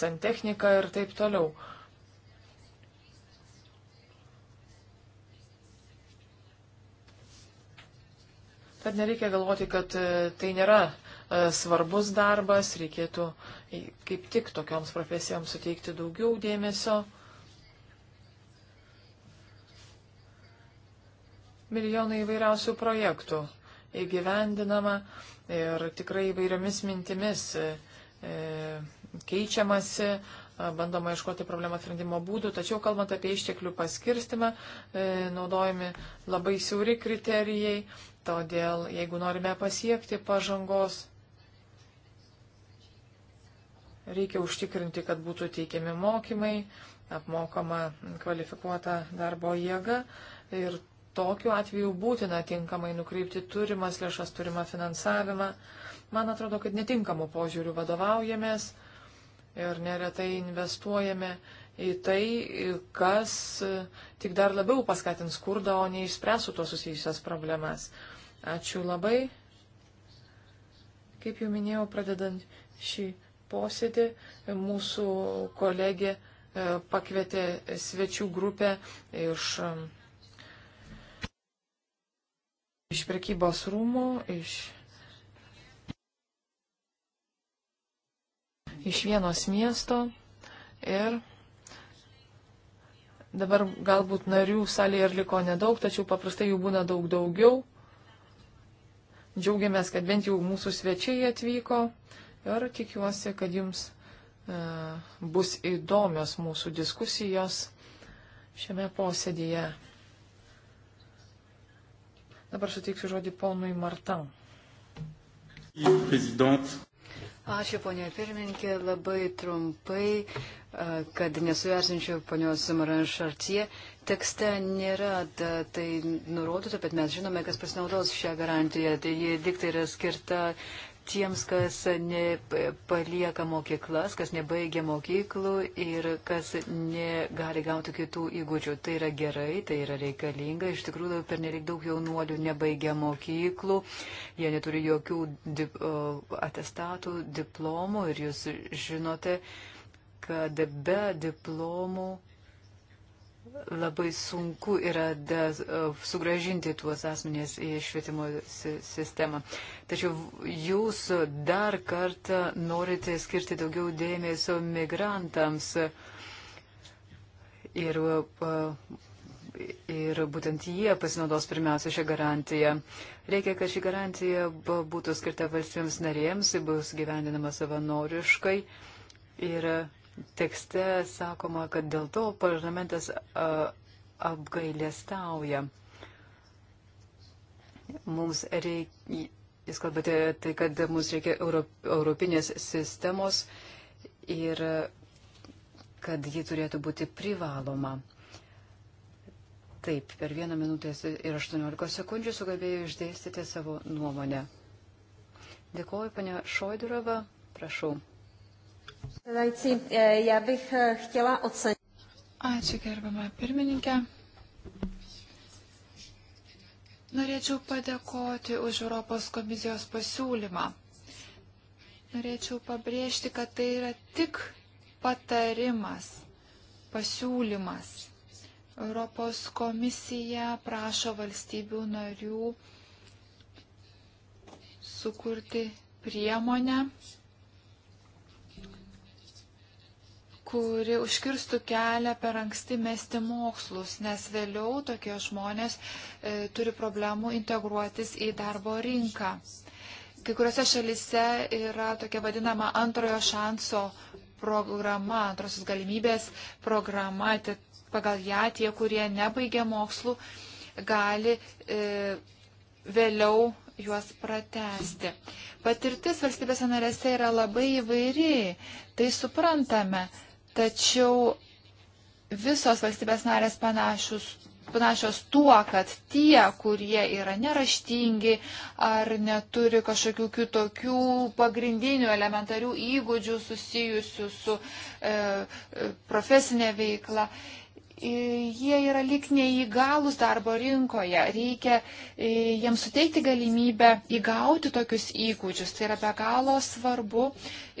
santechniką ir taip toliau. Tad nereikia galvoti, kad e, tai nėra e, svarbus darbas, reikėtų kaip tik tokioms profesijoms suteikti daugiau dėmesio. milijonai įvairiausių projektų įgyvendinama ir tikrai įvairiomis mintimis e, e, keičiamasi, bandoma iškoti problemą sprendimo būdų, tačiau kalbant apie išteklių paskirstimą, e, naudojami labai siauri kriterijai, todėl jeigu norime pasiekti pažangos, reikia užtikrinti, kad būtų teikiami mokymai, apmokama kvalifikuota darbo jėga ir tokiu atveju būtina tinkamai nukreipti turimas lėšas, turimą finansavimą. Man atrodo, kad netinkamų požiūrių vadovaujamės ir neretai investuojame į tai, kas tik dar labiau paskatins skurdą, o neišspręs su to susijusias problemas. Ačiū labai. Kaip jau minėjau, pradedant šį posėdį, mūsų kolegė e, pakvietė svečių grupę iš iš prekybos rūmų, iš, iš vienos miesto ir dabar galbūt narių salėje ir liko nedaug, tačiau paprastai jų būna daug daugiau. Džiaugiamės, kad bent jau mūsų svečiai atvyko ir tikiuosi, kad jums e, bus įdomios mūsų diskusijos šiame posėdėje. Dabar suteiksiu žodį ponui Martam. Ačiū, ponė pirmininkė, labai trumpai, kad nesuversinčiau ponios Maran Šartie. Tekste nėra da, tai nurodyta, bet mes žinome, kas pasinaudos šią garantiją. Tai ji diktai yra skirta tiems, kas nepalieka mokyklas, kas nebaigia mokyklų ir kas negali gauti kitų įgūdžių. Tai yra gerai, tai yra reikalinga. Iš tikrųjų, per nelik daug jaunuolių nebaigia mokyklų, jie neturi jokių dip, atestatų, diplomų ir jūs žinote, kad be diplomų labai sunku yra da, e, sugražinti tuos asmenės į švietimo sistemą. Tačiau jūs dar kartą norite skirti daugiau dėmesio migrantams ir, e, ir būtent jie pasinaudos pirmiausia šią garantiją. Reikia, kad ši garantija būtų skirta valstybėms narėms, bus gyvendinama savanoriškai. Ir tekste sakoma, kad dėl to parlamentas apgailėstauja. Mums reikia, jūs kalbate, tai kad mums reikia europ, europinės sistemos ir kad ji turėtų būti privaloma. Taip, per vieną minutę ir 18 sekundžių sugebėjau išdėstyti savo nuomonę. Dėkuoju, ponia Šoidurova, prašau. Eh, eh, Ačiū gerbama pirmininkė. Norėčiau padėkoti už Europos komisijos pasiūlymą. Norėčiau pabrėžti, kad tai yra tik patarimas, pasiūlymas. Europos komisija prašo valstybių narių sukurti priemonę, kuri užkirstų kelią per anksti mesti mokslus, nes vėliau tokie žmonės e, turi problemų integruotis į darbo rinką. Kai kuriuose šalise yra tokia vadinama antrojo šanso programa, antrosios galimybės programa, tai pagal ją tie, kurie nebaigia mokslų, gali e, vėliau juos pratesti. Patirtis valstybėse narėse yra labai įvairi, tai suprantame, Tačiau visos valstybės narės panašus, panašios tuo, kad tie, kurie yra neraštingi ar neturi kažkokių kitokių pagrindinių elementarių įgūdžių susijusių su e, e profesinė veikla, E, jie yra lik neįgalus darbo rinkoje. Reikia e, jiems suteikti galimybę įgauti tokius įgūdžius. Tai yra be galo svarbu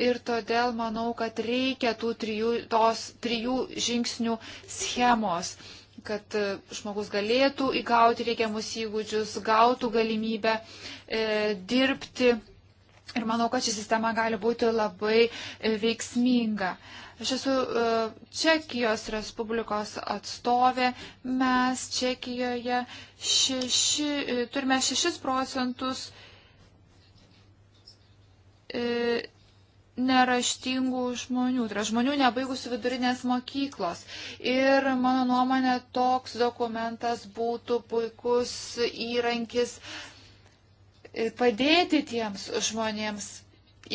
ir todėl manau, kad reikia tų trijų, tos trijų žingsnių schemos kad e, žmogus galėtų įgauti reikiamus įgūdžius, gautų galimybę e, dirbti. Ir manau, kad ši sistema gali būti labai veiksminga. E, Aš esu e, Čekijos Respublikos atstovė. Mes Čekijoje šeši, e, turime 6 procentus e, neraštingų žmonių, tai yra žmonių nebaigusių vidurinės mokyklos. Ir mano nuomonė, toks dokumentas būtų puikus įrankis padėti tiems žmonėms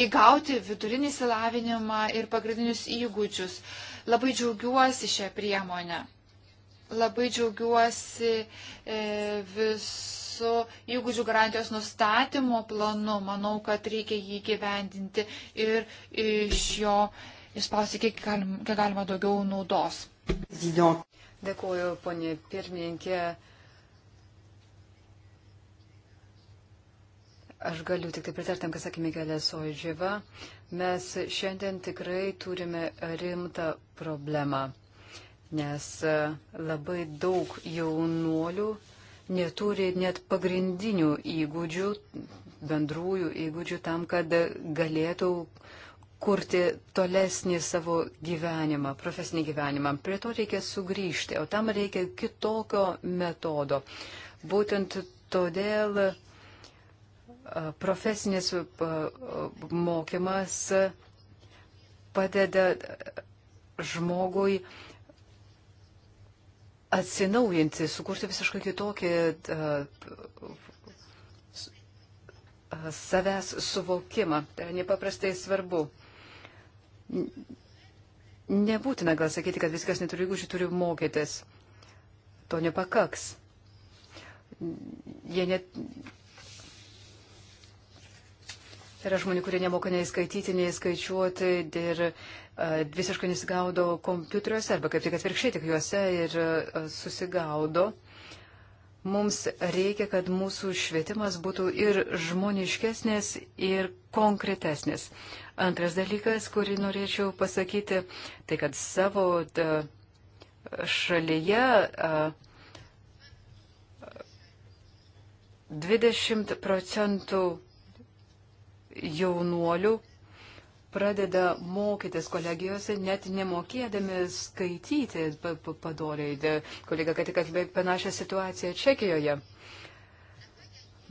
įgauti vidurinį įsilavinimą ir pagrindinius įgūdžius. Labai džiaugiuosi šią priemonę. Labai džiaugiuosi e, visų įgūdžių garantijos nustatymo planu. Manau, kad reikia jį gyvendinti ir iš jo išspausti kiek galima, kiek galima daugiau naudos. Dėkuoju, ponė pirmininkė. Aš galiu tik tai pritartam, kas sakė Mikelė Soidživa. Mes šiandien tikrai turime rimtą problemą, nes e, labai daug jaunuolių neturi net pagrindinių įgūdžių, bendrųjų įgūdžių tam, kad galėtų kurti tolesnį savo gyvenimą, profesinį gyvenimą. Prie to reikia sugrįžti, o tam reikia kitokio metodo. Būtent todėl profesinis mokymas padeda žmogui atsinaujinti, sukurti visiškai kitokį savęs suvokimą. Tai nepaprastai svarbu. Nebūtina gal sakyti, kad viskas neturi įgūdžių, turi mokytis. To nepakaks. Jie net Tai yra žmonių, kurie nemoka nei skaityti, nei skaičiuoti ir e, visiškai nesigaudo kompiuteriuose arba kaip tik atvirkščiai tik juose ir e, susigaudo. Mums reikia, kad mūsų švietimas būtų ir žmoniškesnis, ir konkretesnis. Antras dalykas, kurį norėčiau pasakyti, tai kad savo e, šalyje 20 procentų jaunuolių pradeda mokytis kolegijose, net nemokėdami skaityti padoriai. Kolega, kad tik atveik panašią situaciją Čekijoje.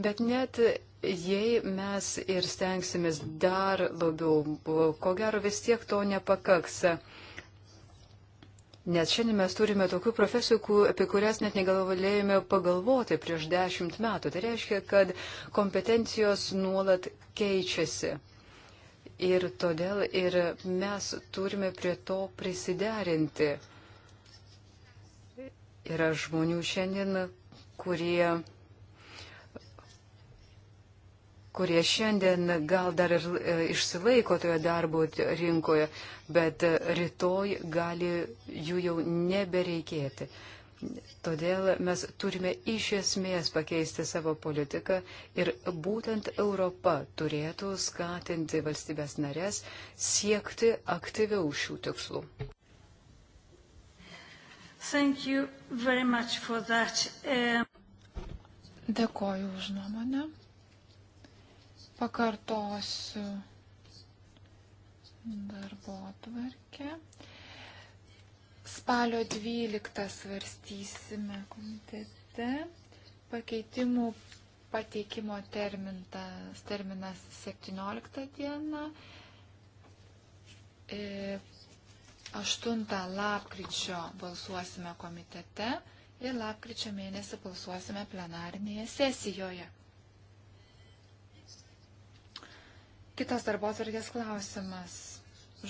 Bet net jei mes ir stengsimės dar labiau, ko gero vis tiek to nepakaks. Nes šiandien mes turime tokių profesijų, apie kurias net negalvojame pagalvoti prieš dešimt metų. Tai reiškia, kad kompetencijos nuolat keičiasi. Ir todėl ir mes turime prie to prisiderinti. Yra žmonių šiandien, kurie kurie šiandien gal dar ir e, išsilaiko toje darbo rinkoje, bet e, rytoj gali jų jau nebereikėti. Todėl mes turime iš esmės pakeisti savo politiką ir būtent Europa turėtų skatinti valstybės narės siekti aktyviau šių tikslų. Um... Dėkoju už nuomonę. Pakartosiu darbo atvarkę. Spalio 12 svarstysime komitete pakeitimų pateikimo terminas, terminas 17 diena, 8 lapkričio balsuosime komitete ir lapkričio mėnesį balsuosime plenarinėje sesijoje. Kitas darbo atvarkės klausimas.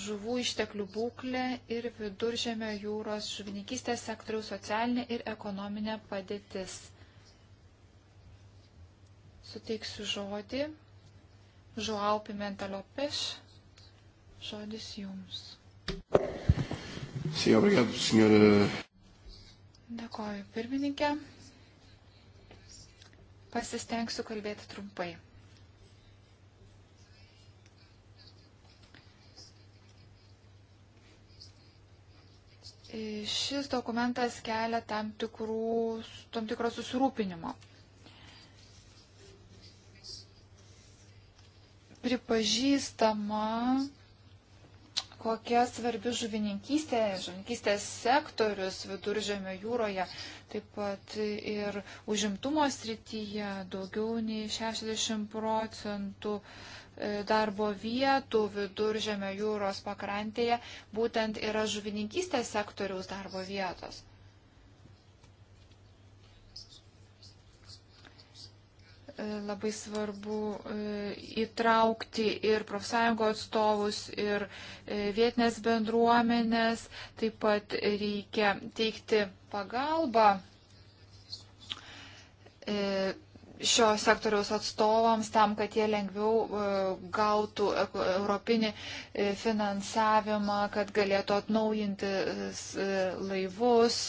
Žuvų išteklių būklė ir viduržėmio jūros žuvininkystės sektorių socialinė ir ekonominė padėtis. Suteiksiu žodį. Joao Pimenta Lopes. Žodis jums. Sim, obrigado, senhora. Eh. Dėkoju, pirmininkė. Pasistengsiu kalbėti trumpai. šis dokumentas kelia tam, tikrų, tam tikro susirūpinimo. Pripažįstama, kokia svarbi žuvininkystė, žuvininkystės sektorius viduržėmio jūroje, taip pat ir užimtumo srityje daugiau nei 60 procentų E, darbo vietų viduržėmio jūros pakrantėje būtent yra žuvininkystės sektoriaus darbo vietos. E, labai svarbu e, įtraukti ir profsąjungo atstovus, ir vietinės bendruomenės, taip pat reikia teikti pagalbą šio sektoriaus atstovams tam, kad jie lengviau e, gautų europinį e, finansavimą, kad galėtų atnaujinti e, laivus,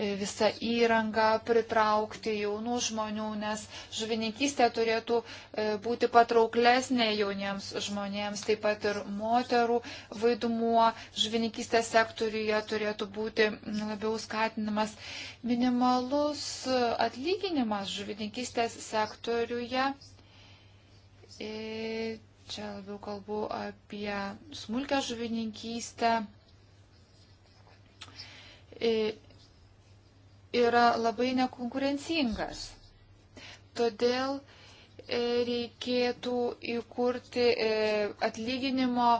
visą įrangą, pritraukti jaunų žmonių, nes žuvininkystė turėtų būti patrauklesnė jauniems žmonėms, taip pat ir moterų vaidmuo žuvininkystės sektoriuje turėtų būti labiau skatinamas. Minimalus atlyginimas žuvininkystės sektoriuje. E, čia labiau kalbu apie smulkę žuvininkystę e, yra labai nekonkurencingas. Todėl e, reikėtų įkurti atlyginimo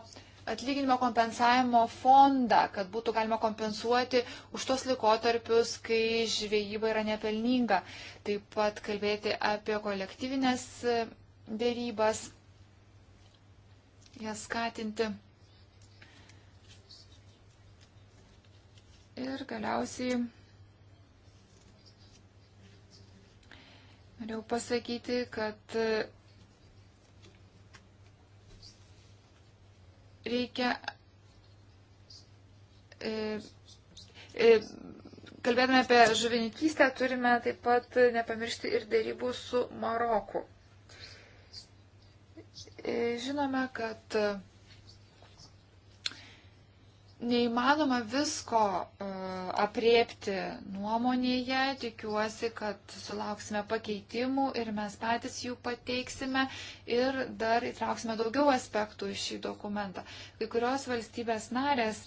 atlyginimo kompensavimo fondą, kad būtų galima kompensuoti už tos laikotarpius, kai žvejyba yra nepelninga. Taip pat kalbėti apie kolektyvinės e, dėrybas, jas skatinti. Ir galiausiai norėjau pasakyti, kad e, reikia. E, e, kalbėdami apie žuvininkystę, turime taip pat nepamiršti ir dėrybų su Maroku. E, žinome, kad neįmanoma visko e, apriepti nuomonėje, tikiuosi, kad sulauksime pakeitimų ir mes patys jų pateiksime ir dar įtrauksime daugiau aspektų į šį dokumentą. Kai kurios valstybės narės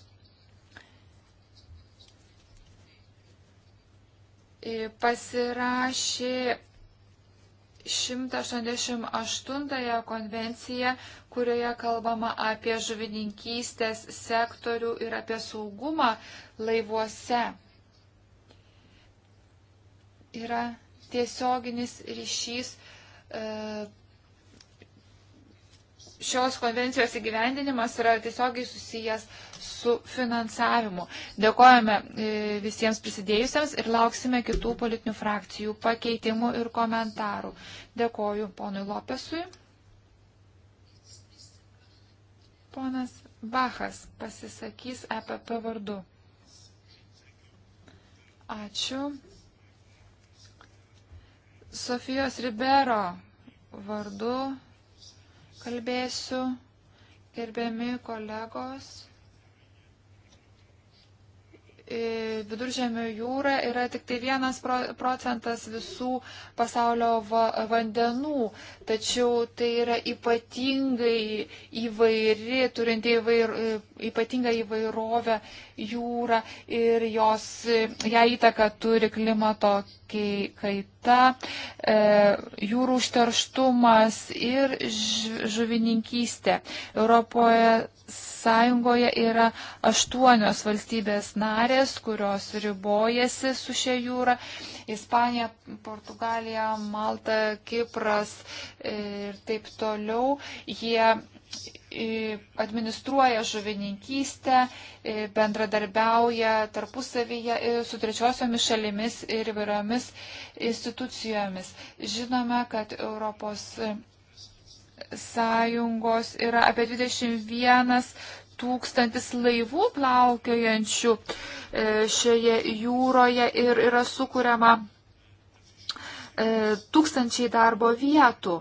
e, pasirašė 188 konvenciją, kurioje kalbama apie žuvininkystės sektorių ir apie saugumą laivuose. Yra tiesioginis ryšys e, šios konvencijos įgyvendinimas yra tiesiogiai susijęs su finansavimu. Dėkojame e, visiems prisidėjusiems ir lauksime kitų politinių frakcijų pakeitimų ir komentarų. Dėkoju ponui Lopesui. Ponas Bachas pasisakys EPP vardu. Ačiū. Sofijos Ribero vardu kalbėsiu, gerbiami kolegos viduržėmio jūra yra tik tai vienas procentas visų pasaulio va, vandenų, tačiau tai yra ypatingai įvairi, turinti įvair, ypatingą įvairovę jūra ir jos, ją įtaka turi klimato kaita, e, jūrų užterštumas ir žuvininkystė. Europoje yra aštuonios valstybės narės, kurios ribojasi su šia jūra. Ispanija, Portugalija, Malta, Kipras e, ir taip toliau. Jie e, administruoja žuvininkystę, e, bendradarbiauja tarpusavyje su trečiosiomis šalimis ir įvairiomis institucijomis. Žinome, kad Europos Sąjungos yra apie 21 tūkstantis laivų plaukiojančių e, šioje jūroje ir yra sukūriama e, tūkstančiai darbo vietų.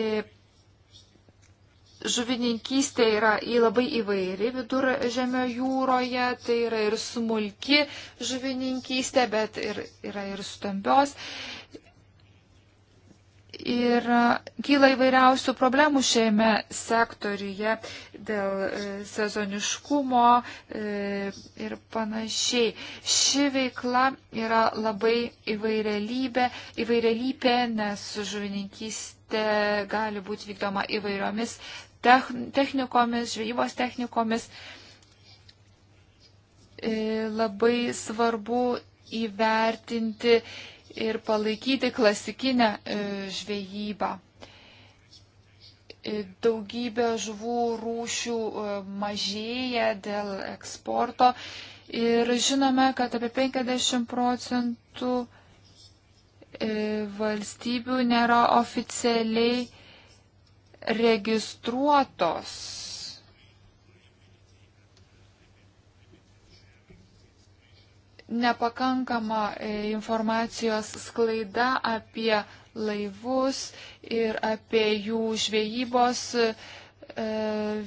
E, žuvininkystė yra į labai įvairi viduržemio jūroje, tai yra ir smulki žuvininkystė, bet ir, yra ir stambios. Ir e, kyla įvairiausių problemų šiame sektoriuje dėl e, sezoniškumo e, ir panašiai. Ši veikla yra labai įvairialybė, įvairialybė nes žuvininkystė gali būti vykdoma įvairiomis technikomis, žvejybos technikomis. Labai svarbu įvertinti ir palaikyti klasikinę e, žvejybą. E, daugybė žuvų rūšių e, mažėja dėl eksporto ir žinome, kad apie 50 procentų valstybių nėra oficialiai registruotos nepakankama e, informacijos sklaida apie laivus ir apie jų žvejybos e,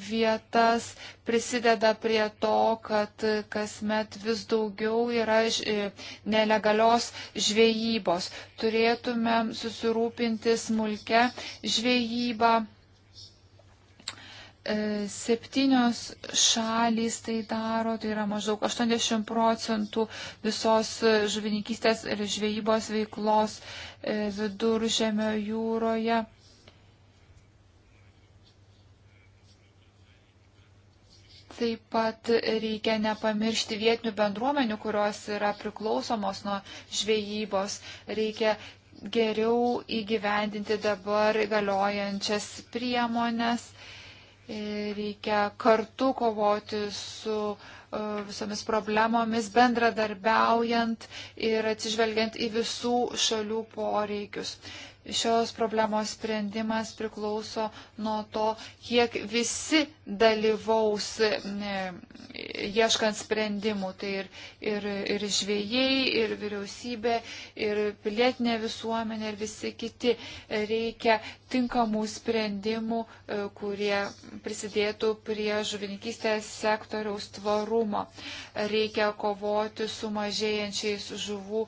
vietas prisideda prie to, kad kasmet vis daugiau yra ž... E, nelegalios žvejybos. Turėtume susirūpinti smulkę žvejybą E, septynios šalys tai daro, tai yra maždaug 80 procentų visos žuvininkystės ir žvejybos veiklos e, viduržėmio jūroje. Taip pat reikia nepamiršti vietinių bendruomenių, kurios yra priklausomos nuo žvejybos. Reikia geriau įgyvendinti dabar galiojančias priemonės. E, reikia kartu kovoti su e, visomis problemomis, bendradarbiaujant ir atsižvelgiant į visų šalių poreikius šios problemos sprendimas priklauso nuo to, kiek visi dalyvaus ne, ieškant sprendimų. Tai ir, ir, ir žvėjai, ir vyriausybė, ir pilietinė visuomenė, ir visi kiti. Reikia tinkamų sprendimų, e, kurie prisidėtų prie žuvininkystės sektoriaus tvarumo. Reikia kovoti su mažėjančiais žuvų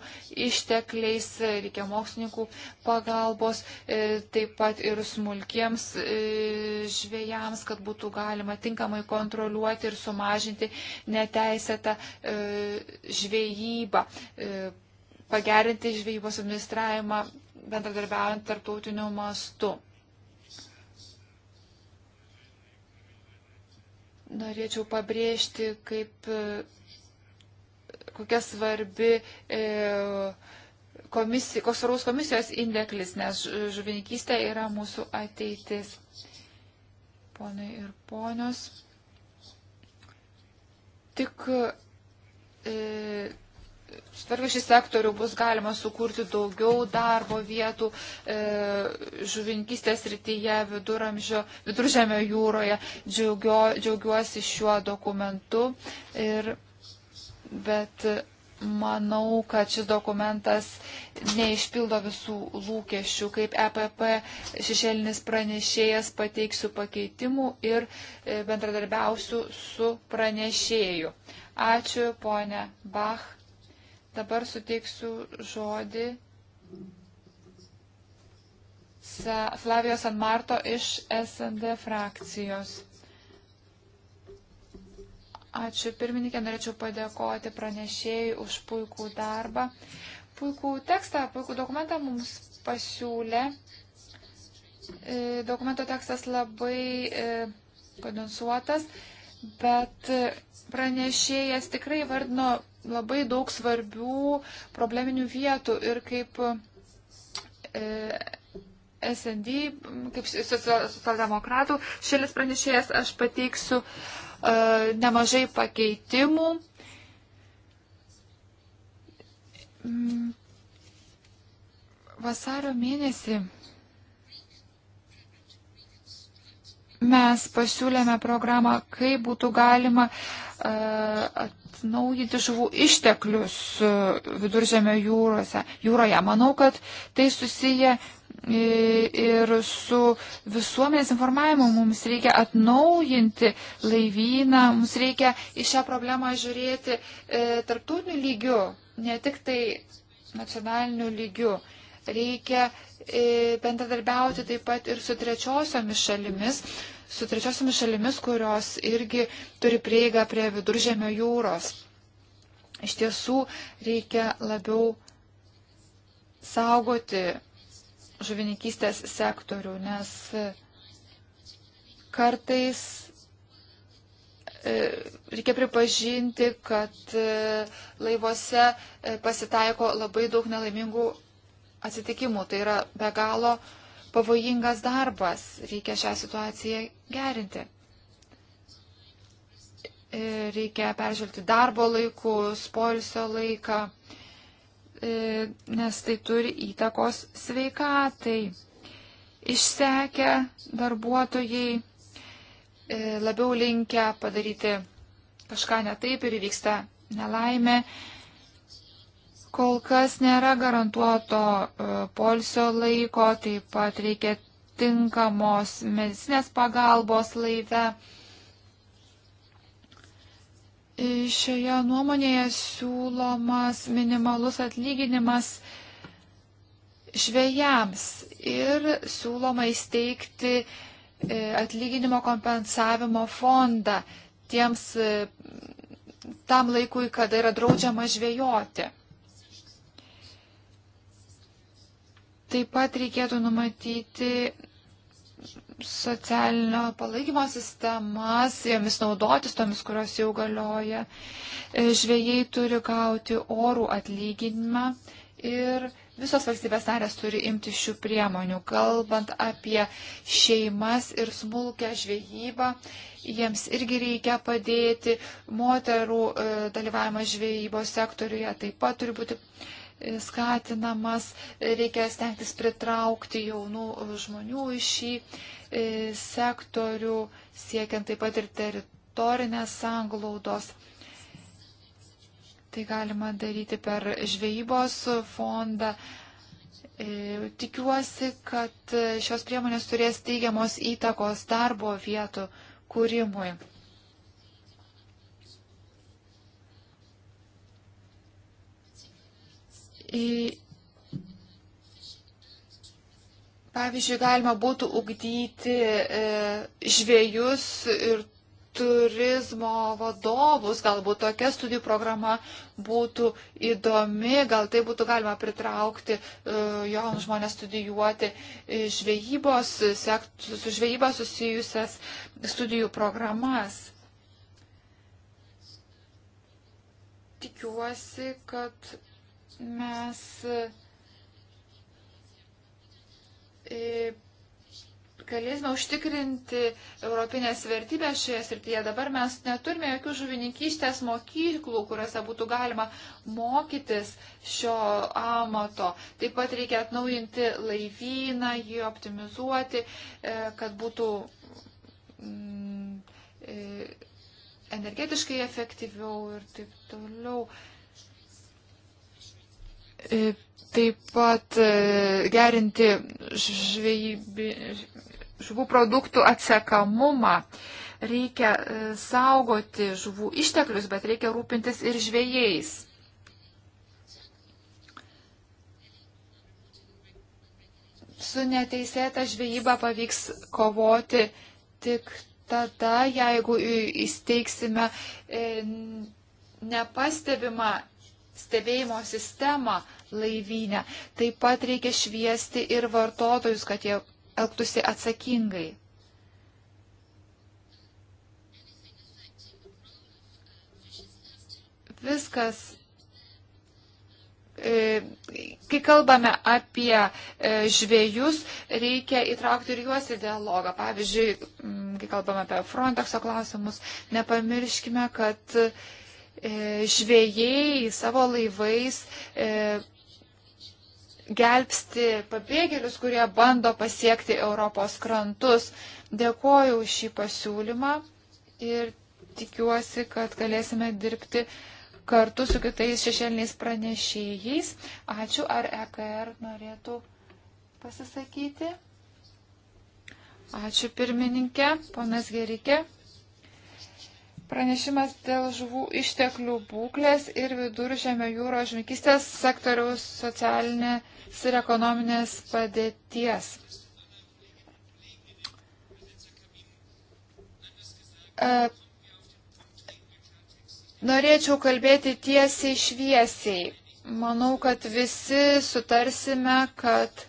ištekliais, reikia mokslininkų pagalbos pagalbos, e, taip pat ir smulkiems e, žvėjams, kad būtų galima tinkamai kontroliuoti ir sumažinti neteisėtą e, žvėjybą, pagerinti žvėjybos administravimą bendradarbiaujant tarptautiniu mastu. Norėčiau pabrėžti, kaip kokia svarbi e, komisi, Kosovos komisijos indeklis, nes žuvininkystė yra mūsų ateitis. Ponai ir ponios. Tik e, svarbiu šį sektorių bus galima sukurti daugiau darbo vietų e, žuvinkistės rytyje viduržėmio jūroje. Džiaugio, džiaugiuosi šiuo dokumentu. Ir, bet manau, kad šis dokumentas neišpildo visų lūkesčių. Kaip EPP šešėlinis pranešėjas pateiksiu pakeitimų ir e, bendradarbiausiu su pranešėju. Ačiū, ponė Bach. Dabar suteiksiu žodį Flavijos Anmarto iš SND frakcijos. Ačiū pirmininkė, norėčiau padėkoti pranešėjai už puikų darbą. Puikų tekstą, puikų dokumentą mums pasiūlė. E, dokumento tekstas labai e, kondensuotas, bet pranešėjas tikrai vardino labai daug svarbių probleminių vietų ir kaip e, SND, kaip socialdemokratų šalis pranešėjas, aš pateiksiu uh, E, nemažai pakeitimų. Mm. Vasario mėnesį mes pasiūlėme programą, kaip būtų galima e, atnaujinti žuvų išteklius e, viduržėmio jūrose, jūroje. Manau, kad tai susiję ir su visuomenės informavimu mums reikia atnaujinti laivyną, mums reikia į šią problemą žiūrėti e, tarptautiniu lygiu, ne tik tai nacionaliniu lygiu. Reikia e, bendradarbiauti taip pat ir su trečiosiomis šalimis, su trečiosiomis šalimis, kurios irgi turi prieigą prie viduržėmio jūros. Iš tiesų reikia labiau saugoti žuvininkystės sektorių, nes e, kartais e, reikia pripažinti, kad e, laivuose pasitaiko labai daug nelaimingų atsitikimų. Tai yra be galo pavojingas darbas. Reikia šią situaciją gerinti. Reikia peržvelgti darbo laikus, poilsio laiką. E, nes tai turi įtakos sveikatai. Išsekę darbuotojai e, labiau linkę padaryti kažką netaip ir vyksta nelaimė. Kol kas nėra garantuoto e, polsio laiko, taip pat reikia tinkamos medicinės pagalbos laive. Šioje nuomonėje siūlomas minimalus atlyginimas žvėjams ir siūloma įsteigti e, atlyginimo kompensavimo fondą tiems e, tam laikui, kada yra draudžiama žvėjoti. Taip pat reikėtų numatyti socialinio palaikymo sistemas, jomis naudotis, tomis, kurios jau galioja. E, žvėjai turi gauti orų atlyginimą ir visos valstybės narės turi imti šių priemonių. Kalbant apie šeimas ir smulkę žvejybą, jiems irgi reikia padėti. Moterų e, dalyvavimas žvejybos sektoriuje taip pat turi būti skatinamas, reikia stengtis pritraukti jaunų žmonių į šį e, sektorių, siekiant taip pat ir teritorinės sanglaudos. Tai galima daryti per žvejybos fondą. E, tikiuosi, kad šios priemonės turės teigiamos įtakos darbo vietų kūrimui. Pavyzdžiui, galima būtų ugdyti e, žvėjus ir turizmo vadovus, galbūt tokia studijų programa būtų įdomi, gal tai būtų galima pritraukti e, jaunus žmonės studijuoti žvejybos, su žvejyba susijusias studijų programas. Tikiuosi, kad mes e, galėsime užtikrinti europinės vertybės šioje srityje. Dabar mes neturime jokių žuvininkystės mokyklų, kuriuose būtų galima mokytis šio amato. Taip pat reikia atnaujinti laivyną, jį optimizuoti, e, kad būtų mm, e, energetiškai efektyviau ir taip toliau. E, taip pat e, gerinti žvejybi, žuvų produktų atsekamumą. Reikia e, saugoti žuvų išteklius, bet reikia rūpintis ir žvėjais. Su neteisėta žvejyba pavyks kovoti tik tada, jeigu įsteigsime nepastebimą stebėjimo sistemą laivynę. Taip pat reikia šviesti ir vartotojus, kad jie elgtųsi atsakingai. Viskas e, kai kalbame apie e, žvėjus, reikia įtraukti ir juos į dialogą. Pavyzdžiui, kai kalbame apie Frontexo klausimus, nepamirškime, kad E, žvėjai savo laivais e, gelbsti pabėgėlius, kurie bando pasiekti Europos krantus. Dėkoju už šį pasiūlymą ir tikiuosi, kad galėsime dirbti kartu su kitais šešėliniais pranešėjais. Ačiū, ar EKR norėtų pasisakyti? Ačiū pirmininkė, ponas Gerikė. Pranešimas dėl žuvų išteklių būklės ir viduržėmio jūros žvinkistės sektoriaus socialinės ir ekonominės padėties. E, norėčiau kalbėti tiesiai šviesiai. Manau, kad visi sutarsime, kad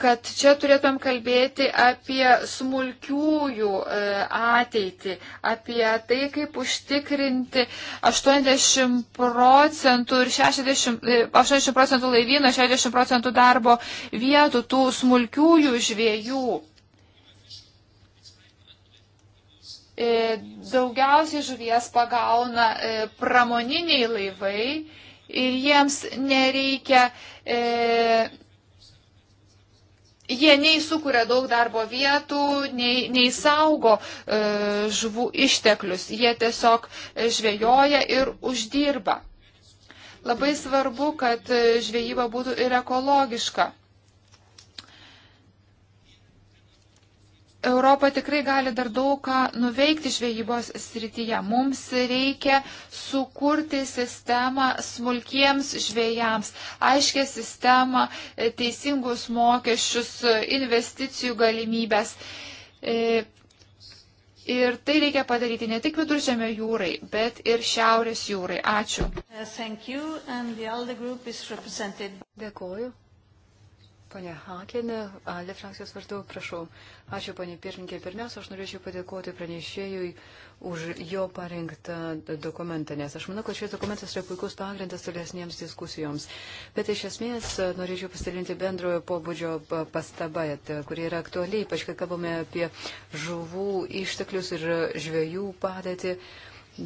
kad čia turėtumėm kalbėti apie smulkiųjų e, ateitį, apie tai, kaip užtikrinti 80 procentų ir 60, 80 e, procentų laivyno, 60 procentų darbo vietų tų smulkiųjų žviejų. E, daugiausiai žuvies pagauna pramoniniai laivai ir jiems nereikia e, jie nei sukuria daug darbo vietų, nei, nei saugo e, žuvų išteklius. Jie tiesiog žvejoja ir uždirba. Labai svarbu, kad e, žvejyba būtų ir ekologiška. Europa tikrai gali dar daug ką nuveikti žvejybos srityje. Mums reikia sukurti sistemą smulkiems žvėjams, aiškę sistemą, e, teisingus mokesčius, e, investicijų galimybės. E, ir tai reikia padaryti ne tik viduržėmio jūrai, bet ir šiaurės jūrai. Ačiū. Dėkoju. Pone Hakenė, Ali frakcijos vardu, prašau. Ačiū, ponė Pirminkė. Pirmiausia, aš norėčiau padėkoti pranešėjui už jo parengtą dokumentą, nes aš manau, kad šis dokumentas yra puikus pagrindas tolesniems diskusijoms. Bet iš esmės norėčiau pasidalinti bendrojo pobūdžio pastabą, kuri yra aktualiai, ypač kai kalbame apie žuvų išteklius ir žvėjų padėtį.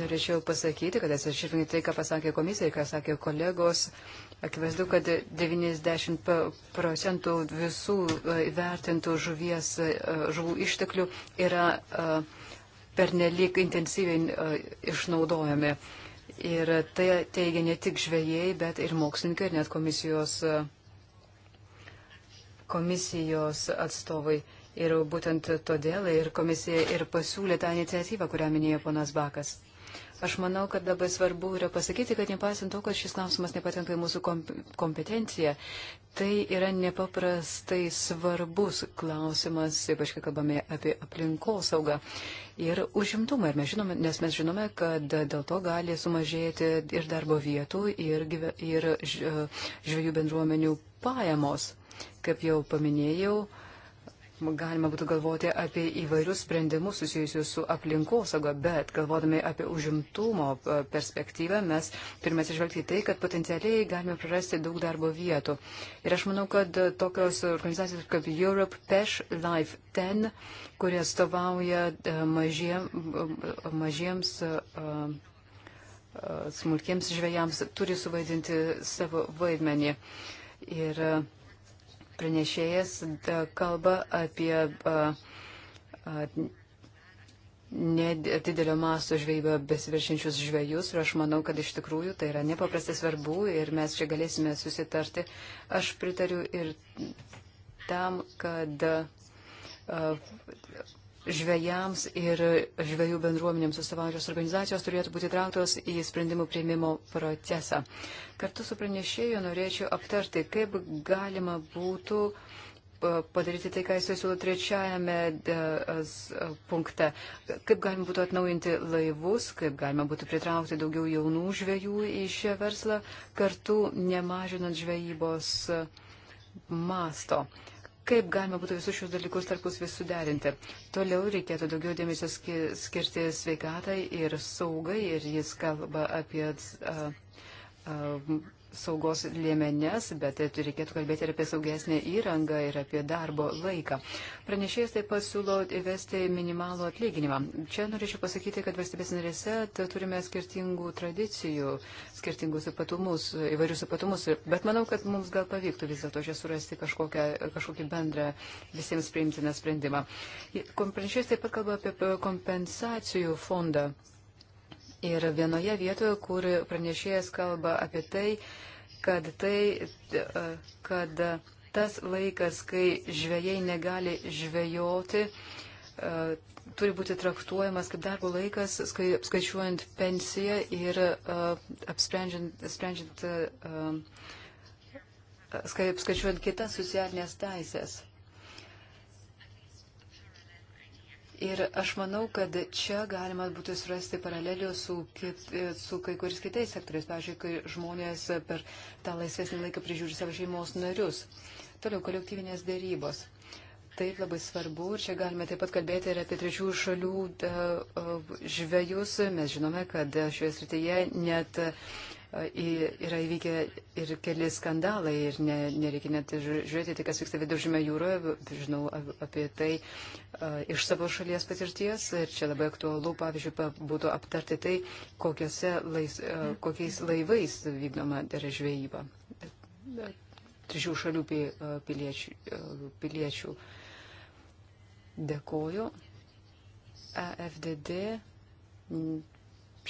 Norėčiau pasakyti, kad atsižvelgiant tai, ką pasakė komisija ir ką sakė kolegos, Akivaizdu, kad 90 procentų visų e, įvertintų žuvies, e, žuvų išteklių yra e, pernelyg intensyviai išnaudojami. Ir tai teigia ne tik žvėjai, bet ir mokslininkai, ir net komisijos, komisijos atstovai. Ir būtent todėl ir komisija ir pasiūlė tą iniciatyvą, kurią minėjo ponas Bakas. Aš manau, kad labai svarbu yra pasakyti, kad nepaisant to, kad šis klausimas nepatenka į mūsų kompetenciją, tai yra nepaprastai svarbus klausimas, ypač kai kalbame apie aplinkosaugą ir užimtumą. Ir mes žinome, nes mes žinome, kad dėl to gali sumažėti ir darbo vietų, ir, ir žvėjų bendruomenių pajamos. Kaip jau paminėjau, Galima būtų galvoti apie įvairius sprendimus susijusius su aplinkosauga, bet galvodami apie užimtumo e, perspektyvą, mes turime atsižvelgti tai, kad potencialiai galime prarasti daug darbo vietų. Ir aš manau, kad tokios organizacijos kaip Europe Pesh Life 10, kurie atstovauja e, mažiem, e, mažiems smulkiems žvėjams, turi suvaidinti savo vaidmenį. Ir uh, pranešėjas kalba apie nedidelio masto žvejybą besiveršinčius žvejus ir aš manau, kad iš tikrųjų tai yra nepaprastai svarbu ir mes čia galėsime susitarti. Aš pritariu ir tam, kad žvėjams ir žvėjų bendruomenėms atstovaujančios organizacijos turėtų būti trauktos į sprendimų prieimimo procesą. Kartu su pranešėju norėčiau aptarti, kaip galima būtų e, padaryti tai, ką jisai siūlo trečiajame e, e, punkte. Kaip galima būtų atnaujinti laivus, kaip galima būtų pritraukti daugiau jaunų žvėjų į šią verslą, kartu nemažinant žvejybos masto kaip galima būtų visus šios dalykus tarpus vis suderinti. Toliau reikėtų daugiau dėmesio skirti sveikatai ir saugai, ir jis kalba apie a, a, saugos liemenes, bet tai reikėtų kalbėti ir apie saugesnę įrangą ir apie darbo laiką. Pranešėjas taip pat siūlo įvesti minimalų atlyginimą. Čia norėčiau pasakyti, kad valstybės narėse turime skirtingų tradicijų, skirtingus ypatumus, įvairius ypatumus, bet manau, kad mums gal pavyktų vis dėlto čia surasti kažkokią, kažkokį bendrą visiems priimtiną sprendimą. Pranešėjas taip pat kalba apie kompensacijų fondą Ir vienoje vietoje, kur pranešėjas kalba apie tai, kad, tai, kad tas laikas, kai žvėjai negali žvėjoti, turi būti traktuojamas kaip darbo laikas, skai, skaičiuojant pensiją ir uh, apsprendžiant, apsprendžiant uh, skai, skaičiuojant kitas socialinės teisės. Ir aš manau, kad čia galima būtų surasti paralelių su, kit, su kai kuris kitais sektoriais, pavyzdžiui, kai žmonės per tą laisvesnį laiką prižiūri savo šeimos narius. Toliau kolektyvinės dėrybos. Taip labai svarbu ir čia galime taip pat kalbėti ir apie trečiųjų šalių žvėjus. Mes žinome, kad šioje srityje net. Uh, yra įvykę ir keli skandalai ir ne, nereikia net žiūrėti tai, kas vyksta viduržymė jūroje, žinau apie tai iš savo šalies patirties ir čia labai aktualu, pavyzdžiui, būtų aptarti tai, lais, kokiais laivais vykdoma yra žvejyba trišių šalių piliečių. piliečių. Dėkoju. AFDD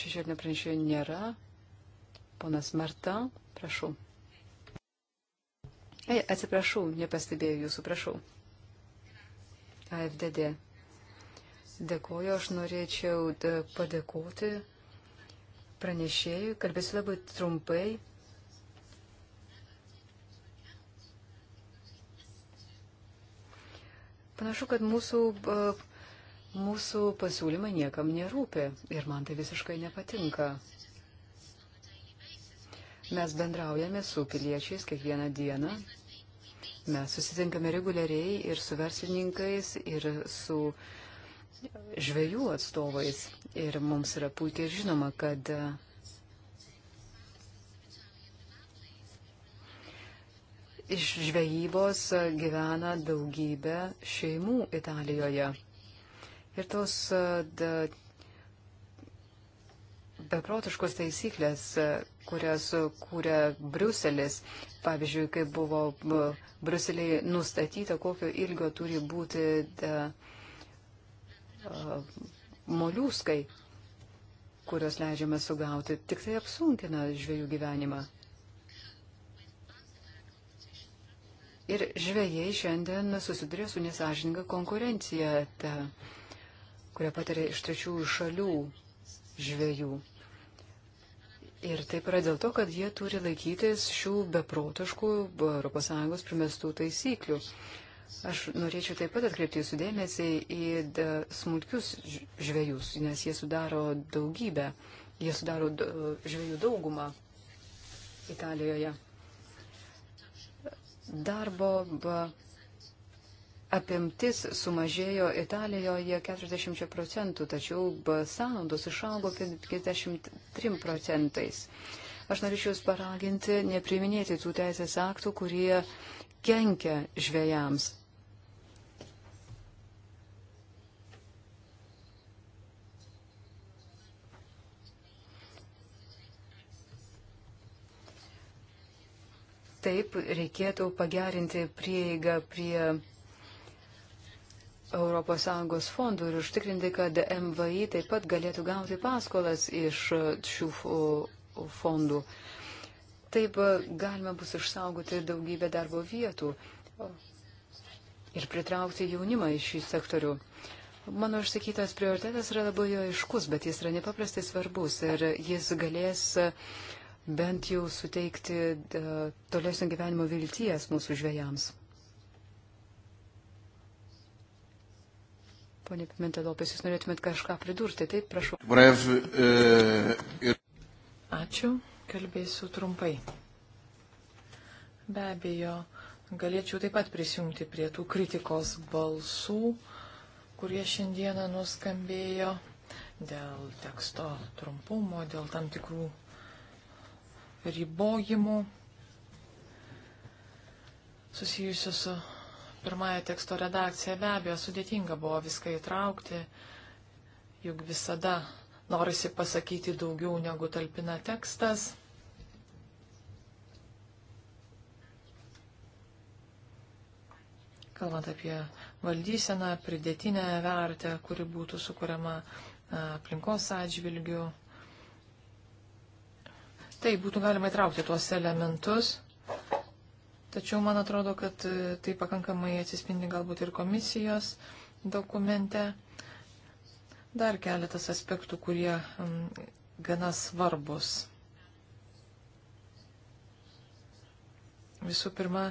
šešėlinio pranešėjo nėra. Ponas Marta, prašau. Ei, atsiprašau, nepastebėjau jūsų, prašau. AFDD. Dėkuoju, aš norėčiau padėkoti pranešėjui, kalbėsiu labai trumpai. Panašu, kad mūsų, mūsų pasiūlymai niekam nerūpė ir man tai visiškai nepatinka. Mes bendraujame su piliečiais kiekvieną dieną. Mes susitinkame reguliariai ir su verslininkais, ir su žvėjų atstovais. Ir mums yra puikiai žinoma, kad e, iš žvejybos gyvena daugybė šeimų Italijoje. Ir tos e, da, beprotiškos taisyklės, kurias kūrė Bruselis. Pavyzdžiui, kai buvo e, Bruselėje nustatyta, kokio ilgio turi būti da, e, e, moliuskai, kuriuos leidžiame sugauti, tik tai apsunkina žvėjų gyvenimą. Ir žvėjai šiandien susiduria su nesažininga konkurencija, ta, kurią patiria iš trečiųjų šalių žvėjų. Ir taip yra dėl to, kad jie turi laikytis šių beprotiškų ES primestų taisyklių. Aš norėčiau taip pat atkreipti jūsų dėmesį į smulkius žvėjus, nes jie sudaro daugybę, jie sudaro žvėjų daugumą Italijoje. Darbo apimtis sumažėjo Italijoje 40 procentų, tačiau sąnaudos išaugo 53 procentais. Aš norėčiau Jūs paraginti nepriminėti tų teisės aktų, kurie kenkia žvėjams. Taip reikėtų pagerinti prieigą prie ES fondų ir užtikrinti, kad MVI taip pat galėtų gauti paskolas iš šių fondų. Taip galima bus išsaugoti daugybę darbo vietų ir pritraukti jaunimą į šį sektorių. Mano išsakytas prioritetas yra labai aiškus, bet jis yra nepaprastai svarbus ir jis galės bent jau suteikti e, tolesnio gyvenimo vilties mūsų žvėjams. Pone Pimentelopės, jūs norėtumėt kažką pridurti, taip, prašau. Brev, e, ir... Ačiū, kalbėsiu trumpai. Be abejo, galėčiau taip pat prisijungti prie tų kritikos balsų, kurie šiandieną nuskambėjo dėl teksto trumpumo, dėl tam tikrų ribojimų susijusiu su pirmąją teksto redakciją. Be abejo, sudėtinga buvo viską įtraukti, juk visada norisi pasakyti daugiau negu talpina tekstas. Kalbant apie valdyseną, pridėtinę vertę, kuri būtų sukuriama aplinkos atžvilgių. Tai būtų galima įtraukti tuos elementus. Tačiau man atrodo, kad e, tai pakankamai atsispindi galbūt ir komisijos dokumente. Dar keletas aspektų, kurie gana svarbus. Visų pirma,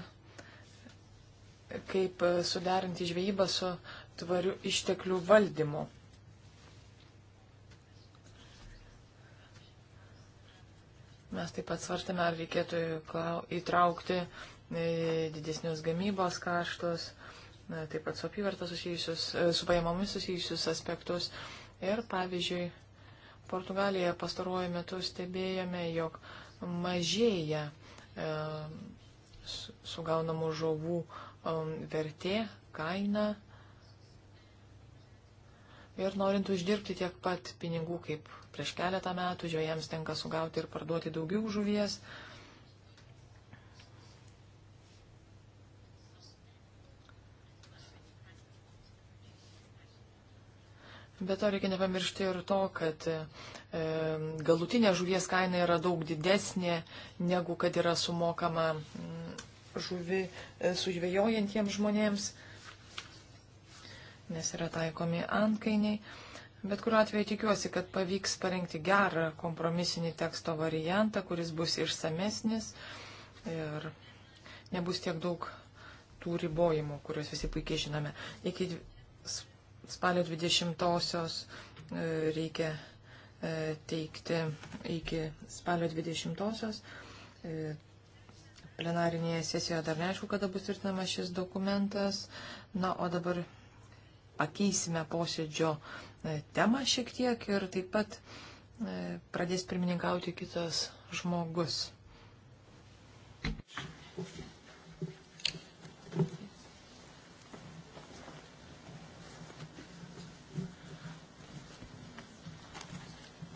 kaip e, suderinti žvejybą su tvariu išteklių valdymu. Mes taip pat svartame, ar reikėtų įtraukti E, didesnius gamybos kaštus, e, taip pat su apyvarta susijusius, e, su pajamomis susijusius aspektus. Ir pavyzdžiui, Portugalijoje pastaruoju metu stebėjome, jog mažėja e, sugaunamų žuvų e, vertė, kaina. Ir norint uždirbti tiek pat pinigų kaip prieš keletą metų, žvėjams tenka sugauti ir parduoti daugiau žuvies. E, Bet to reikia nepamiršti ir to, kad e, galutinė žuvies kaina yra daug didesnė, negu kad yra sumokama mm, žuvi e, sužvėjojantiems žmonėms, nes yra taikomi antkainiai. Bet kuriuo atveju tikiuosi, kad pavyks parengti gerą kompromisinį teksto variantą, kuris bus išsamesnis ir nebus tiek daug tų ribojimų, kuriuos visi puikiai žinome. Iki spalio 20-osios e, reikia e, teikti iki spalio 20-osios. E, plenarinėje sesijoje dar neaišku, kada bus tvirtinamas šis dokumentas. Na, o dabar pakeisime posėdžio temą šiek tiek ir taip pat pradės pirmininkauti kitas žmogus. Thank you.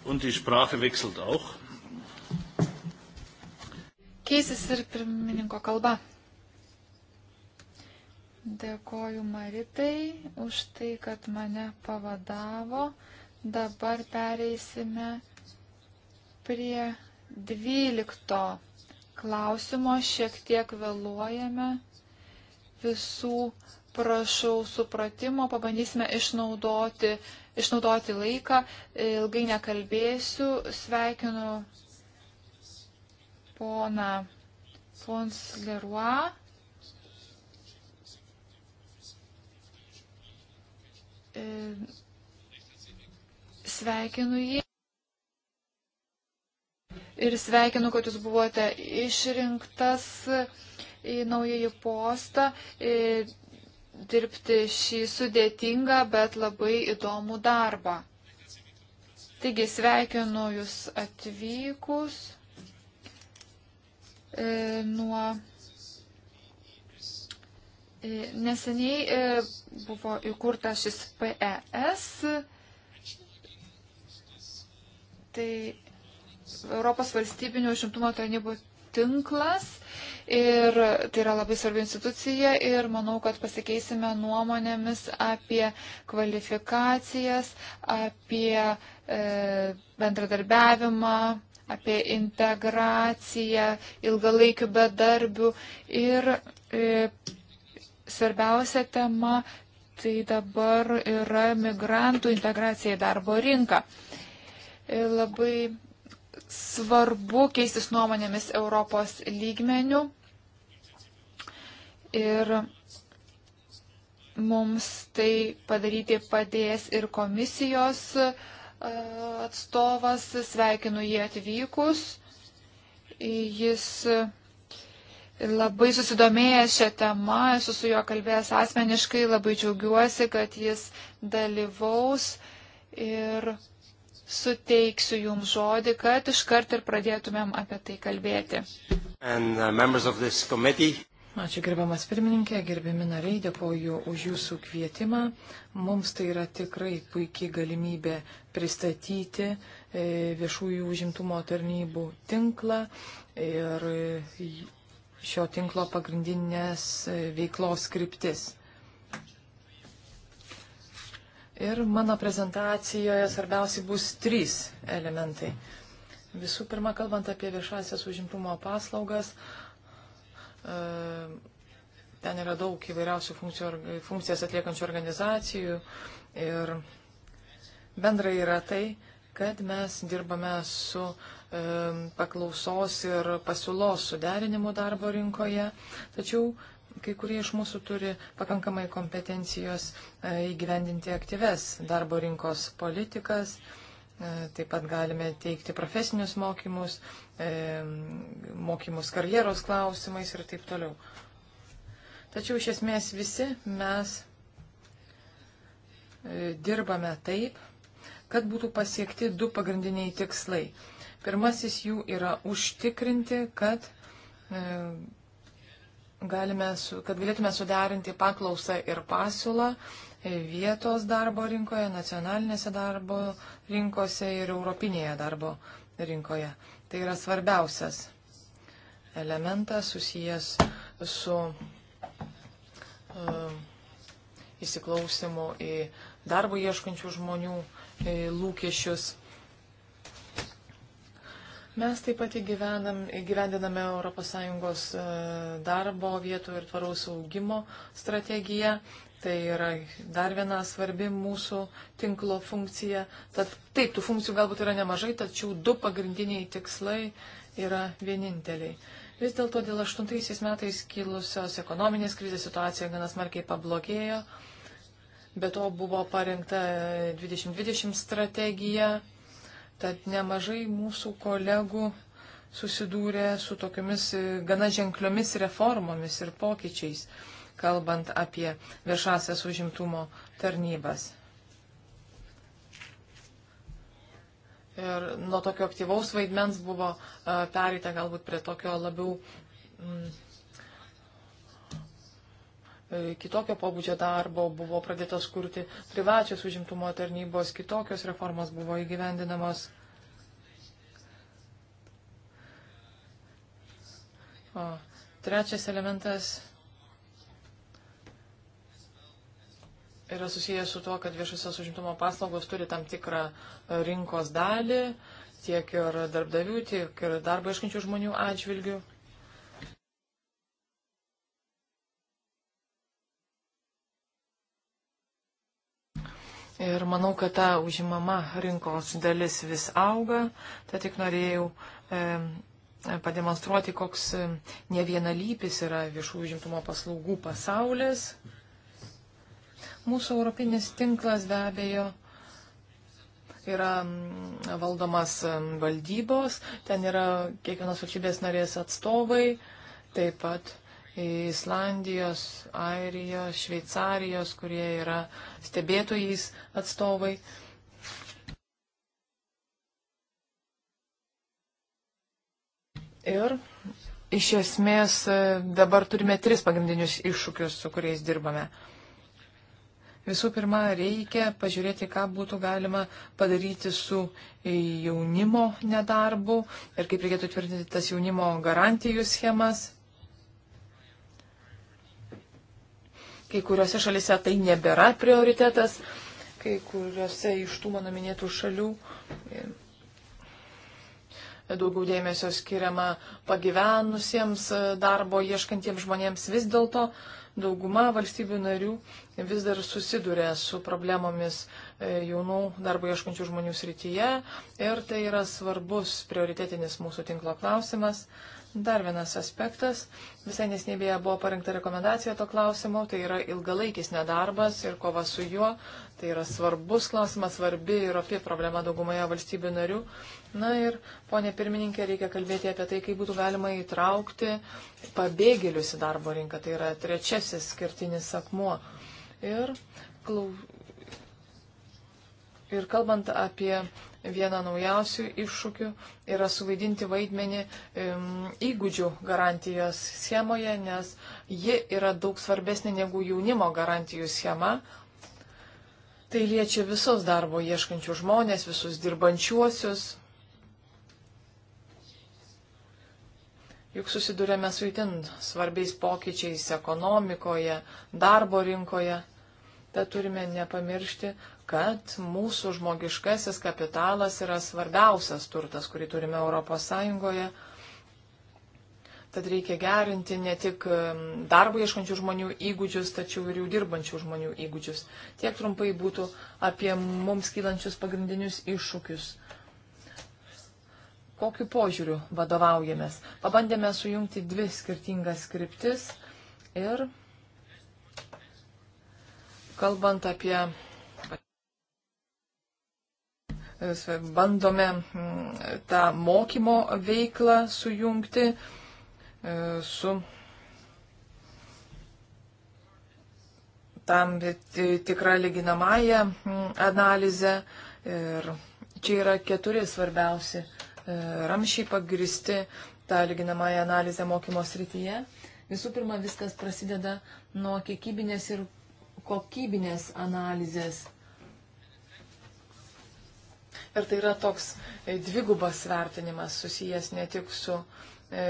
Und die Sprache wechselt auch. Keisis ir pirmininko kalba. Dėkoju Maritai už tai, kad mane pavadavo. Dabar pereisime prie dvylikto klausimo. Šiek tiek vėluojame. Visų prašau supratimo, pabandysime išnaudoti išnaudoti laiką. Ilgai nekalbėsiu. Sveikinu poną Fons Leroy. Sveikinu jį. Ir sveikinu, kad jūs buvote išrinktas į naująjį postą. Ir dirbti šį sudėtingą, bet labai įdomų darbą. Taigi sveikinu Jūs atvykus e, nuo. E, neseniai e, buvo įkurtas šis PES. Tai Europos valstybinio užimtumo tarnybų tinklas. Ir tai yra labai svarbi institucija ir manau, kad pasikeisime nuomonėmis apie kvalifikacijas, apie e, bendradarbiavimą, apie integraciją ilgalaikių bedarbių. Ir e, svarbiausia tema tai dabar yra migrantų integracija į darbo rinką. E, labai svarbu keistis nuomonėmis Europos lygmenių ir mums tai padaryti padės ir komisijos e, atstovas, sveikinu jį atvykus. Jis labai susidomėjęs šią temą, esu su juo kalbėjęs asmeniškai, labai džiaugiuosi, kad jis dalyvaus ir suteiksiu Jums žodį, kad iškart ir pradėtumėm apie tai kalbėti. And, uh, Ačiū gerbiamas pirmininkė, gerbiami nariai, dėkoju už jūsų kvietimą. Mums tai yra tikrai puikiai galimybė pristatyti e, viešųjų užimtumo tarnybų tinklą ir e, šio tinklo pagrindinės e, veiklos skriptis. Ir mano prezentacijoje svarbiausiai bus trys elementai. Visų pirma, kalbant apie viešasias užimtumo paslaugas, e, ten yra daug įvairiausių funkcijų, funkcijas atliekančių organizacijų ir bendrai yra tai, kad mes dirbame su e, paklausos ir pasiūlos suderinimu darbo rinkoje, tačiau kai kurie iš mūsų turi pakankamai kompetencijos e, įgyvendinti aktyves darbo rinkos politikas. E, taip pat galime teikti profesinius mokymus, e, mokymus karjeros klausimais ir taip toliau. Tačiau iš esmės visi mes dirbame taip, kad būtų pasiekti du pagrindiniai tikslai. Pirmasis jų yra užtikrinti, kad galime, kad galėtume suderinti paklausą ir pasiūlą e, vietos darbo rinkoje, nacionalinėse darbo rinkose ir europinėje darbo rinkoje. Tai yra svarbiausias elementas susijęs su uh, įsiklausimu į darbo ieškančių žmonių uh, lūkesčius. Mes taip pat įgyvendiname ES e, darbo vietų ir tvaraus augimo strategiją. Tai yra dar viena svarbi mūsų tinklo funkcija. Tad, taip, tų funkcijų galbūt yra nemažai, tačiau du pagrindiniai tikslai yra vieninteliai. Vis dėlto dėl aštuntaisiais metais kilusios ekonominės krizės situacija gana smarkiai pablogėjo. Be to buvo parengta 2020 strategija, Tad nemažai mūsų kolegų susidūrė su tokiamis gana ženkliomis reformomis ir pokyčiais, kalbant apie viešasias užimtumo tarnybas. Ir nuo tokio aktyvaus vaidmens buvo pereita galbūt prie tokio labiau. Mm, E, kitokio pobūdžio darbo, buvo pradėtos kurti privačios užimtumo tarnybos, kitokios reformos buvo įgyvendinamos. O trečias elementas yra susijęs su tuo, kad viešasios užimtumo paslaugos turi tam tikrą e, rinkos dalį, tiek ir darbdavių, tiek ir darbo iškančių žmonių atžvilgių. Ir manau, kad ta užimama rinkos dalis vis auga. Tai tik norėjau e, pademonstruoti, koks ne vienalypis yra viešų užimtumo paslaugų pasaulis. Mūsų europinis tinklas be abejo yra valdomas valdybos, ten yra kiekvienos valstybės narės atstovai, taip pat Islandijos, Airijos, Šveicarijos, kurie yra stebėtojais atstovai. Ir iš esmės e, dabar turime tris pagrindinius iššūkius, su kuriais dirbame. Visų pirma, reikia pažiūrėti, ką būtų galima padaryti su jaunimo nedarbu ir kaip reikėtų tvirtinti tas jaunimo garantijų schemas. Kai kuriuose šalise tai nebėra prioritetas, kai kuriuose iš tų mano minėtų šalių e, daugiau dėmesio skiriama pagyvenusiems e, darbo ieškantiems žmonėms vis dėlto dauguma valstybių narių vis dar susiduria su problemomis e, jaunų darbo ieškančių žmonių srityje ir tai yra svarbus prioritetinis mūsų tinklo klausimas. Dar vienas aspektas. Visai nesnybėje buvo parengta rekomendacija to klausimo. Tai yra ilgalaikis nedarbas ir kova su juo. Tai yra svarbus klausimas, svarbi ir opi problema daugumoje valstybių narių. Na ir, ponė pirmininkė, reikia kalbėti apie tai, kaip būtų galima įtraukti pabėgėlius į darbo rinką. Tai yra trečiasis skirtinis akmuo. Ir, klau... ir kalbant apie Viena naujausių iššūkių yra suvaidinti vaidmenį įgūdžių garantijos schemoje, nes ji yra daug svarbesnė negu jaunimo garantijų schema. Tai liečia visus darbo ieškančių žmonės, visus dirbančiuosius. Juk susidurėme su itin svarbiais pokyčiais ekonomikoje, darbo rinkoje. Tad turime nepamiršti, kad mūsų žmogiškasis kapitalas yra svarbiausias turtas, kurį turime Europos Sąjungoje. Tad reikia gerinti ne tik darbo ieškančių žmonių įgūdžius, tačiau ir jų dirbančių žmonių įgūdžius. Tiek trumpai būtų apie mums kylančius pagrindinius iššūkius. Kokiu požiūriu vadovaujamės? Pabandėme sujungti dvi skirtingas skriptis ir kalbant apie bandome mm, tą mokymo veiklą sujungti e, su tam tikrą lyginamąją mm, analizę. Ir čia yra keturi svarbiausi e, ramšiai pagristi tą lyginamąją analizę mokymo srityje. Visų pirma, viskas prasideda nuo kiekybinės ir kokybinės analizės. Ir tai yra toks e, dvigubas vertinimas susijęs ne tik su e,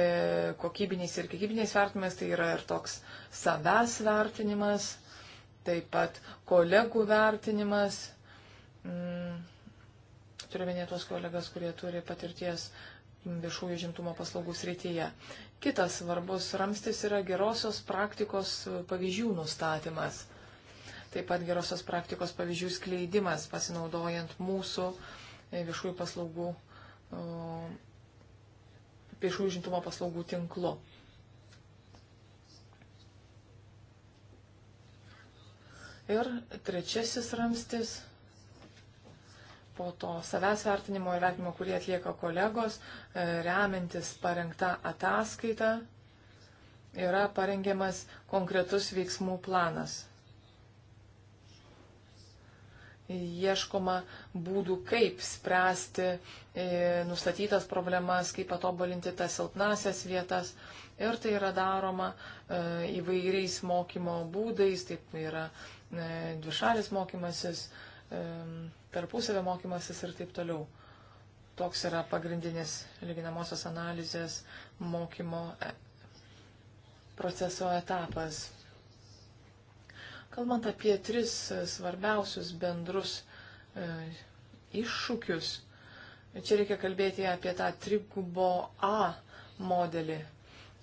kokybiniais ir kiekybiniais vertinimais, tai yra ir toks savęs vertinimas, taip pat kolegų vertinimas. Mm, turiu minėtos kolegas, kurie turi patirties viešųjų žimtumo paslaugų srityje. Kitas svarbus ramstis yra gerosios praktikos pavyzdžių nustatymas. Taip pat gerosios praktikos pavyzdžių skleidimas, pasinaudojant mūsų uh, E, viešųjų paslaugų, viešųjų žintumo paslaugų tinklu. Ir trečiasis ramstis po to savęs vertinimo ir vertinimo, kurį atlieka kolegos, e, remiantis parengta ataskaita, yra parengiamas konkretus veiksmų planas ieškoma būdų, kaip spręsti e, nustatytas problemas, kaip patobulinti tas silpnasias vietas. Ir tai yra daroma e, įvairiais mokymo būdais, taip yra e, dvišalis mokymasis, e, tarpusavio mokymasis ir taip toliau. Toks yra pagrindinis lyginamosios analizės mokymo e, proceso etapas. Kalbant apie tris svarbiausius bendrus e, iššūkius, čia reikia kalbėti apie tą trigubo A modelį.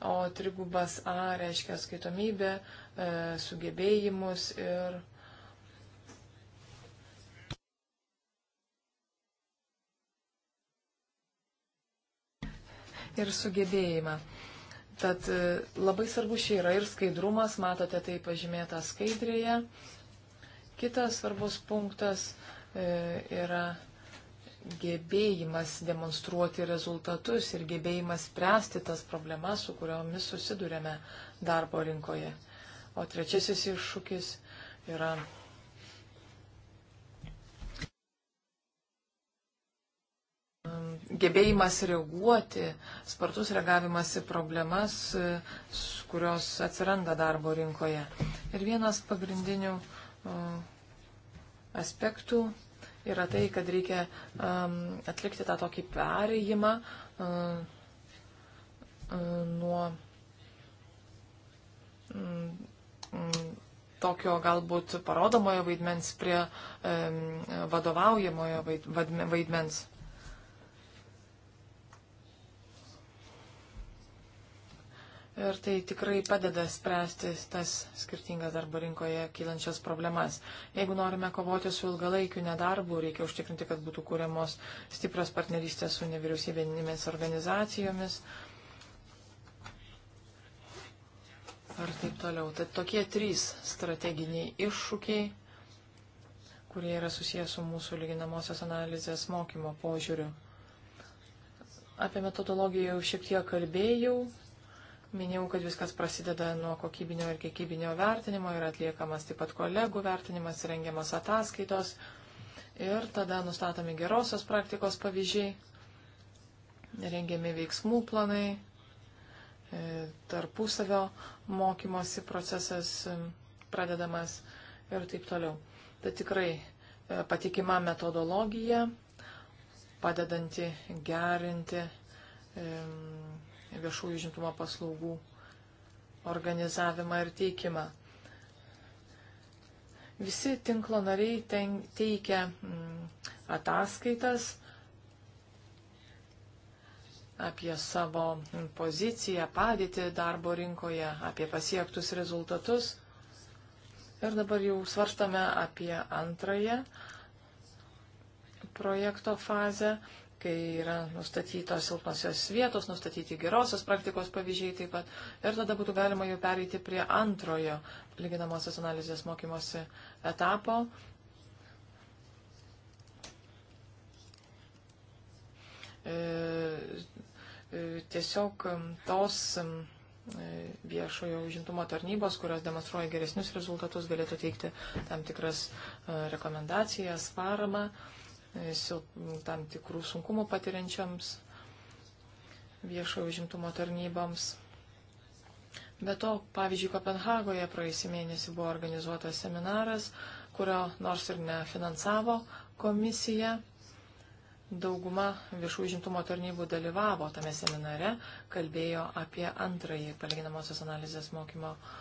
O trigubas A reiškia skaitomybę, e, sugebėjimus ir ir sugebėjimą. Tad e, labai svarbus čia yra ir skaidrumas, matote tai pažymėta skaidrėje. Kitas svarbus punktas e, yra gebėjimas demonstruoti rezultatus ir gebėjimas spręsti tas problemas, su kuriomis susidurėme darbo rinkoje. O trečiasis iššūkis yra gebėjimas reaguoti, spartus reagavimas į problemas, e, kurios atsiranda darbo rinkoje. Ir vienas pagrindinių e, aspektų yra tai, kad reikia atlikti tą tokį perėjimą e, nuo tokio galbūt parodomojo vaidmens prie vadovaujamojo vaidmens. Ir tai tikrai padeda spręsti tas skirtingas darbo rinkoje kylančias problemas. Jeigu norime kovoti su ilgalaikiu nedarbu, reikia užtikrinti, kad būtų kūriamos stiprios partnerystės su nevyriausybinėmis organizacijomis ir taip toliau. Tad tokie trys strateginiai iššūkiai, kurie yra susijęs su mūsų lyginamosios analizės mokymo požiūriu. Apie metodologiją jau šiek tiek kalbėjau, Minėjau, kad viskas prasideda nuo kokybinio ir kiekybinio vertinimo, yra atliekamas taip pat kolegų vertinimas, rengiamas ataskaitos ir tada nustatomi gerosios praktikos pavyzdžiai, rengiami veiksmų planai, e, tarpusavio mokymosi procesas e, pradedamas ir taip toliau. Tai tikrai e, patikima metodologija, padedanti gerinti viešųjų žimtumo paslaugų organizavimą ir teikimą. Visi tinklo nariai ten, teikia mm, ataskaitas apie savo poziciją, padėtį darbo rinkoje, apie pasiektus rezultatus. Ir dabar jau svarstame apie antrąją projekto fazę kai yra nustatytos silpnosios vietos, nustatyti gerosios praktikos pavyzdžiai taip pat. Ir tada būtų galima jau pereiti prie antrojo lyginamosios analizės mokymosi etapo. E, e, tiesiog tos e, viešojo užimtumo tarnybos, kurios demonstruoja geresnius rezultatus, galėtų teikti tam tikras rekomendacijas, paramą tam tikrų sunkumų patiriančiams viešojo užimtumo tarnyboms. Be to, pavyzdžiui, Kopenhagoje praėjusį mėnesį buvo organizuotas seminaras, kurio nors ir nefinansavo komisija. Dauguma viešų žimtumo tarnybų dalyvavo tame seminare, kalbėjo apie antrąjį palyginamosios analizės mokymo uh,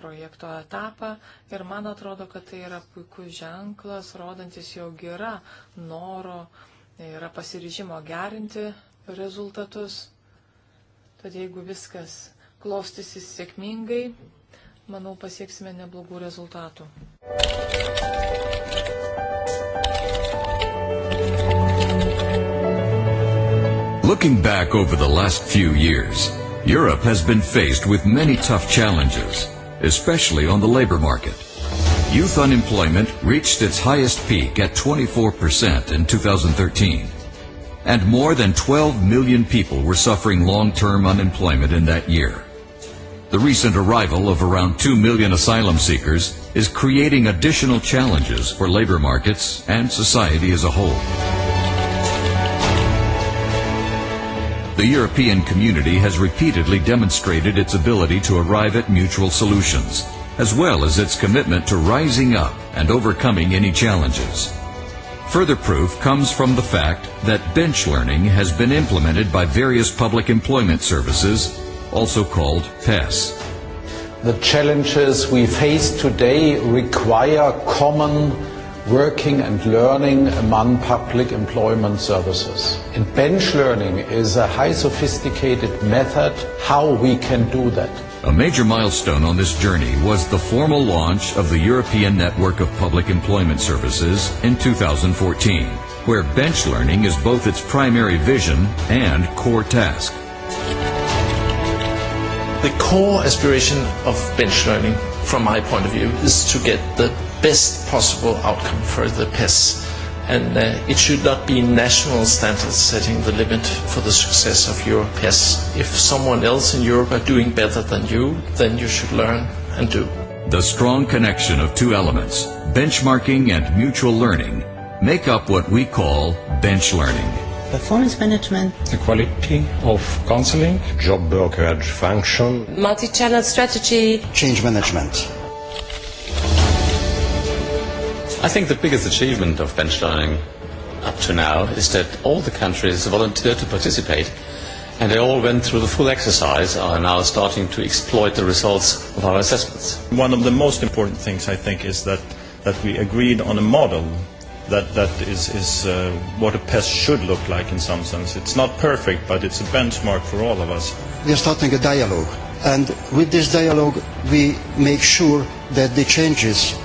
projekto etapą ir man atrodo, kad tai yra puikus ženklas, rodantis jau yra noro, yra pasiryžimo gerinti rezultatus. Tad jeigu viskas klostysis sėkmingai, manau, pasieksime neblogų rezultatų. Looking back over the last few years, Europe has been faced with many tough challenges especially on the labor market. Youth unemployment reached its highest peak at 24% in 2013. And more than 12 million people were suffering long-term unemployment in that year. The recent arrival of around 2 million asylum seekers is creating additional challenges for labor markets and society as a whole. The European community has repeatedly demonstrated its ability to arrive at mutual solutions, as well as its commitment to rising up and overcoming any challenges. Further proof comes from the fact that bench learning has been implemented by various public employment services, also called PES. The challenges we face today require common working and learning among public employment services. And bench learning is a high sophisticated method how we can do that. A major milestone on this journey was the formal launch of the European Network of Public Employment Services in 2014, where bench learning is both its primary vision and core task. The core aspiration of bench learning, from my point of view, is to get the best possible outcome for the pests. And uh, it should not be national standards setting the limit for the success of your pests. If someone else in Europe are doing better than you, then you should learn and do. The strong connection of two elements, benchmarking and mutual learning, make up what we call bench learning. Performance management, the quality of counseling, job brokerage function, multi channel strategy, change management. I think the biggest achievement of Benstein up to now is that all the countries volunteered to participate and they all went through the full exercise and are now starting to exploit the results of our assessments. One of the most important things I think is that, that we agreed on a model that, that is, is uh, what a pest should look like in some sense. It's not perfect, but it's a benchmark for all of us. We are starting a dialogue and with this dialogue we make sure that the changes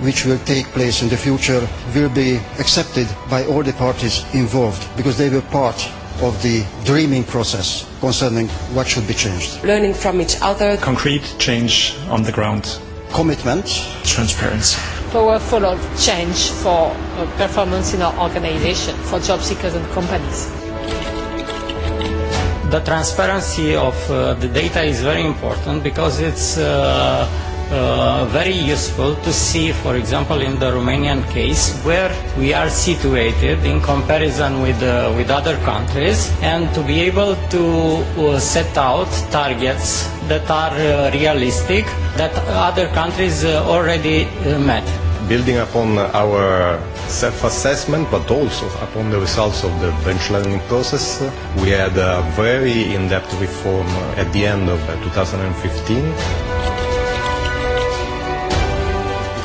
which will take place in the future will be accepted by all the parties involved because they were part of the dreaming process concerning what should be changed. Learning from each other. Concrete change on the ground. Commitment. Transparency. Powerful of change for uh, performance in our organization, for job seekers and companies. The transparency of uh, the data is very important because it's uh, uh, very useful to see, for example, in the Romanian case, where we are situated in comparison with, uh, with other countries, and to be able to uh, set out targets that are uh, realistic, that other countries uh, already uh, met building upon our self-assessment, but also upon the results of the bench learning process. We had a very in-depth reform at the end of 2015. Uh,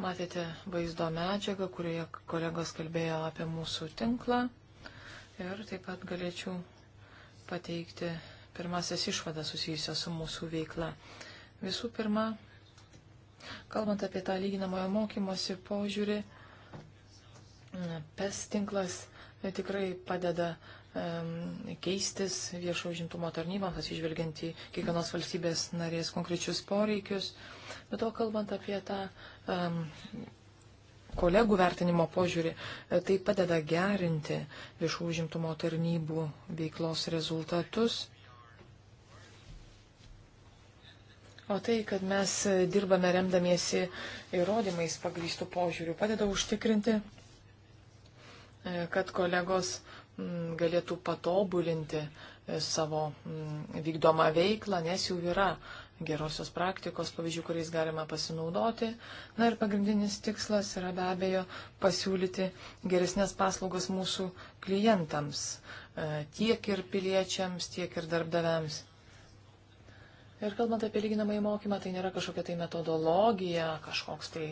Matėte vaizdo medžiagą, kurioje kolegos kalbėjo apie mūsų tinklą. Ir taip pat galėčiau pateikti pirmasis išvadas susijusias su mūsų veikla. Visų pirma, kalbant apie tą lyginamojo mokymosi požiūrį, PES tinklas tikrai padeda keistis viešo užimtumo tarnybams, atsižvelgiant į kiekvienos valstybės narės konkrečius poreikius. Bet to kalbant apie tą um, kolegų vertinimo požiūrį, e, tai padeda gerinti viešų užimtumo tarnybų veiklos rezultatus. O tai, kad mes dirbame remdamiesi įrodymais pagrįstų požiūrių, padeda užtikrinti, e, kad kolegos galėtų patobulinti e, savo vykdomą veiklą, nes jau yra uh, gerosios praktikos pavyzdžių, kuriais galima pasinaudoti. Na ir pagrindinis tikslas yra be abejo pasiūlyti geresnės paslaugas mūsų klientams, e, tiek ir piliečiams, tiek ir darbdaviams. Ir kalbant apie lyginamąjį mokymą, tai nėra kažkokia tai metodologija, kažkoks tai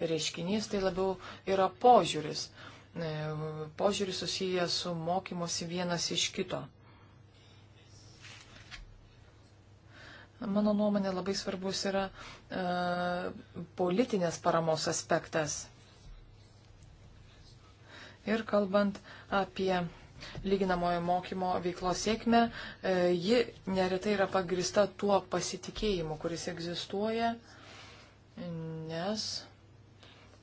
reiškinys, tai labiau yra požiūris. E, požiūris susijęs su mokymosi vienas iš kito. mano nuomonė, labai svarbus yra e, politinės paramos aspektas. Ir kalbant apie lyginamojo mokymo veiklos sėkmę, e, ji neretai yra pagrista tuo pasitikėjimu, kuris egzistuoja, nes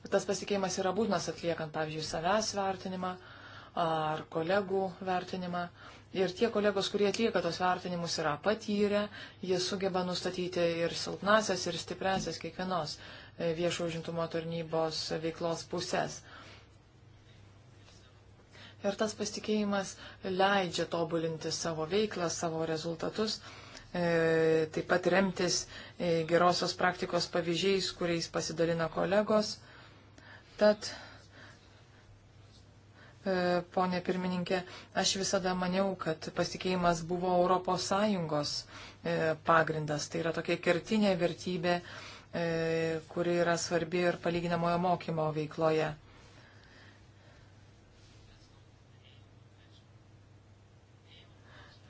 tas pasitikėjimas yra būtinas atliekant, pavyzdžiui, savęs vertinimą ar kolegų vertinimą. E, Ir tie kolegos, kurie atlieka tos vertinimus, yra patyrę, jie sugeba nustatyti ir silpnasias, ir stipresias kiekvienos e, viešo užimtumo tarnybos veiklos pusės. Ir tas pasitikėjimas leidžia tobulinti savo veiklą, savo rezultatus, e, taip pat remtis e, gerosios praktikos pavyzdžiais, kuriais pasidalina kolegos. Tad E, ponė pirmininkė, aš visada maniau, kad pasikeimas buvo ES e, pagrindas. Tai yra tokia kertinė vertybė, e, kuri yra svarbi ir palyginamojo mokymo veikloje.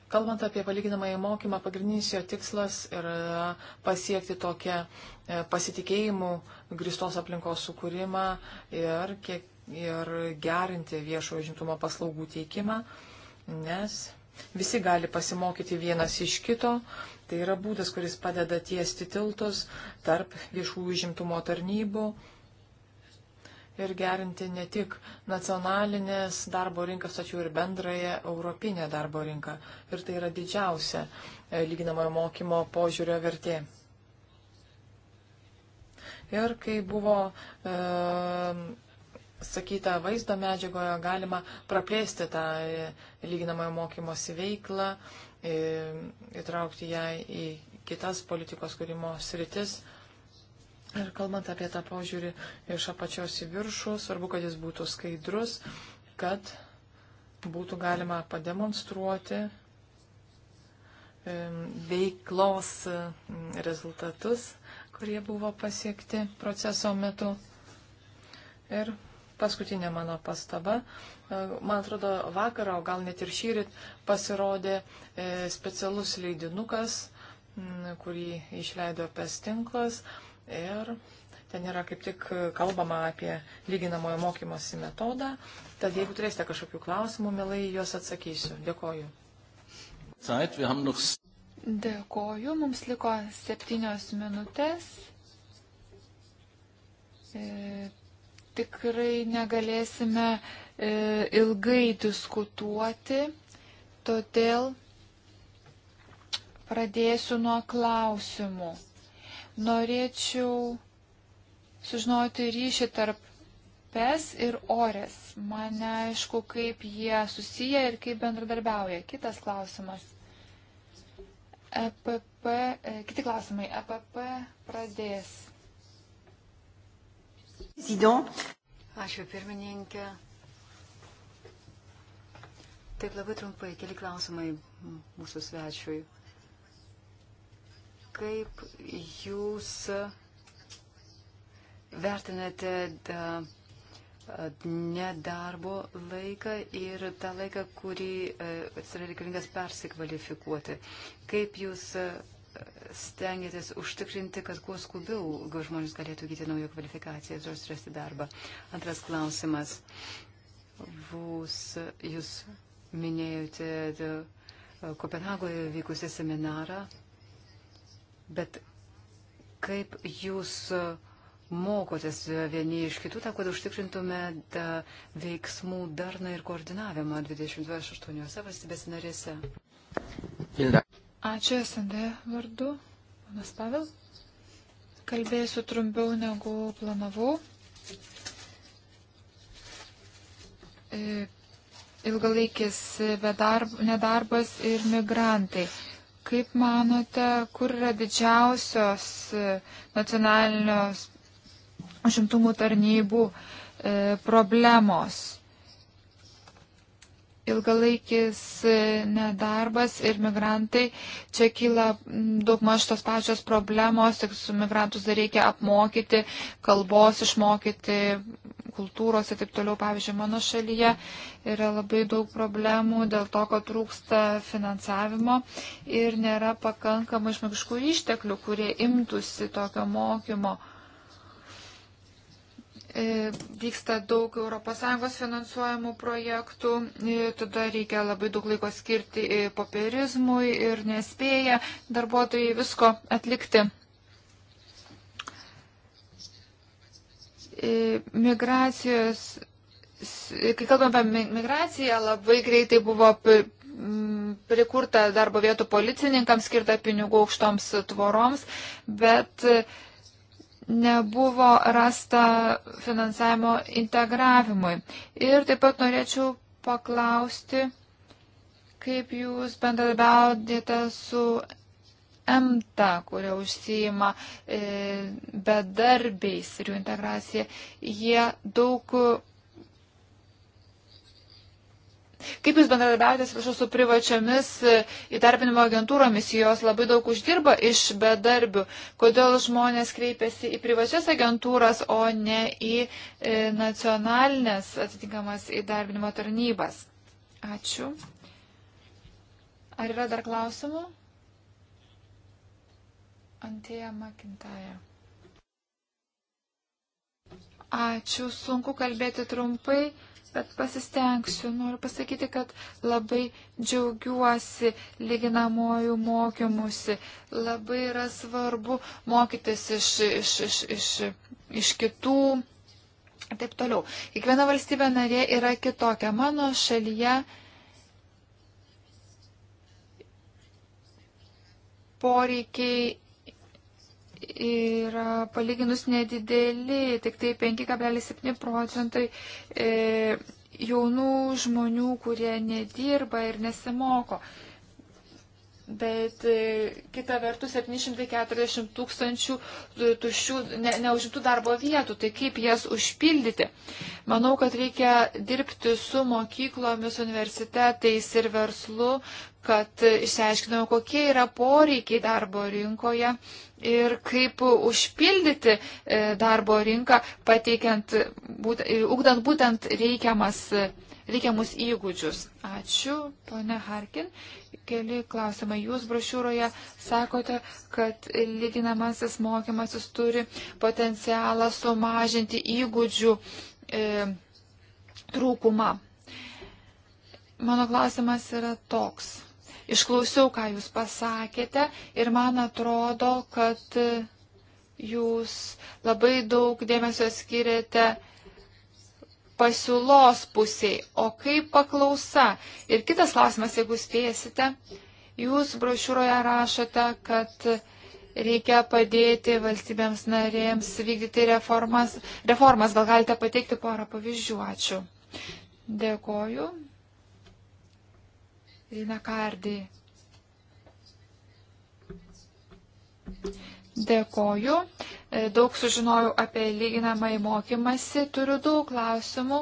Kalbant apie palyginamąjį mokymą, pagrindinis jo tikslas yra pasiekti tokią pasitikėjimų gristos aplinkos sukūrimą ir kiek ir gerinti viešojo žimtumo paslaugų teikimą, nes visi gali pasimokyti vienas iš kito. Tai yra būdas, kuris padeda tiesti tiltus tarp viešųjų žimtumo tarnybų ir gerinti ne tik nacionalinės darbo rinkas, tačiau ir bendrąją europinę darbo rinką. Ir tai yra didžiausia e, lyginamojo mokymo požiūrio vertė. Ir kai buvo e, sakyta vaizdo medžiagoje galima praplėsti tą e, lyginamojo mokymosi veiklą, e, įtraukti ją į kitas politikos kūrimo sritis. Ir kalbant apie tą požiūrį iš apačios į viršų, svarbu, kad jis būtų skaidrus, kad būtų galima pademonstruoti e, veiklos rezultatus, kurie buvo pasiekti proceso metu. Ir paskutinė mano pastaba. E, man atrodo, vakarą, o gal net ir šyrit, pasirodė e, specialus leidinukas, kurį išleido pestinklas. Ir ten yra kaip tik kalbama apie lyginamojo mokymosi metodą. Tad jeigu turėsite kažkokių klausimų, mielai juos atsakysiu. Dėkoju. Dėkoju, mums liko septynios minutės. E, tikrai negalėsime e, ilgai diskutuoti, todėl pradėsiu nuo klausimų. Norėčiau sužinoti ryšį tarp pes ir orės. Man neaišku, kaip jie susiję ir kaip bendradarbiauja. Kitas klausimas. EPP, e, kiti klausimai. EPP pradės. Ačiū pirmininkė. Taip labai trumpai, keli klausimai mūsų svečiui. Kaip jūs vertinate nedarbo laiką ir tą laiką, kurį yra e, reikalingas persikvalifikuoti? Kaip jūs stengiatės užtikrinti, kad kuo skubiau žmonės galėtų gyti naują kvalifikaciją ir surasti darbą? Antras klausimas. Vūs, jūs minėjote Kopenhagoje vykusią seminarą, bet kaip jūs mokotės vieni iš kitų, tą, kad užtikrintume tą veiksmų darną ir koordinavimą 28 valstybės narėse? Hilda. Ačiū SND vardu, panas Pavel. Kalbėsiu trumpiau negu planavau. E, ilgalaikis bedarb, nedarbas ir migrantai. Kaip manote, kur yra didžiausios e, nacionalinios užimtumų tarnybų e, problemos? ilgalaikis e, nedarbas ir migrantai. Čia kyla daug maž tos pačios problemos, tik su migrantus dar reikia apmokyti, kalbos išmokyti, kultūros ir taip toliau. Pavyzdžiui, mano šalyje yra labai daug problemų dėl to, kad trūksta finansavimo ir nėra pakankamai žmogiškų išteklių, kurie imtųsi tokio mokymo. E, vyksta daug ES finansuojamų projektų, e, tada reikia labai daug laiko skirti e, popierizmui ir nespėja darbuotojai visko atlikti. Migracijos, kai kalbame apie migraciją, labai greitai buvo prikurta darbo vietų policininkams, skirta pinigų aukštoms tvoroms, bet nebuvo rasta finansavimo integravimui. Ir taip pat norėčiau paklausti, kaip jūs bendradarbiaudėte su EMTA, kurie užsijima e, bedarbiais ir jų integracija. Jie daug Kaip jūs bendradarbiaujate, atsiprašau, su privačiomis e, įdarbinimo agentūromis, jos labai daug uždirba iš bedarbių. Kodėl žmonės kreipiasi į privačias agentūras, o ne į e, nacionalinės atitinkamas įdarbinimo tarnybas? Ačiū. Ar yra dar klausimų? Antėja Makintaja. Ačiū, sunku kalbėti trumpai bet pasistengsiu. Noriu pasakyti, kad labai džiaugiuosi lyginamojų mokymusi. Labai yra svarbu mokytis iš, iš, iš, iš, iš kitų. Taip toliau. Kiekviena valstybė narė yra kitokia. Mano šalyje poreikiai yra palyginus nedideli, tik tai 5,7 procentai e, jaunų žmonių, kurie nedirba ir nesimoko. E, Bet e, kita vertus 740 tūkstančių tuščių ne, neužimtų darbo vietų, tai kaip jas užpildyti? Manau, kad reikia dirbti su mokyklomis, universitetais ir verslu, kad išsiaiškinome, kokie yra poreikiai darbo rinkoje ir kaip užpildyti e, darbo rinką, pateikiant, e, ugdant būtent reikiamas reikiamus įgūdžius. Ačiū, ponė Harkin. Keli klausimai. Jūs brošiūroje sakote, kad lyginamasis mokymasis turi potencialą sumažinti įgūdžių e, trūkumą. Mano klausimas yra toks. Išklausiau, ką jūs pasakėte ir man atrodo, kad jūs labai daug dėmesio skiriate pasiūlos pusiai, o kaip paklausa. Ir kitas klausimas, jeigu spėsite, jūs brošiūroje rašote, kad reikia padėti valstybėms narėms vykdyti reformas. reformas. Gal galite pateikti porą pavyzdžių? Ačiū. Dėkoju. Rina Kardį. Dėkoju. E, daug sužinojau apie lyginamąjį mokymasi. Turiu daug klausimų,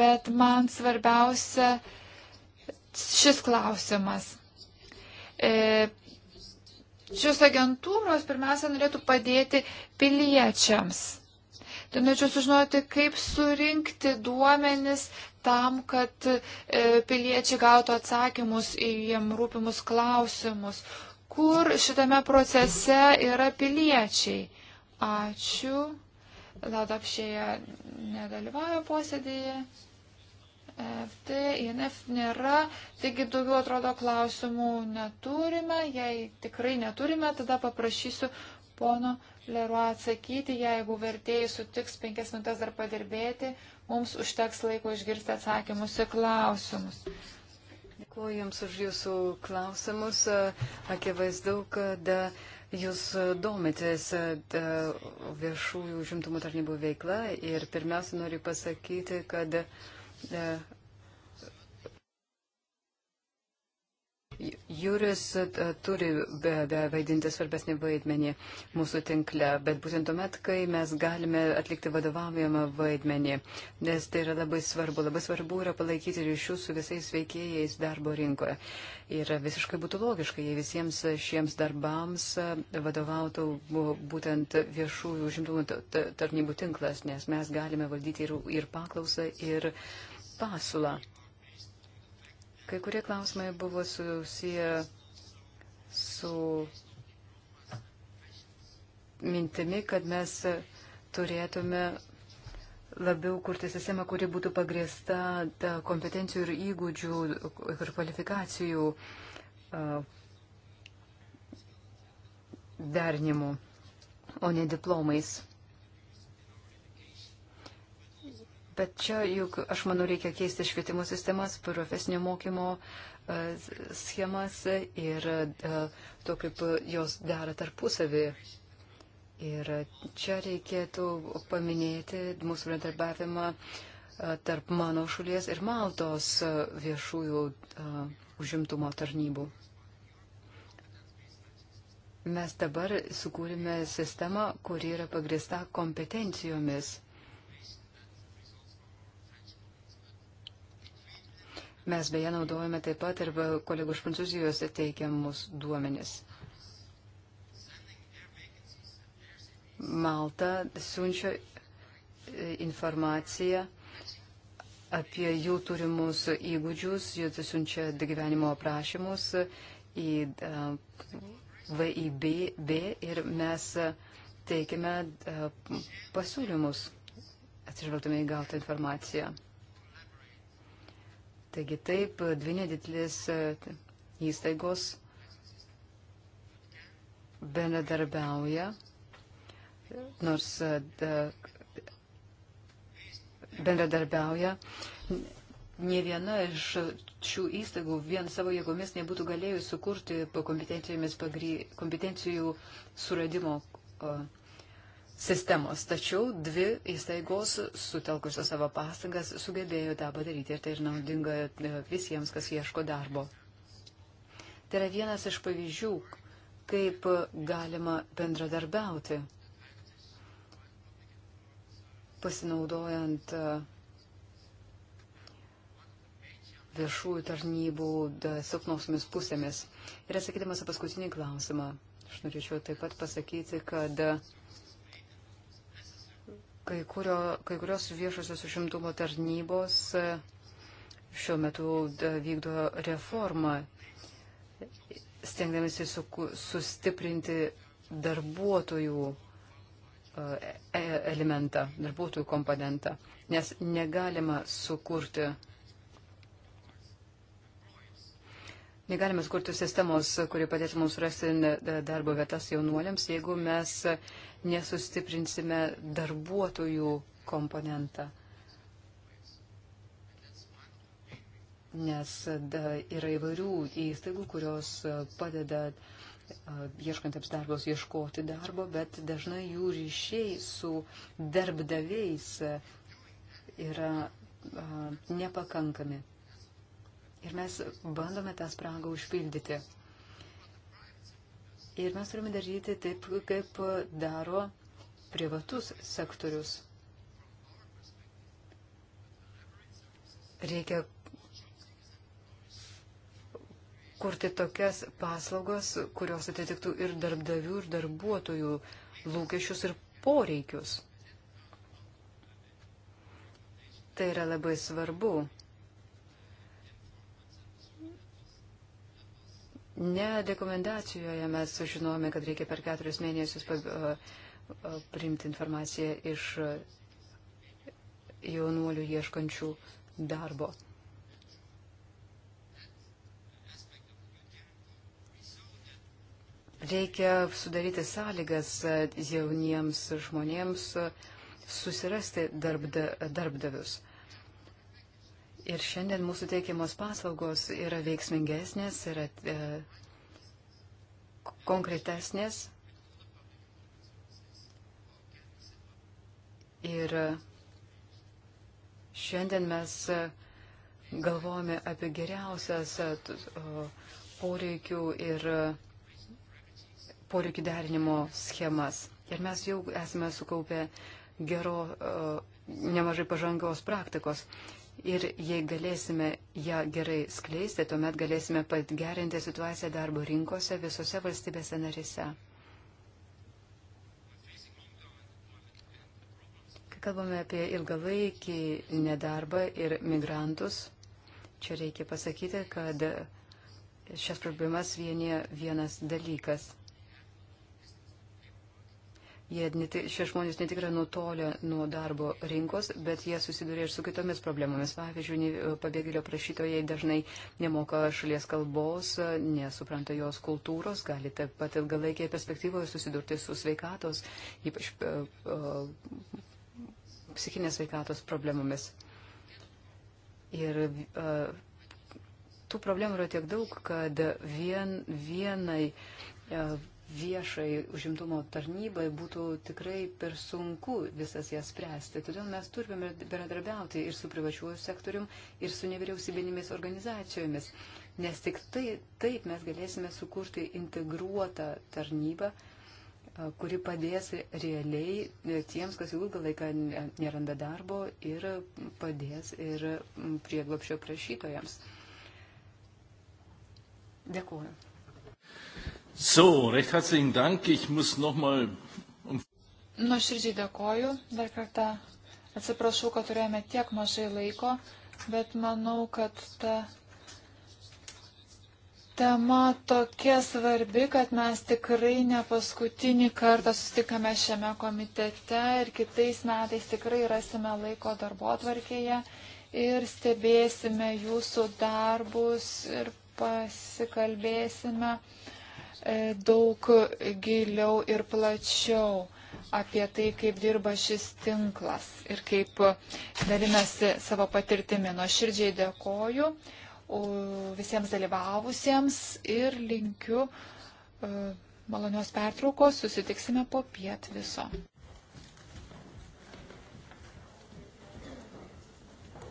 bet man svarbiausia šis klausimas. E, šios agentūros pirmiausia norėtų padėti piliečiams. Tai norėčiau sužinoti, kaip surinkti duomenis tam, kad e, piliečiai gautų atsakymus į jiem rūpimus klausimus, kur šitame procese yra piliečiai. Ačiū. Ladapšėje nedalyvavo posėdėje. FT, INF nėra, taigi daugiau atrodo klausimų neturime. Jei tikrai neturime, tada paprašysiu pono Leroy atsakyti, jeigu vertėjai sutiks penkias minutės dar padirbėti, mums užteks laiko išgirsti atsakymus į klausimus. Dėkuoju Jums už Jūsų klausimus. Akivaizdu, kad Jūs domitės e, viešųjų žimtumų tarnybų veikla ir pirmiausia noriu pasakyti, kad e, Jūris e, turi be abejo vaidinti svarbesnį vaidmenį mūsų tinkle, bet būtent tuomet, kai mes galime atlikti vadovaujamą vaidmenį, nes tai yra labai svarbu, labai svarbu yra palaikyti ryšius su visais veikėjais darbo rinkoje. Ir visiškai būtų logiška, jei visiems šiems darbams e, vadovautų būtent viešųjų užimtumų tarnybų tinklas, nes mes galime valdyti ir, ir paklausą, ir pasiūlą. Kai kurie klausimai buvo susiję su mintimi, kad mes turėtume labiau kurti sistemą, kuri būtų pagrėsta kompetencijų ir įgūdžių ir kvalifikacijų darnimu, o ne diplomais. Bet čia juk, aš manau, reikia keisti švietimo sistemas, profesinio mokymo e, schemas ir e, to, kaip jos dera tarpusavį. Ir čia reikėtų paminėti mūsų bendradarbiavimą e, tarp mano šalies ir Maltos viešųjų užimtumo tarnybų. Mes dabar sukūrėme sistemą, kuri yra pagrista kompetencijomis. Mes beje naudojame taip pat ir kolegų iš Prancūzijos teikiamus duomenis. Malta siunčia e, informaciją apie jų turimus įgūdžius, jie siunčia gyvenimo aprašymus į e, VIB ir mes teikime e, pasiūlymus atsižvelgtume į gautą informaciją. Taigi taip, dvi nedidelis e, įstaigos bendradarbiauja, nors e, bendradarbiauja. Ne viena iš šių įstaigų vien savo jėgomis nebūtų galėjus sukurti kompetencijų suradimo sistemos, tačiau dvi įstaigos sutelkusios savo pastangas sugebėjo tą padaryti ir tai ir naudinga e, visiems, kas ieško darbo. Tai yra vienas iš pavyzdžių, kaip galima bendradarbiauti, pasinaudojant e, viešųjų tarnybų silpnosmis pusėmis. Ir atsakydamas į paskutinį klausimą, aš norėčiau taip pat pasakyti, kad Kai, kurio, kai kurios viešosios užimtumo tarnybos e, šiuo metu e, vykdo reformą, stengdamėsi su, sustiprinti darbuotojų e, elementą, darbuotojų komponentą, nes negalima sukurti Negalime skurti sistemos, kuri padėtų mums rasti darbo vietas jaunuoliams, jeigu mes nesustiprinsime darbuotojų komponentą. Nes da, yra įvairių įstaigų, kurios padeda ieškantiems darbos ieškoti darbo, bet dažnai jų ryšiai su darbdaviais yra a, nepakankami. Ir mes bandome tą spragą užpildyti. Ir mes turime daryti taip, kaip daro privatus sektorius. Reikia kurti tokias paslaugas, kurios atitiktų ir darbdavių, ir darbuotojų lūkesčius ir poreikius. Tai yra labai svarbu. Ne rekomendacijoje mes sužinojome, kad reikia per keturis mėnesius priimti informaciją iš jaunuolių ieškančių darbo. Reikia sudaryti sąlygas jauniems žmonėms susirasti darbda, darbdavius. Ir šiandien mūsų teikiamos paslaugos yra veiksmingesnės, yra e, konkretesnės. Ir šiandien mes e, galvojame apie geriausias e, poreikių ir e, poreikių derinimo schemas. Ir mes jau esame sukaupę gero, nemažai pažangos praktikos ir jei galėsime ją gerai skleisti, tuomet galėsime pagerinti situaciją darbo rinkose visose valstybėse narise. Kai kalbame apie ilgalaikį nedarbą ir migrantus, čia reikia pasakyti, kad šias problemas vienyje vienas dalykas – Jie, šie žmonės ne tik yra nutolę nuo darbo rinkos, bet jie susiduria ir su kitomis problemomis. Pavyzdžiui, e, pabėgėlio prašytojai dažnai nemoka šalies kalbos, e, nesupranta jos kultūros, gali taip pat ilgalaikėje perspektyvoje susidurti su sveikatos, ypač e, psichinės sveikatos problemomis. Ir tų problemų yra tiek daug, kad vien, vienai viešai užimtumo tarnybai būtų tikrai per sunku visas jas spręsti. Todėl mes turime bendradarbiauti ir su privačiuoju sektorium, ir su nevyriausybinėmis organizacijomis, nes tik tai, taip mes galėsime sukurti integruotą tarnybą kuri padės realiai e, tiems, kas ilgą laiką neranda darbo ir padės ir prieglopšio prašytojams. Dėkuoju. So, recht herzlichen Dank. Ich muss nochmal. Um Nuoširdžiai dėkoju. Dar kartą atsiprašau, kad turėjome tiek mažai laiko, bet manau, kad ta tema tokia svarbi, kad mes tikrai ne paskutinį kartą sustikame šiame komitete ir kitais metais tikrai rasime laiko darbo atvarkėje ir stebėsime jūsų darbus ir pasikalbėsime E, daug giliau ir plačiau apie tai, kaip dirba šis tinklas ir kaip dalinasi savo patirtimi. Nuoširdžiai dėkoju visiems dalyvavusiems ir linkiu e, malonios pertraukos, susitiksime po piet viso.